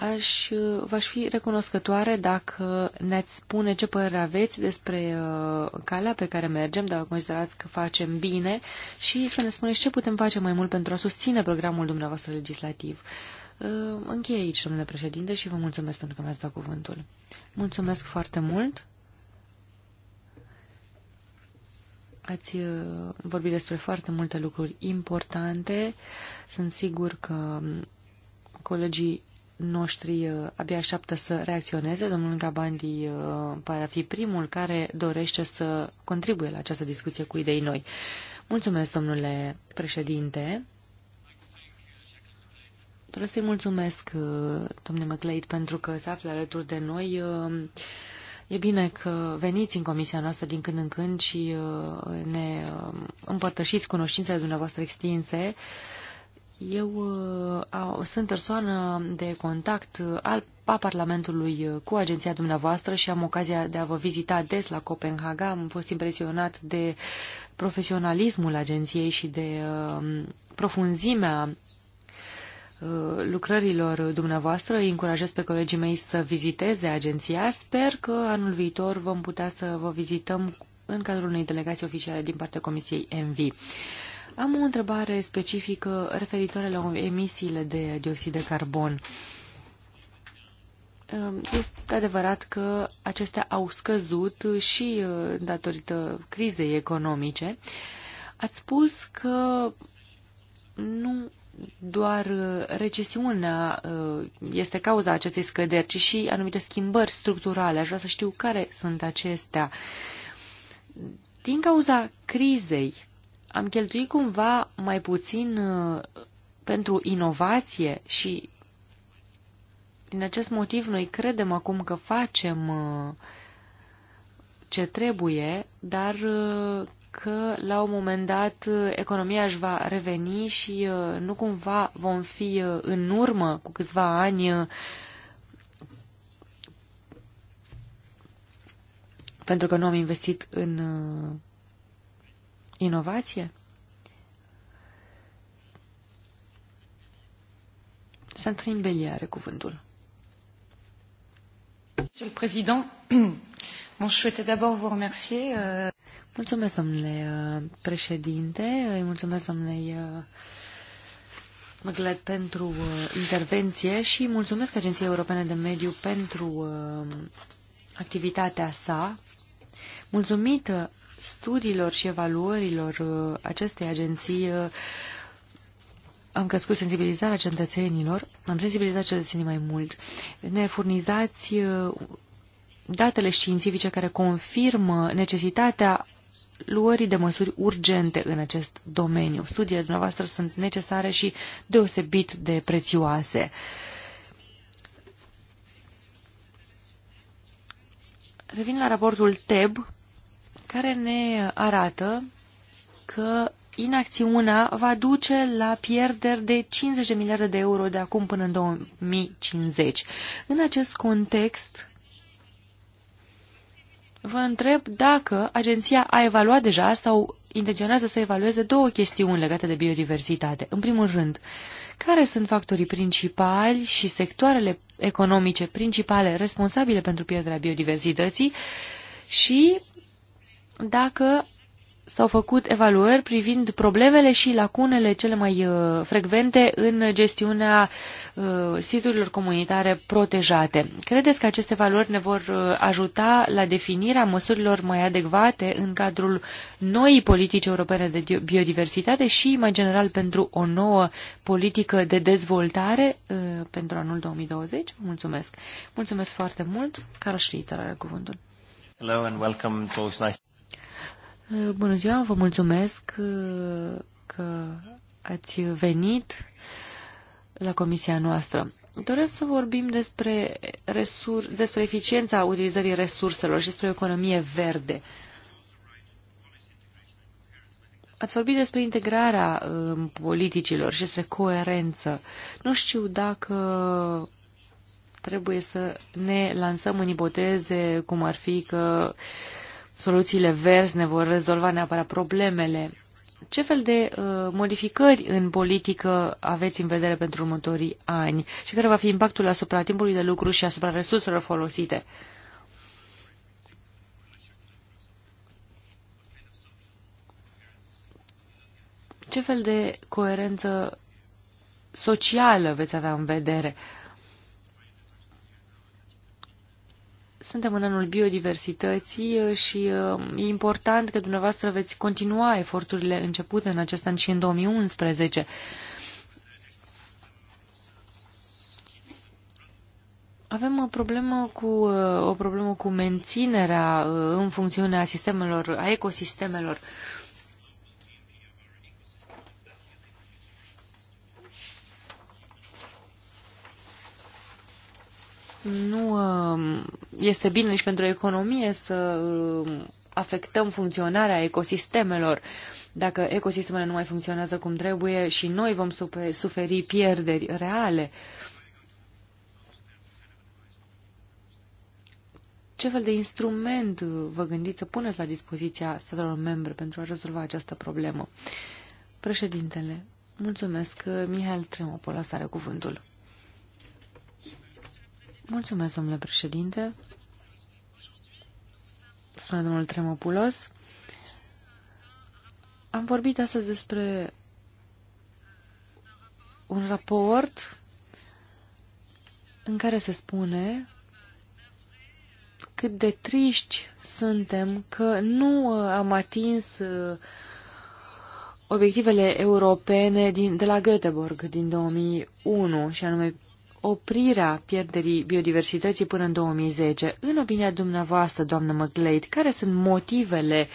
Aș, v-aș fi recunoscătoare dacă ne-ați spune ce părere aveți despre uh, calea pe care mergem, dacă considerați că facem bine și să ne spuneți ce putem face mai mult pentru a susține programul dumneavoastră legislativ. Uh, închei aici, domnule președinte, și vă mulțumesc pentru că mi-ați dat cuvântul. Mulțumesc foarte mult. Ați uh, vorbit despre foarte multe lucruri importante. Sunt sigur că colegii noștri uh, abia așteaptă să reacționeze. Domnul Gabandi uh, pare a fi primul care dorește să contribuie la această discuție cu idei noi. Mulțumesc, domnule președinte. Doresc să-i mulțumesc, uh, domnule McLeod, pentru că se află alături de noi. E bine că veniți în comisia noastră din când în când și ne împărtășiți cunoștințele dumneavoastră extinse. Eu uh, sunt persoană de contact al a Parlamentului uh, cu agenția dumneavoastră și am ocazia de a vă vizita des la Copenhaga. Am fost impresionat de profesionalismul agenției și de uh, profunzimea uh, lucrărilor dumneavoastră. Îi încurajez pe colegii mei să viziteze agenția. Sper că anul viitor vom putea să vă vizităm în cadrul unei delegații oficiale din partea Comisiei MV. Am o întrebare specifică referitoare la emisiile de dioxid de carbon. Ehm, este adevărat că acestea au scăzut și uh, datorită crizei economice. Ați spus că nu doar uh, recesiunea uh, este cauza acestei scăderi, ci și anumite schimbări structurale. Aș vrea să știu care sunt acestea. Din cauza crizei, am cheltuit cumva mai puțin uh, pentru inovație și din acest motiv noi credem acum că facem uh, ce trebuie, dar uh, că la un moment dat economia își va reveni și nu cumva vom fi în urmă cu câțiva ani pentru că nu am investit în inovație? Sandrine Bellier are cuvântul. Monsieur le Président, bon, je souhaitais d'abord vous remercier. Euh, mulțumesc, domnule uh, președinte, îi mulțumesc, domnule uh, Măglet, pentru uh, intervenție și mulțumesc Agenției Europene de Mediu pentru activitatea sa. Mulțumită studiilor și evaluărilor uh, acestei agenții uh, am crescut sensibilizarea cetățenilor, am sensibilizat cetățenii mai mult. Ne furnizați uh, datele științifice care confirmă necesitatea luării de măsuri urgente în acest domeniu. Studiile dumneavoastră sunt necesare și deosebit de prețioase. Revin la raportul TEB, care ne arată că inacțiunea va duce la pierderi de 50 de miliarde de euro de acum până în 2050. În acest context, vă întreb dacă agenția a evaluat deja sau intenționează să evalueze două chestiuni legate de biodiversitate. În primul rând, care sunt factorii principali și sectoarele economice principale responsabile pentru pierderea biodiversității și dacă s-au făcut evaluări privind problemele și lacunele cele mai uh, frecvente în gestiunea uh, siturilor comunitare protejate. Credeți că aceste valori ne vor uh, ajuta la definirea măsurilor mai adecvate în cadrul noii politici europene de biodiversitate și, mai general, pentru o nouă politică de dezvoltare pentru anul 2020? Mulțumesc! Mulțumesc foarte mult! Carl Schlitter are cuvântul. Hello and welcome. It's always nice. Uh, bună ziua, vă mulțumesc uh, că ați venit la comisia noastră. Doresc să vorbim despre, resur- despre eficiența utilizării resurselor și despre o economie verde. Ați vorbit despre integrarea uh, politicilor și despre coerență. Nu știu dacă trebuie să ne lansăm în ipoteze cum ar fi că uh, soluțiile verzi ne vor rezolva neapărat problemele. Ce fel de uh, modificări în politică aveți în vedere pentru următorii ani și care va fi impactul asupra timpului de lucru și asupra resurselor folosite? Ce fel de coerență socială veți avea în vedere? Uh, Suntem în anul biodiversității uh, și uh, e important că dumneavoastră veți continua eforturile începute în acest an și în 2011. Avem o problemă cu, uh, o problemă cu menținerea în funcțiune a sistemelor, a ecosistemelor. Uh, nu um, este bine nici pentru economie să um, afectăm funcționarea ecosistemelor. Dacă ecosistemele nu mai funcționează cum trebuie și noi vom suferi pierderi reale, ce fel de instrument uh, vă gândiți să puneți la dispoziția statelor membre pentru a rezolva această problemă? Președintele, mulțumesc. Mihail Tremopoulos are cuvântul. Mulțumesc, domnule președinte. Spune domnul Tremopulos. Am vorbit astăzi despre un raport în care se spune cât de triști suntem că nu uh, am atins uh, obiectivele europene din, de la Göteborg din 2001, și anume oprirea pierderii biodiversității până în 2010. În opinia dumneavoastră, doamnă McLeod, care sunt motivele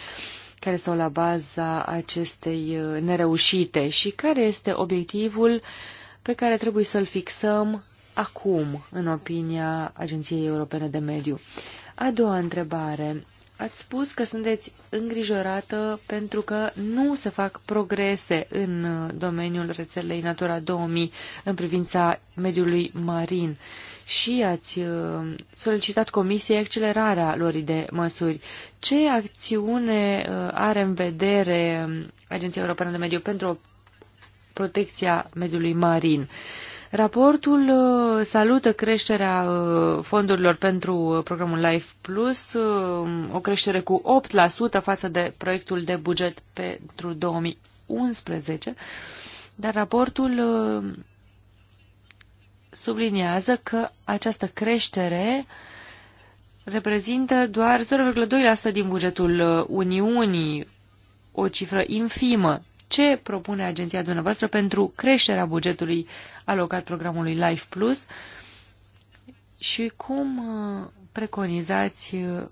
care stau la baza acestei uh, nereușite și care este obiectivul pe care trebuie să-l fixăm acum, în opinia Agenției Europene de Mediu? A doua întrebare. Ați spus că sunteți îngrijorată pentru că nu se fac progrese în uh, domeniul rețelei Natura 2000 în privința mediului marin și ați uh, solicitat Comisiei accelerarea lor de măsuri. Ce acțiune uh, are în vedere um, Agenția Europeană de Mediu pentru protecția mediului marin? Uh, Raportul uh, salută creșterea uh, fondurilor pentru uh, programul Life Plus, o creștere cu 8% față de proiectul de buget pentru 2011, dar raportul subliniază că această creștere reprezintă doar 0,2% din bugetul Uniunii, o cifră infimă ce propune agenția dumneavoastră pentru creșterea bugetului alocat programului Life Plus și cum uh, preconizați uh,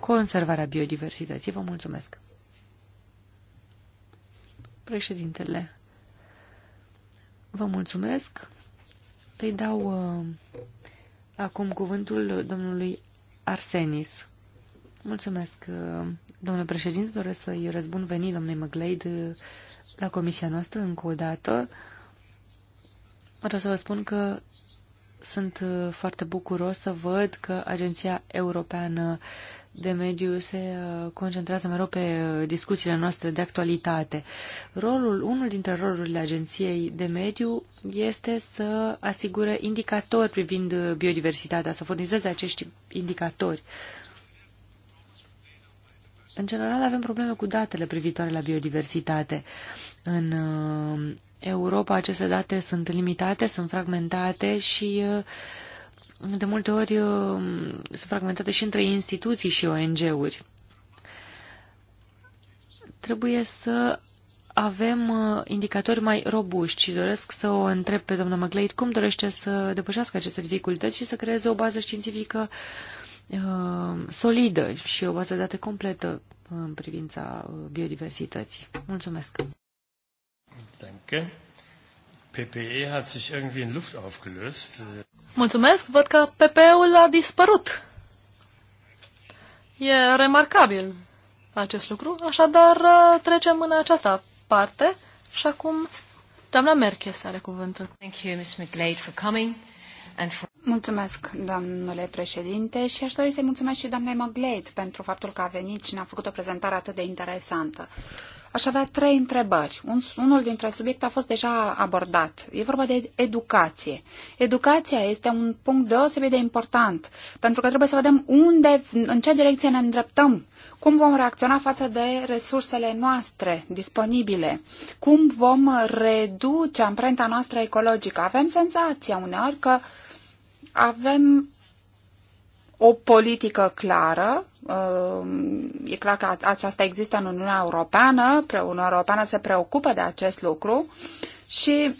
conservarea biodiversității. Vă mulțumesc. Președintele, vă mulțumesc. Îi dau uh, acum cuvântul domnului Arsenis. Mulțumesc, uh, Domnule președinte, doresc să-i răzbun venit domnului McGlade uh, la comisia noastră încă o dată. Vreau să vă spun că sunt uh, foarte bucuros să văd că Agenția Europeană de Mediu se uh, concentrează mereu pe discuțiile noastre de actualitate. Rolul, unul dintre rolurile Agenției de Mediu este să asigure indicatori privind biodiversitatea, să furnizeze acești indicatori. Uh, în general avem probleme cu datele privitoare la biodiversitate. În uh, Europa aceste date sunt limitate, sunt fragmentate și uh, de multe ori uh, sunt fragmentate și între instituții și ONG-uri. Trebuie să avem indicatori mai robuști și doresc să o întreb pe doamna McLeod cum dorește să depășească aceste dificultăți și să creeze o bază științifică uh, Uh, solidă și o bază de date completă în privința uh, biodiversității. Mulțumesc! Danke. PPE hat sich irgendwie in Luft aufgelöst. Mulțumesc, văd că PPE-ul a dispărut. E remarcabil acest lucru, așadar uh, trecem în această parte și acum doamna Merkes are cuvântul. Thank you, Ms. McGlade, for coming and for... Mulțumesc, domnule președinte, și aș dori să-i mulțumesc și doamnei Măgleit pentru faptul că a venit și ne-a făcut o prezentare atât de interesantă. Aș avea trei întrebări. Un, unul dintre subiecte a fost deja abordat. E vorba de educație. Educația este un punct deosebit de important, pentru că trebuie să vedem unde, în ce direcție ne îndreptăm, cum vom reacționa față de resursele noastre disponibile, cum vom reduce amprenta noastră ecologică. Avem senzația uneori că avem o politică clară. Uh, e clar că aceasta există în Uniunea Europeană. Uniunea Europeană se preocupă de acest lucru. Și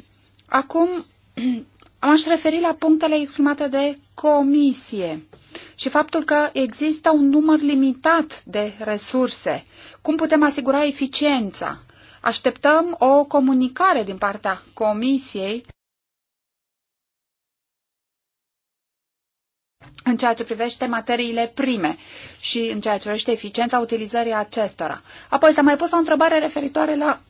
acum m-aș referi la punctele exprimate de comisie și faptul că există un număr limitat de resurse. Cum putem asigura eficiența? Așteptăm o comunicare din partea comisiei în ceea ce privește materiile prime și în ceea ce privește eficiența utilizării acestora. Apoi s-a mai pus o întrebare referitoare la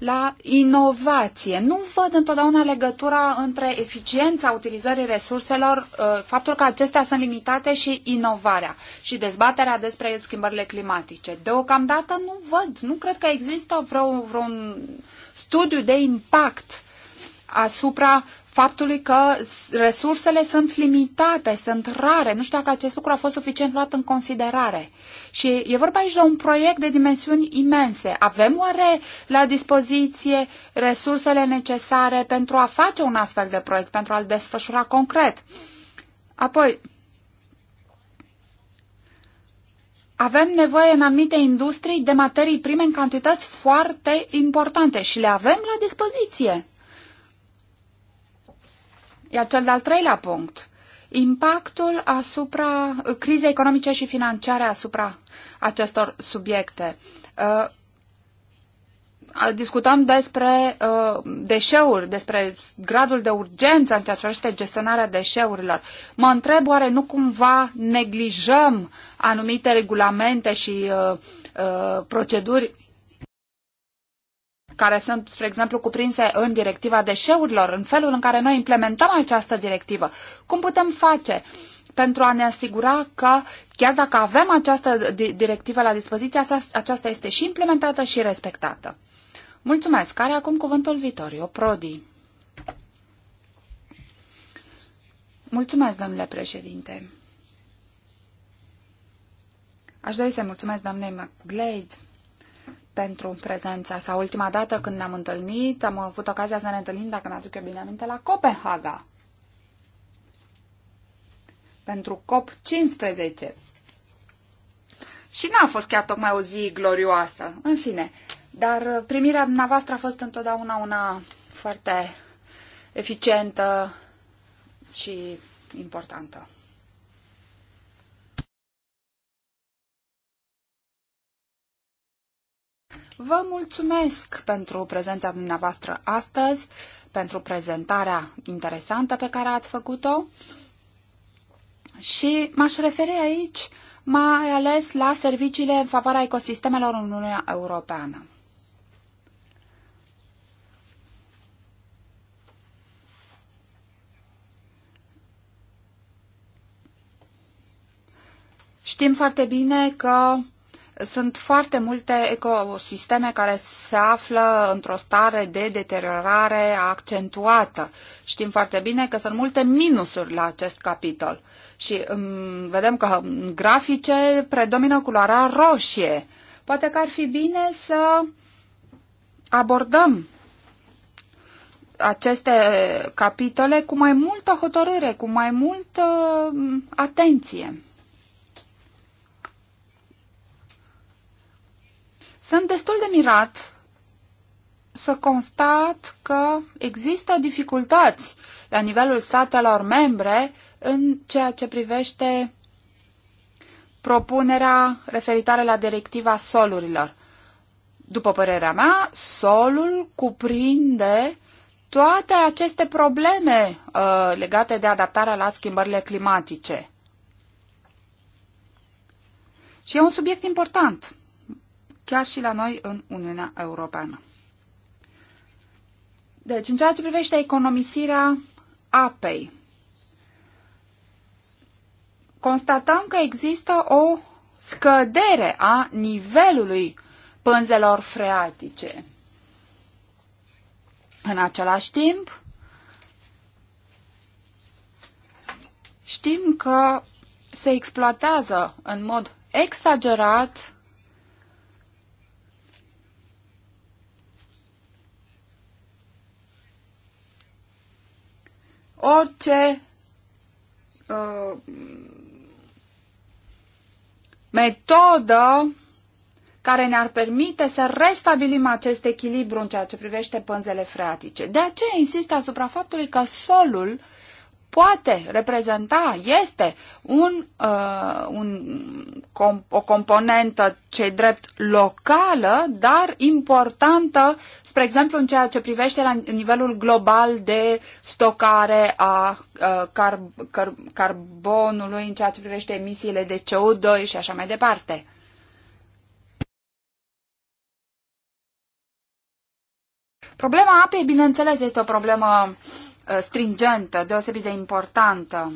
la inovație. Nu văd întotdeauna legătura între eficiența utilizării resurselor, uh, faptul că acestea sunt limitate și inovarea și dezbaterea despre schimbările climatice. Deocamdată nu văd, nu cred că există vreo, vreun studiu de impact asupra faptului că resursele sunt limitate, sunt rare. Nu știu dacă acest lucru a fost suficient luat în considerare. Și e vorba aici de un proiect de dimensiuni imense. Avem oare la dispoziție resursele necesare pentru a face un astfel de proiect, pentru a-l desfășura concret? Apoi, avem nevoie în anumite industrii de materii prime în cantități foarte importante și le avem la dispoziție. Iar cel de-al treilea punct, impactul asupra crizei economice și financiare asupra acestor subiecte. Uh, discutăm despre uh, deșeuri, despre gradul de urgență în ceea ce privește gestionarea deșeurilor. Mă întreb oare nu cumva neglijăm anumite regulamente și uh, proceduri care sunt, spre exemplu, cuprinse în directiva deșeurilor, în felul în care noi implementăm această directivă. Cum putem face pentru a ne asigura că, chiar dacă avem această directivă la dispoziție, aceasta este și implementată și respectată? Mulțumesc. Care acum cuvântul Vitorio Prodi. Mulțumesc, domnule președinte. Aș dori să mulțumesc doamnei McGlade pentru prezența sa. Ultima dată când ne-am întâlnit, am avut ocazia să ne întâlnim, dacă mi-aduc eu bine aminte, la Copenhaga. Pentru COP15. Și n-a fost chiar tocmai o zi glorioasă. În fine, dar primirea dumneavoastră a fost întotdeauna una foarte eficientă și importantă. Vă mulțumesc pentru prezența dumneavoastră astăzi, pentru prezentarea interesantă pe care ați făcut-o și m-aș referi aici mai ales la serviciile în favoarea ecosistemelor în Uniunea Europeană. Știm foarte bine că sunt foarte multe ecosisteme care se află într-o stare de deteriorare accentuată. Știm foarte bine că sunt multe minusuri la acest capitol. Și um, vedem că în grafice predomină culoarea roșie. Poate că ar fi bine să abordăm aceste capitole cu mai multă hotărâre, cu mai multă mm, atenție. Sunt destul de mirat să constat că există dificultăți la nivelul statelor membre în ceea ce privește propunerea referitoare la directiva solurilor. După părerea mea, solul cuprinde toate aceste probleme uh, legate de adaptarea la schimbările climatice. Și e un subiect important chiar și la noi în Uniunea Europeană. Deci, în ceea ce privește economisirea apei, constatăm că există o scădere a nivelului pânzelor freatice. În același timp, știm că se exploatează în mod exagerat orice uh, metodă care ne-ar permite să restabilim acest echilibru în ceea ce privește pânzele freatice. De aceea insist asupra faptului că solul poate reprezenta, este un, uh, un, com, o componentă ce drept locală, dar importantă, spre exemplu, în ceea ce privește la nivelul global de stocare a uh, car, car, carbonului, în ceea ce privește emisiile de CO2 și așa mai departe. Problema apei, bineînțeles, este o problemă uh, Uh, stringentă, deosebit de importantă.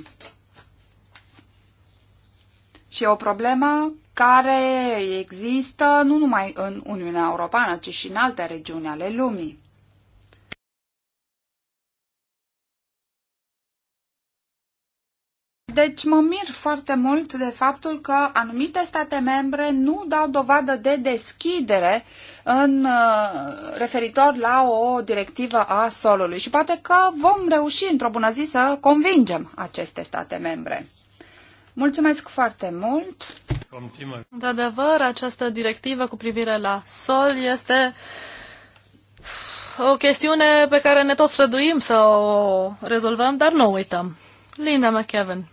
Și o problemă care există nu numai în Uniunea Europeană, ci și în alte regiuni ale lumii. Deci mă mir foarte mult de faptul că anumite state membre nu dau dovadă de deschidere în uh, referitor la o directivă a solului și poate că vom reuși într-o bună zi să convingem aceste state membre. Mulțumesc foarte mult! Într-adevăr, această directivă cu privire la sol este o chestiune pe care ne tot străduim să o rezolvăm, dar nu uităm. Linda McKevin.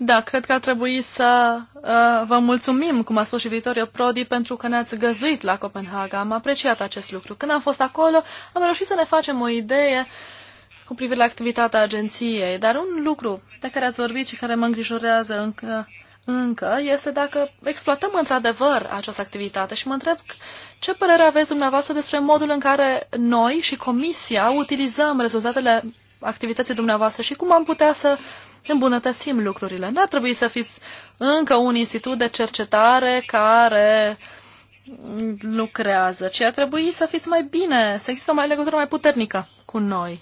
Da, cred că ar trebui să uh, vă mulțumim, cum a spus și Vitorio Prodi, pentru că ne-ați găzduit la Copenhaga. Am apreciat acest lucru. Când am fost acolo, am reușit să ne facem o idee cu privire la activitatea agenției. Dar un lucru de care ați vorbit și care mă îngrijorează încă, încă este dacă exploatăm într-adevăr această activitate. Și mă întreb ce părere aveți dumneavoastră despre modul în care noi și Comisia utilizăm rezultatele activității dumneavoastră și cum am putea să uh, îmbunătățim lucrurile. Nu ar trebui să fiți încă un institut de cercetare care lucrează, ci ar trebui să fiți mai bine, să există o mai legătură mai puternică cu noi.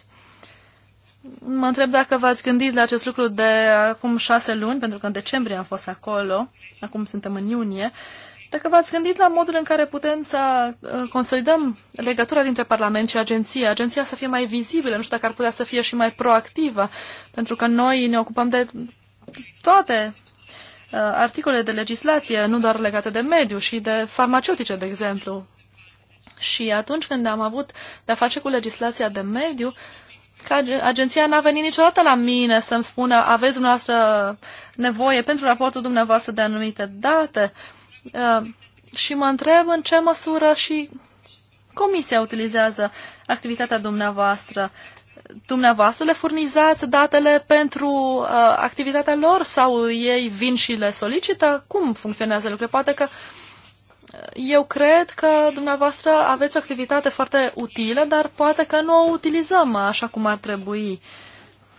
Mă întreb dacă v-ați gândit la acest lucru de acum șase luni, pentru că în decembrie am fost acolo, acum suntem în iunie, dacă v-ați gândit la modul în care putem să uh, consolidăm legătura dintre Parlament și agenție, agenția să fie mai vizibilă, nu știu dacă ar putea să fie și mai proactivă, pentru că noi ne ocupăm de toate uh, articolele de legislație, nu doar legate de mediu și de farmaceutice, de exemplu. Și atunci când am avut de-a face cu legislația de mediu, că agenția n-a venit niciodată la mine să-mi spună aveți dumneavoastră nevoie pentru raportul dumneavoastră de anumite date. Uh, Uh, și mă întreb în ce măsură și Comisia utilizează activitatea dumneavoastră. Dumneavoastră le furnizați datele pentru uh, activitatea lor sau ei vin și le solicită? Cum funcționează lucrurile? Poate că uh, eu cred că dumneavoastră aveți o activitate foarte utilă, dar poate că nu o utilizăm așa cum ar trebui.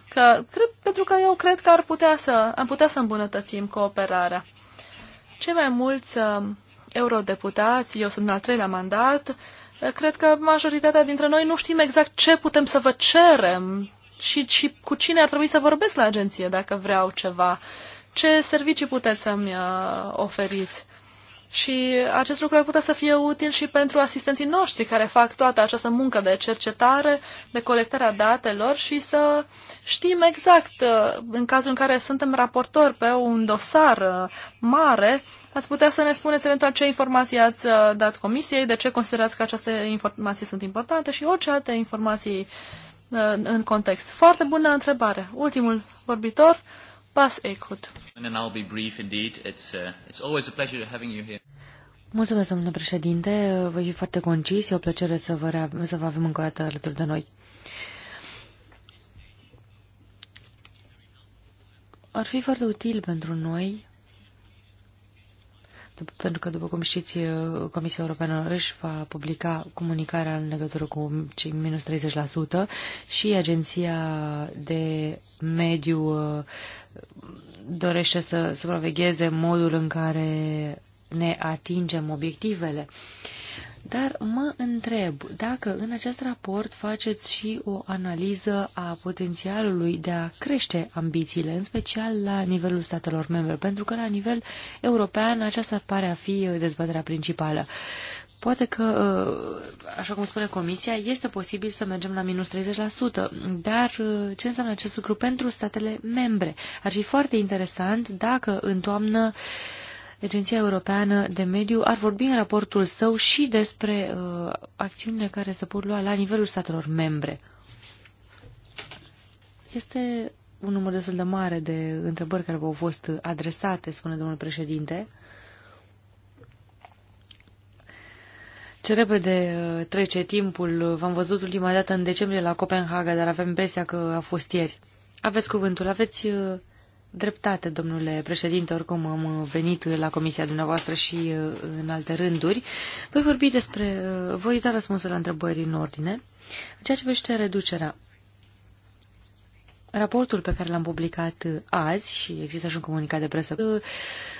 Că, cred, pentru că eu cred că ar putea să, am putea să îmbunătățim cooperarea. Cei mai mulți uh, eurodeputați, eu sunt al treilea mandat, uh, cred că majoritatea dintre noi nu știm exact ce putem să vă cerem și, și cu cine ar trebui să vorbesc la agenție dacă vreau ceva. Ce servicii puteți să-mi uh, oferiți? Și acest lucru ar putea să fie util și pentru asistenții noștri care fac toată această muncă de cercetare, de colectarea datelor și să știm exact, uh, în cazul în care suntem raportori pe un dosar uh, mare, ați putea să ne spuneți eventual ce informații ați uh, dat comisiei, de ce considerați că aceste informații sunt importante și orice alte informații în context. Foarte bună întrebare. Ultimul vorbitor, pas ecut. Mulțumesc, domnule președinte. Voi fi foarte concis. E o plăcere să vă, să vă avem încă o dată alături de noi. Ar fi foarte util pentru noi, pentru că, după cum știți, Comisia Europeană își va publica comunicarea în legătură cu cei minus 30% și Agenția de Mediu dorește să supravegheze modul în care ne atingem obiectivele. Dar mă întreb dacă în acest raport faceți și o analiză a potențialului de a crește ambițiile, în special la nivelul statelor membre, pentru că la nivel european aceasta pare a fi dezbaterea principală. Poate că, uh, așa cum spune Comisia, este posibil să mergem la minus 30%, dar uh, ce înseamnă acest lucru pentru statele membre? Ar fi foarte interesant dacă în toamnă Agenția Europeană de Mediu ar vorbi în raportul său și despre uh, acțiunile care se pot lua la nivelul statelor membre. Este un număr destul de mare de întrebări care v-au fost adresate, spune domnul președinte. Ce repede uh, trece timpul. V-am văzut ultima dată în decembrie la Copenhaga, dar avem impresia că a fost ieri. Aveți cuvântul, aveți uh, dreptate, domnule președinte, oricum am uh, venit la comisia dumneavoastră și în alte rânduri. Voi vorbi despre, voi da răspunsul la întrebări în ordine. În ceea ce vește reducerea, raportul pe care l-am publicat azi și există și un comunicat de presă,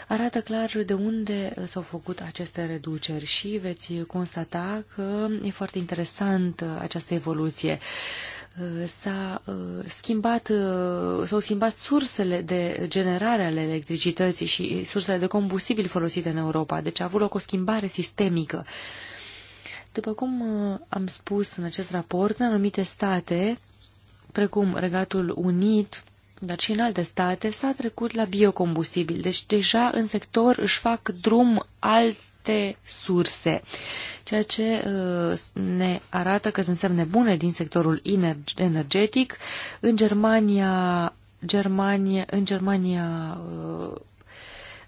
arată clar de unde s-au făcut aceste reduceri și veți constata că e foarte interesant uh, această evoluție uh, s-a uh, schimbat, s-au schimbat sursele de generare ale electricității și sursele de combustibil folosite în Europa. Deci a avut loc o schimbare sistemică. După cum am spus în acest raport, în anumite state, precum Regatul Unit, dar și în alte state, s-a trecut la biocombustibil. Deci deja în sector își fac drum alte surse, ceea ce uh, ne arată că sunt semne bune din sectorul energetic. În Germania, Germania, în Germania uh,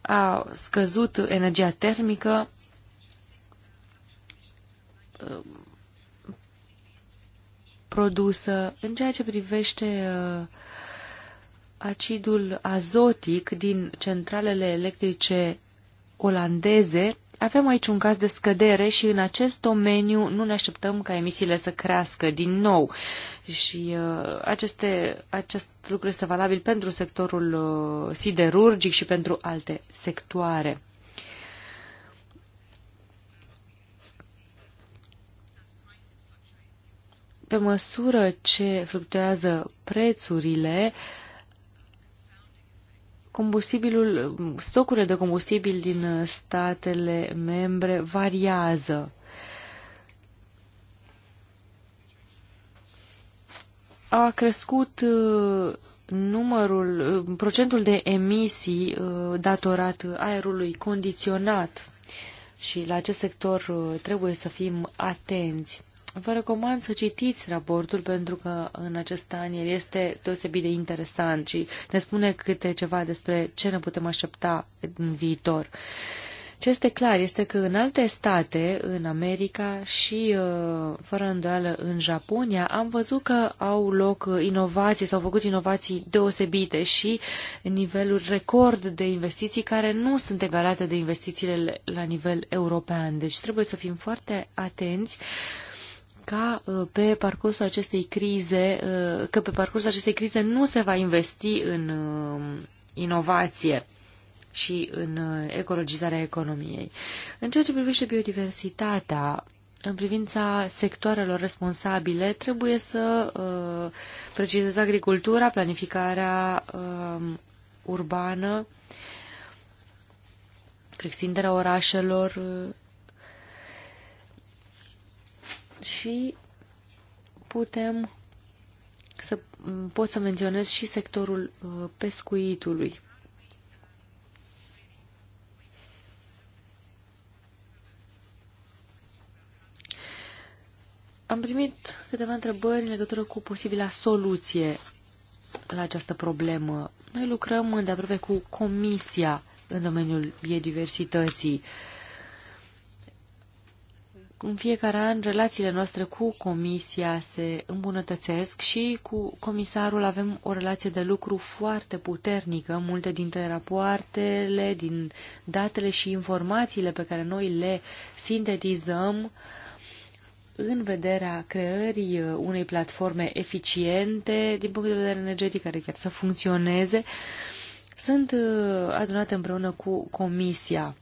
a scăzut energia termică uh, produsă în ceea ce privește uh, acidul azotic din centralele electrice olandeze, avem aici un caz de scădere și în acest domeniu nu ne așteptăm ca emisiile să crească din nou. Și uh, aceste, acest lucru este valabil pentru sectorul uh, siderurgic și pentru alte sectoare. Pe măsură ce fluctuează prețurile, uh, combustibilul, stocurile de combustibil din uh, statele membre variază. A crescut uh, numărul, uh, procentul de emisii datorat aerului condiționat și la acest sector trebuie să fim atenți. Vă recomand să citiți raportul pentru că în acest an el este deosebit de interesant și ne spune câte ceva despre ce ne putem aștepta în viitor. Ce este clar este că în alte state, în America și, uh, fără îndoială, în Japonia, am văzut că au loc inovații, s-au făcut inovații deosebite și nivelul record de investiții care nu sunt egalate de investițiile la nivel european. Deci trebuie să fim foarte atenți ca uh, pe parcursul acestei crize, uh, că pe parcursul acestei crize nu se va investi în uh, inovație și în ecologizarea economiei. În ceea ce privește biodiversitatea, în privința sectoarelor responsabile, trebuie să precizez agricultura, planificarea urbană, extinderea orașelor, și putem să pot să menționez și sectorul uh, pescuitului. Am primit câteva întrebări în legătură cu posibila soluție la această problemă. Noi lucrăm de aproape cu Comisia în domeniul biodiversității. Uh, în fiecare an, relațiile noastre cu Comisia se îmbunătățesc și cu Comisarul avem o relație de lucru foarte puternică. Multe dintre rapoartele, din datele și informațiile pe care noi le sintetizăm în vederea creării unei platforme eficiente din punct de vedere energetic, care chiar să funcționeze, sunt uh, adunate împreună cu Comisia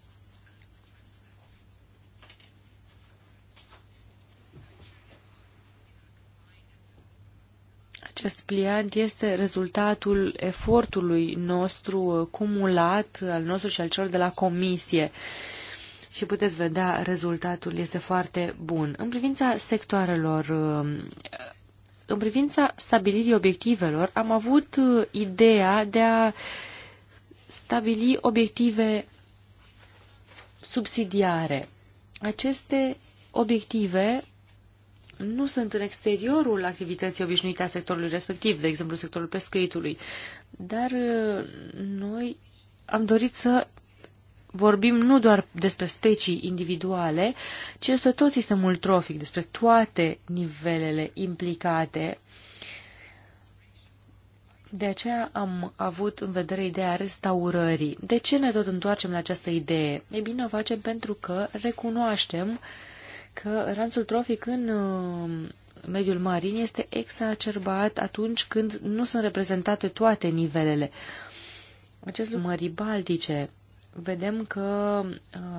Acest pliant este rezultatul efortului nostru cumulat, al nostru și al celor de la comisie. Și puteți vedea, rezultatul este foarte bun. În privința sectoarelor, um, în privința stabilirii obiectivelor, am avut uh, ideea de a stabili obiective subsidiare. Aceste obiective nu sunt în exteriorul activității obișnuite a sectorului respectiv, de exemplu sectorul pescuitului. Dar uh, noi am dorit să vorbim nu doar despre specii individuale, ci despre tot sistemul trofic, despre toate nivelele implicate. De aceea am avut în vedere ideea restaurării. De ce ne tot întoarcem la această idee? Ei bine, o facem pentru că recunoaștem uh, că ranțul trofic în uh, mediul marin este exacerbat atunci când nu sunt reprezentate toate nivelele. Acest lucru mării baltice, vedem că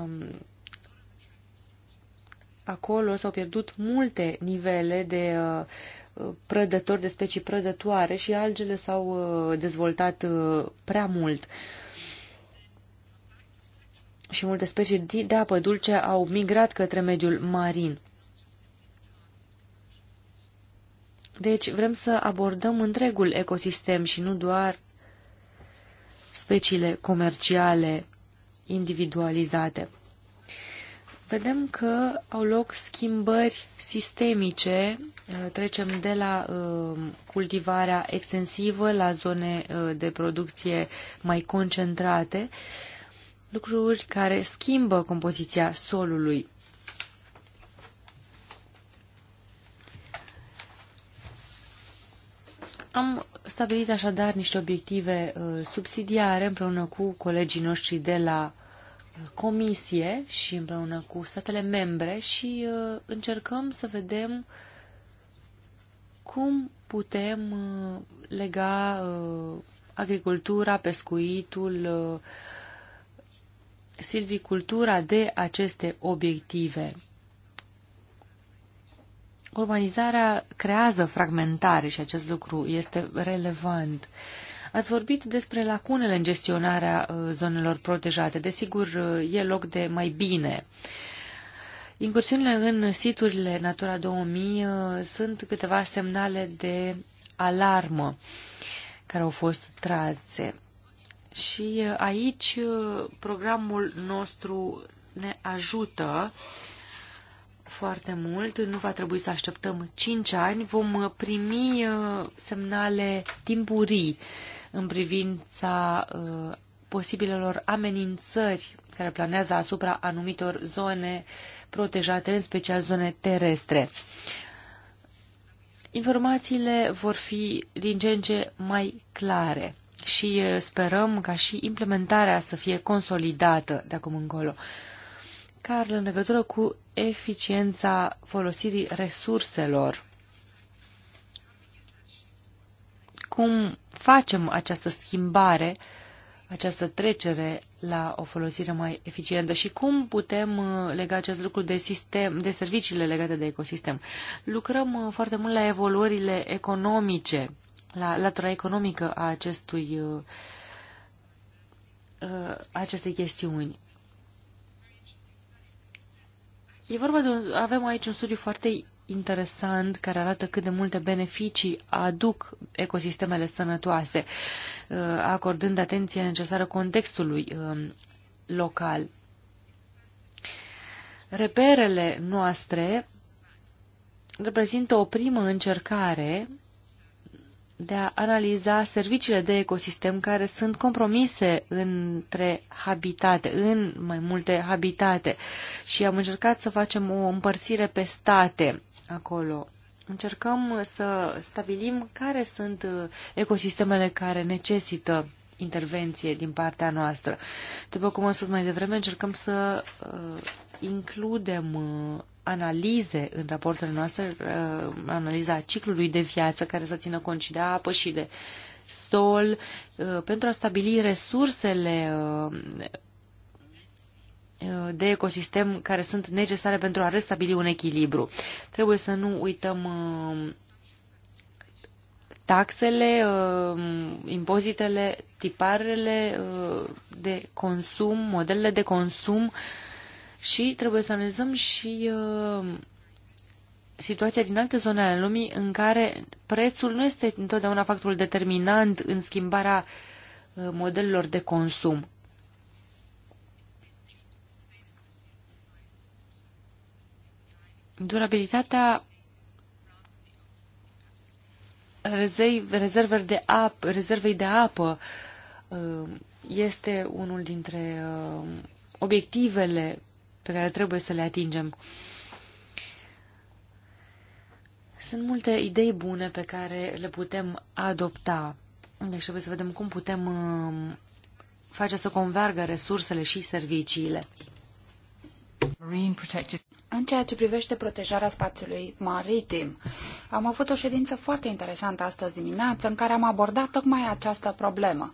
um, acolo s-au pierdut multe nivele de uh, prădători, de specii prădătoare și algele s-au uh, dezvoltat uh, prea mult. Uh, și multe specii de apă dulce au migrat către mediul marin. Deci vrem să abordăm întregul ecosistem și nu doar speciile comerciale individualizate. Vedem că au loc schimbări sistemice, trecem de la uh, cultivarea extensivă la zone uh, de producție mai concentrate lucruri care schimbă compoziția solului. Am stabilit așadar niște obiective uh, subsidiare împreună cu colegii noștri de la uh, comisie și împreună cu statele membre și uh, încercăm să vedem cum putem lega agricultura, pescuitul, silvicultura de aceste obiective. Urbanizarea creează fragmentare și acest lucru este relevant. Ați vorbit despre lacunele în gestionarea uh, zonelor protejate. Desigur, uh, e loc de mai bine. Incursiunile în siturile Natura 2000 uh, sunt câteva semnale de alarmă care au fost trase. Și uh, aici uh, programul nostru ne ajută foarte mult. Nu va trebui să așteptăm 5 ani. Vom uh, primi semnale timpurii în privința posibilelor amenințări care planează asupra anumitor zone protejate, în special zone terestre. Informațiile vor fi din ce în ce mai clare și sperăm ca și implementarea să fie consolidată de acum încolo. Carl, în legătură cu eficiența folosirii resurselor, cum facem această schimbare, această trecere la o folosire mai eficientă și cum putem uh, lega acest lucru de, sistem, de serviciile legate de ecosistem. Lucrăm uh, foarte mult la evoluările economice la latura economică a acestui, uh, acestei chestiuni. E vorba de un, avem aici un studiu foarte interesant care arată cât de multe beneficii aduc ecosistemele sănătoase, uh, acordând atenție necesară contextului um, local. Reperele noastre reprezintă o primă încercare de a analiza serviciile de ecosistem care sunt compromise între habitate, în mai multe habitate. Și am încercat să facem o împărțire pe state acolo. Încercăm să stabilim care sunt uh, ecosistemele care necesită intervenție din partea noastră. După cum am spus mai devreme, încercăm să uh, includem uh, analize în raportele noastre, uh, analiza ciclului de viață care să țină cont și de apă și de sol, uh, pentru a stabili resursele uh, de ecosistem care sunt necesare pentru a restabili un echilibru. Trebuie să nu uităm taxele, impozitele, tiparele de consum, modelele de consum, și trebuie să analizăm și uh, situația din alte zone ale lumii în care prețul nu este întotdeauna factorul determinant în schimbarea uh, modelelor de consum. Durabilitatea rezervei de apă, rezervei de apă este unul dintre uh, obiectivele pe care trebuie să le atingem. Sunt multe idei bune pe care le putem adopta. Deci trebuie să vedem cum putem uh, face să convergă resursele și serviciile. În ceea ce privește protejarea spațiului maritim, am avut o ședință foarte interesantă astăzi dimineață în care am abordat tocmai această problemă.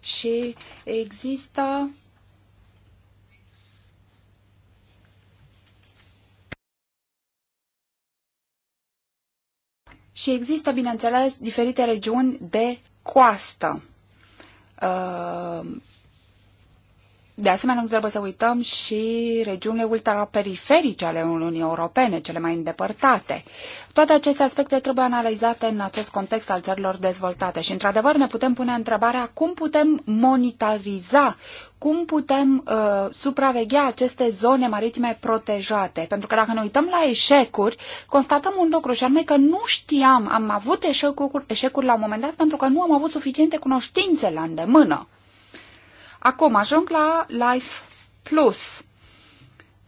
Și există Și există, bineînțeles, diferite regiuni de coastă. Uh, de asemenea, nu trebuie să uităm și regiunile ultraperiferice ale Uniunii Europene, cele mai îndepărtate. Toate aceste aspecte trebuie analizate în acest context al țărilor dezvoltate și, într-adevăr, ne putem pune întrebarea cum putem monitoriza, cum putem uh, supraveghea aceste zone maritime protejate. Pentru că dacă ne uităm la eșecuri, constatăm un lucru și anume că nu știam, am avut eșecuri, eșecuri la un moment dat pentru că nu am avut suficiente cunoștințe la îndemână. Acum ajung la Life Plus,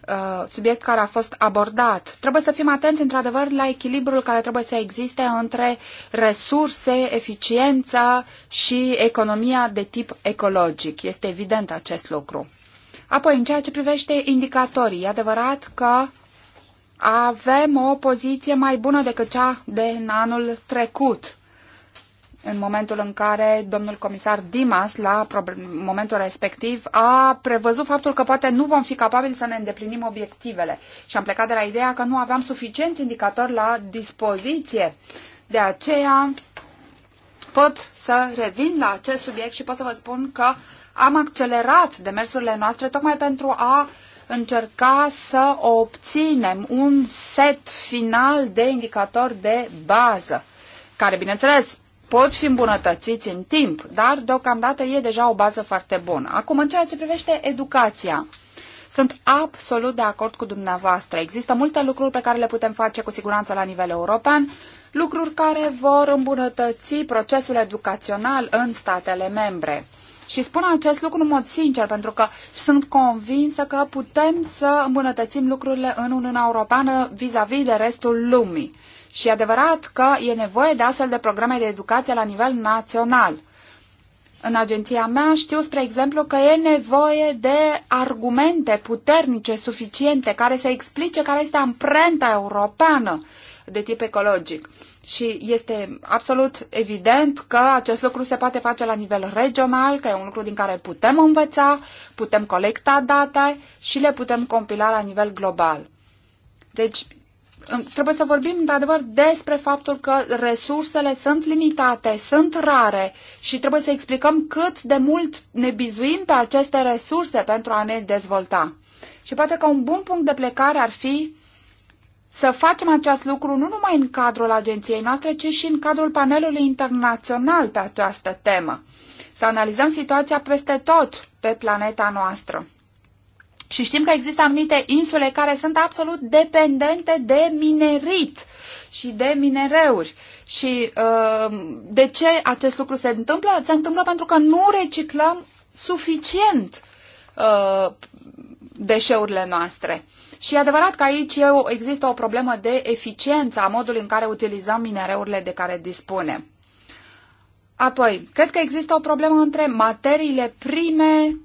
uh, subiect care a fost abordat. Trebuie să fim atenți, într-adevăr, la echilibrul care trebuie să existe între resurse, eficiență și economia de tip ecologic. Este evident acest lucru. Apoi, în ceea ce privește indicatorii, e adevărat că avem o poziție mai bună decât cea de în anul trecut în momentul în care domnul comisar Dimas, la momentul respectiv, a prevăzut faptul că poate nu vom fi capabili să ne îndeplinim obiectivele. Și am plecat de la ideea că nu aveam suficient indicatori la dispoziție. De aceea pot să revin la acest subiect și pot să vă spun că am accelerat demersurile noastre tocmai pentru a încerca să obținem un set final de indicatori de bază care, bineînțeles, pot fi îmbunătățiți în timp, dar deocamdată e deja o bază foarte bună. Acum, în ceea ce privește educația, sunt absolut de acord cu dumneavoastră. Există multe lucruri pe care le putem face cu siguranță la nivel european, lucruri care vor îmbunătăți procesul educațional în statele membre. Și spun acest lucru în mod sincer, pentru că sunt convinsă că putem să îmbunătățim lucrurile în Uniunea Europeană vis-a-vis -vis de restul lumii. Și e adevărat că e nevoie de astfel de programe de educație la nivel național. În agenția mea știu, spre exemplu, că e nevoie de argumente puternice, suficiente, care să explice care este amprenta europeană de tip ecologic. Și este absolut evident că acest lucru se poate face la nivel regional, că e un lucru din care putem învăța, putem colecta date și le putem compila la nivel global. Deci trebuie să vorbim într-adevăr despre faptul că resursele sunt limitate, sunt rare și trebuie să explicăm cât de mult ne bizuim pe aceste resurse pentru a ne dezvolta. Și poate că un bun punct de plecare ar fi să facem acest lucru nu numai în cadrul agenției noastre, ci și în cadrul panelului internațional pe această temă. Să analizăm situația peste tot pe planeta noastră. Și știm că există anumite insule care sunt absolut dependente de minerit și de minereuri. Și uh, de ce acest lucru se întâmplă? Se întâmplă pentru că nu reciclăm suficient uh, deșeurile noastre. Și e adevărat că aici există o problemă de eficiență a modului în care utilizăm minereurile de care dispunem. Apoi, cred că există o problemă între materiile prime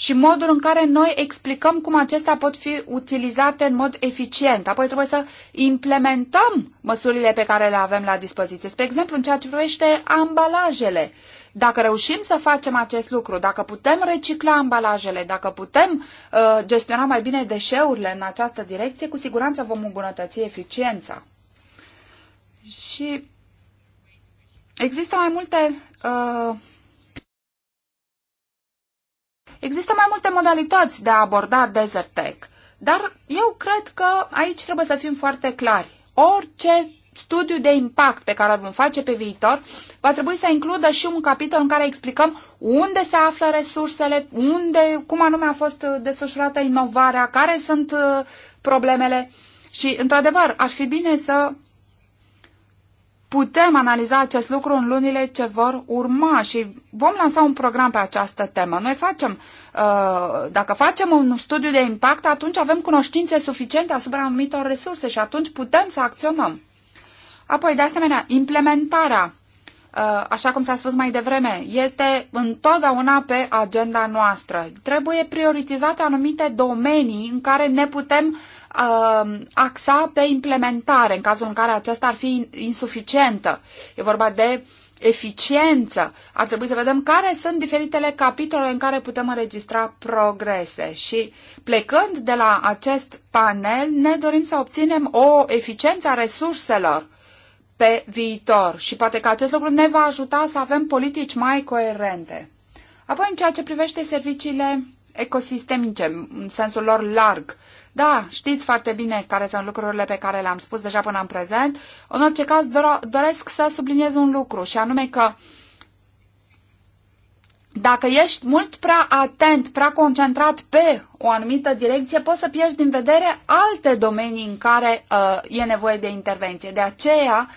și modul în care noi explicăm cum acestea pot fi utilizate în mod eficient. Apoi trebuie să implementăm măsurile pe care le avem la dispoziție. Spre exemplu, în ceea ce privește ambalajele. Dacă reușim să facem acest lucru, dacă putem recicla ambalajele, dacă putem uh, gestiona mai bine deșeurile în această direcție, cu siguranță vom îmbunătăți eficiența. Și există mai multe uh, Există mai multe modalități de a aborda Desert Tech, dar eu cred că aici trebuie să fim foarte clari. Orice studiu de impact pe care îl vom face pe viitor va trebui să includă și un capitol în care explicăm unde se află resursele, unde, cum anume a fost uh, desfășurată inovarea, care sunt uh, problemele și, într-adevăr, ar fi bine să putem analiza acest lucru în lunile ce vor urma și vom lansa un program pe această temă. Noi facem, uh, dacă facem un studiu de impact, atunci avem cunoștințe suficiente asupra anumitor resurse și atunci putem să acționăm. Apoi, de asemenea, implementarea, uh, așa cum s-a spus mai devreme, este întotdeauna pe agenda noastră. Trebuie prioritizate anumite domenii în care ne putem uh, Um, axa pe implementare, în cazul în care aceasta ar fi insuficientă. E vorba de eficiență. Ar trebui să vedem care sunt diferitele capitole în care putem înregistra progrese și plecând de la acest panel ne dorim să obținem o eficiență a resurselor pe viitor și poate că acest lucru ne va ajuta să avem politici mai coerente. Apoi, în ceea ce privește serviciile ecosistemice, în sensul lor larg. Da, știți foarte bine care sunt lucrurile pe care le-am spus deja până în prezent. În orice caz, doresc să subliniez un lucru, și anume că dacă ești mult prea atent, prea concentrat pe o anumită direcție, poți să pierzi din vedere alte domenii în care uh, e nevoie de intervenție. De aceea, uh,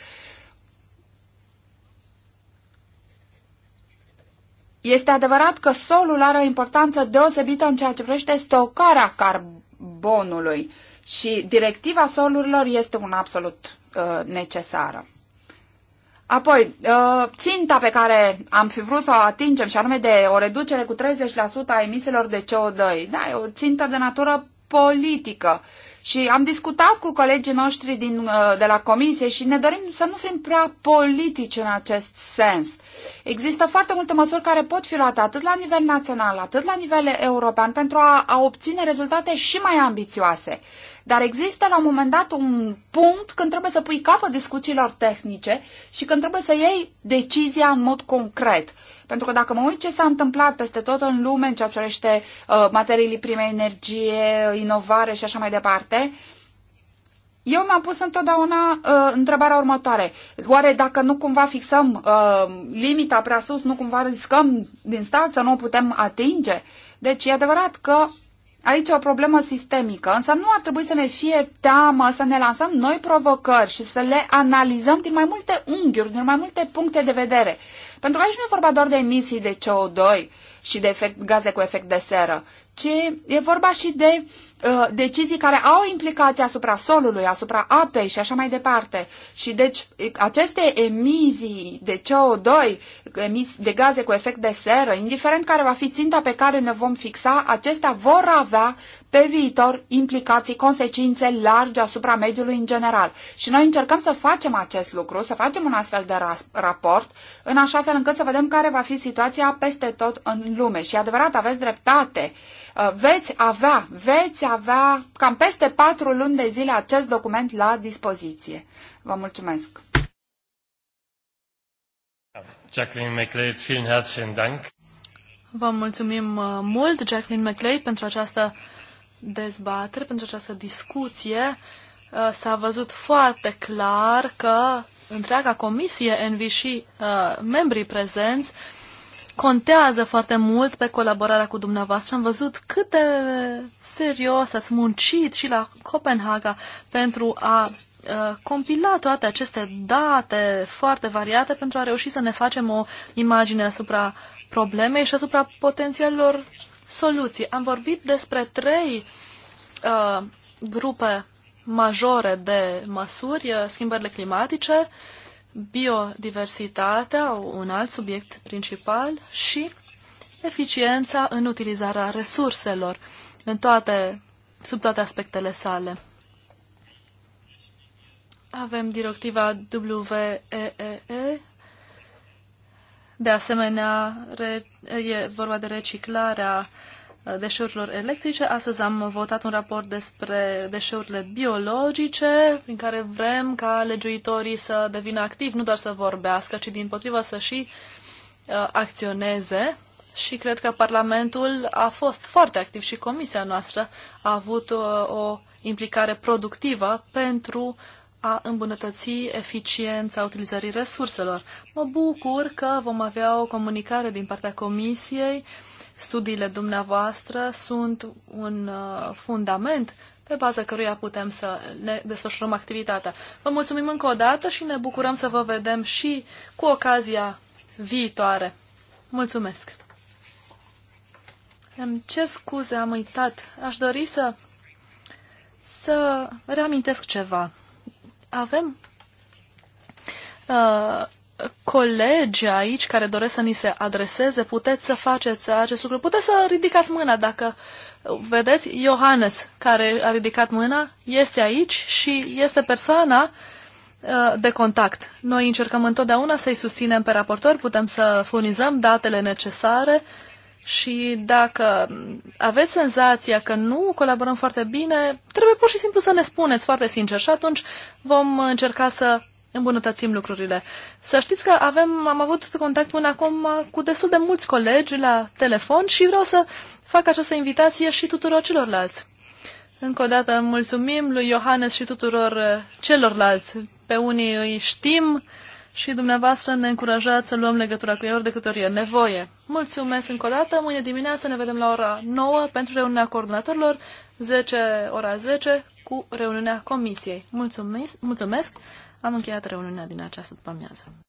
Este adevărat că solul are o importanță deosebită în ceea ce privește stocarea carbonului și directiva solurilor este un absolut uh, necesară. Apoi, uh, ținta pe care am fi vrut să o atingem și anume de o reducere cu 30% a emisiilor de CO2, da, e o țintă de natură politică și am discutat cu colegii noștri din, uh, de la comisie și ne dorim să nu fim prea politici în acest sens. Există foarte multe măsuri care pot fi luate atât la nivel național, atât la nivel european, pentru a, a obține rezultate și mai ambițioase. Dar există la un moment dat un punct când trebuie să pui capăt discuțiilor tehnice și când trebuie să iei decizia în mod concret. Pentru că dacă mă uit ce s-a întâmplat peste tot în lume în ceea ce privește uh, materiile prime, energie, inovare și așa mai departe, eu mi-am pus întotdeauna uh, întrebarea următoare. Oare dacă nu cumva fixăm uh, limita prea sus, nu cumva riscăm din stat să nu o putem atinge? Deci e adevărat că Aici e o problemă sistemică, însă nu ar trebui să ne fie teamă să ne lansăm noi provocări și să le analizăm din mai multe unghiuri, din mai multe puncte de vedere. Pentru că aici nu e vorba doar de emisii de CO2 și de efect, gaze cu efect de seră, ci e vorba și de uh, decizii care au implicații asupra solului, asupra apei și așa mai departe. Și deci aceste emisii de CO2, emis, de gaze cu efect de seră, indiferent care va fi ținta pe care ne vom fixa, acestea vor avea pe viitor implicații, consecințe largi asupra mediului în general. Și noi încercăm să facem acest lucru, să facem un astfel de raport, în așa fel încât să vedem care va fi situația peste tot în lume. Și adevărat, aveți dreptate. Uh, veți avea, veți avea cam peste patru luni de zile acest document la dispoziție. Vă mulțumesc! Jacqueline McLeod, vielen herzlichen Dank! Vă mulțumim uh, mult, Jacqueline McLeod, pentru această dezbatere, pentru această discuție, uh, s-a văzut foarte clar că întreaga comisie Envi și uh, membrii prezenți contează foarte mult pe colaborarea cu dumneavoastră. Am văzut cât de serios ați muncit și la Copenhaga pentru a uh, compila toate aceste date foarte variate pentru a reuși să ne facem o imagine asupra problemei și asupra potențialelor soluții. Am vorbit despre trei uh, grupe majore de măsuri, uh, schimbările climatice, biodiversitatea, un alt subiect principal, și eficiența în utilizarea resurselor în toate, sub toate aspectele sale. Avem directiva WEEE de asemenea, re, e vorba de reciclarea uh, deșeurilor electrice. Astăzi am votat un raport despre deșeurile biologice, prin care vrem ca legiuitorii să devină activi, nu doar să vorbească, ci din potrivă să și uh, acționeze. Și cred că Parlamentul a fost foarte activ și Comisia noastră a avut o, uh, o implicare productivă pentru uh, a îmbunătăți eficiența utilizării resurselor. Mă bucur că vom avea o comunicare din partea Comisiei. Studiile dumneavoastră sunt un uh, fundament pe baza căruia putem să ne desfășurăm activitatea. Vă mulțumim încă o dată și ne bucurăm să vă vedem și cu ocazia viitoare. Mulțumesc! Ce scuze am uitat? Aș dori să, să reamintesc ceva avem uh, colegi aici care doresc să ni se adreseze, puteți să faceți acest lucru. Puteți să ridicați mâna dacă uh, vedeți. Iohannes, care a ridicat mâna, este aici și este persoana uh, de contact. Noi încercăm întotdeauna să-i susținem pe raportori, putem să furnizăm datele necesare uh, și dacă aveți senzația că nu colaborăm foarte bine, trebuie pur și simplu să ne spuneți foarte sincer și atunci vom încerca să îmbunătățim lucrurile. Să știți că avem, am avut contact până acum cu destul de mulți colegi la telefon și vreau să fac această invitație și tuturor celorlalți. Încă o dată mulțumim lui Iohannes și tuturor eh, celorlalți. Pe unii îi știm, și dumneavoastră ne încurajați să luăm legătura cu ei ori de câte ori e nevoie. Mulțumesc încă o dată. Mâine dimineață ne vedem la ora 9 pentru reuniunea coordonatorilor, 10 ora 10 cu reuniunea comisiei. Mulțumesc, mulțumesc. am încheiat reuniunea din această după amiază.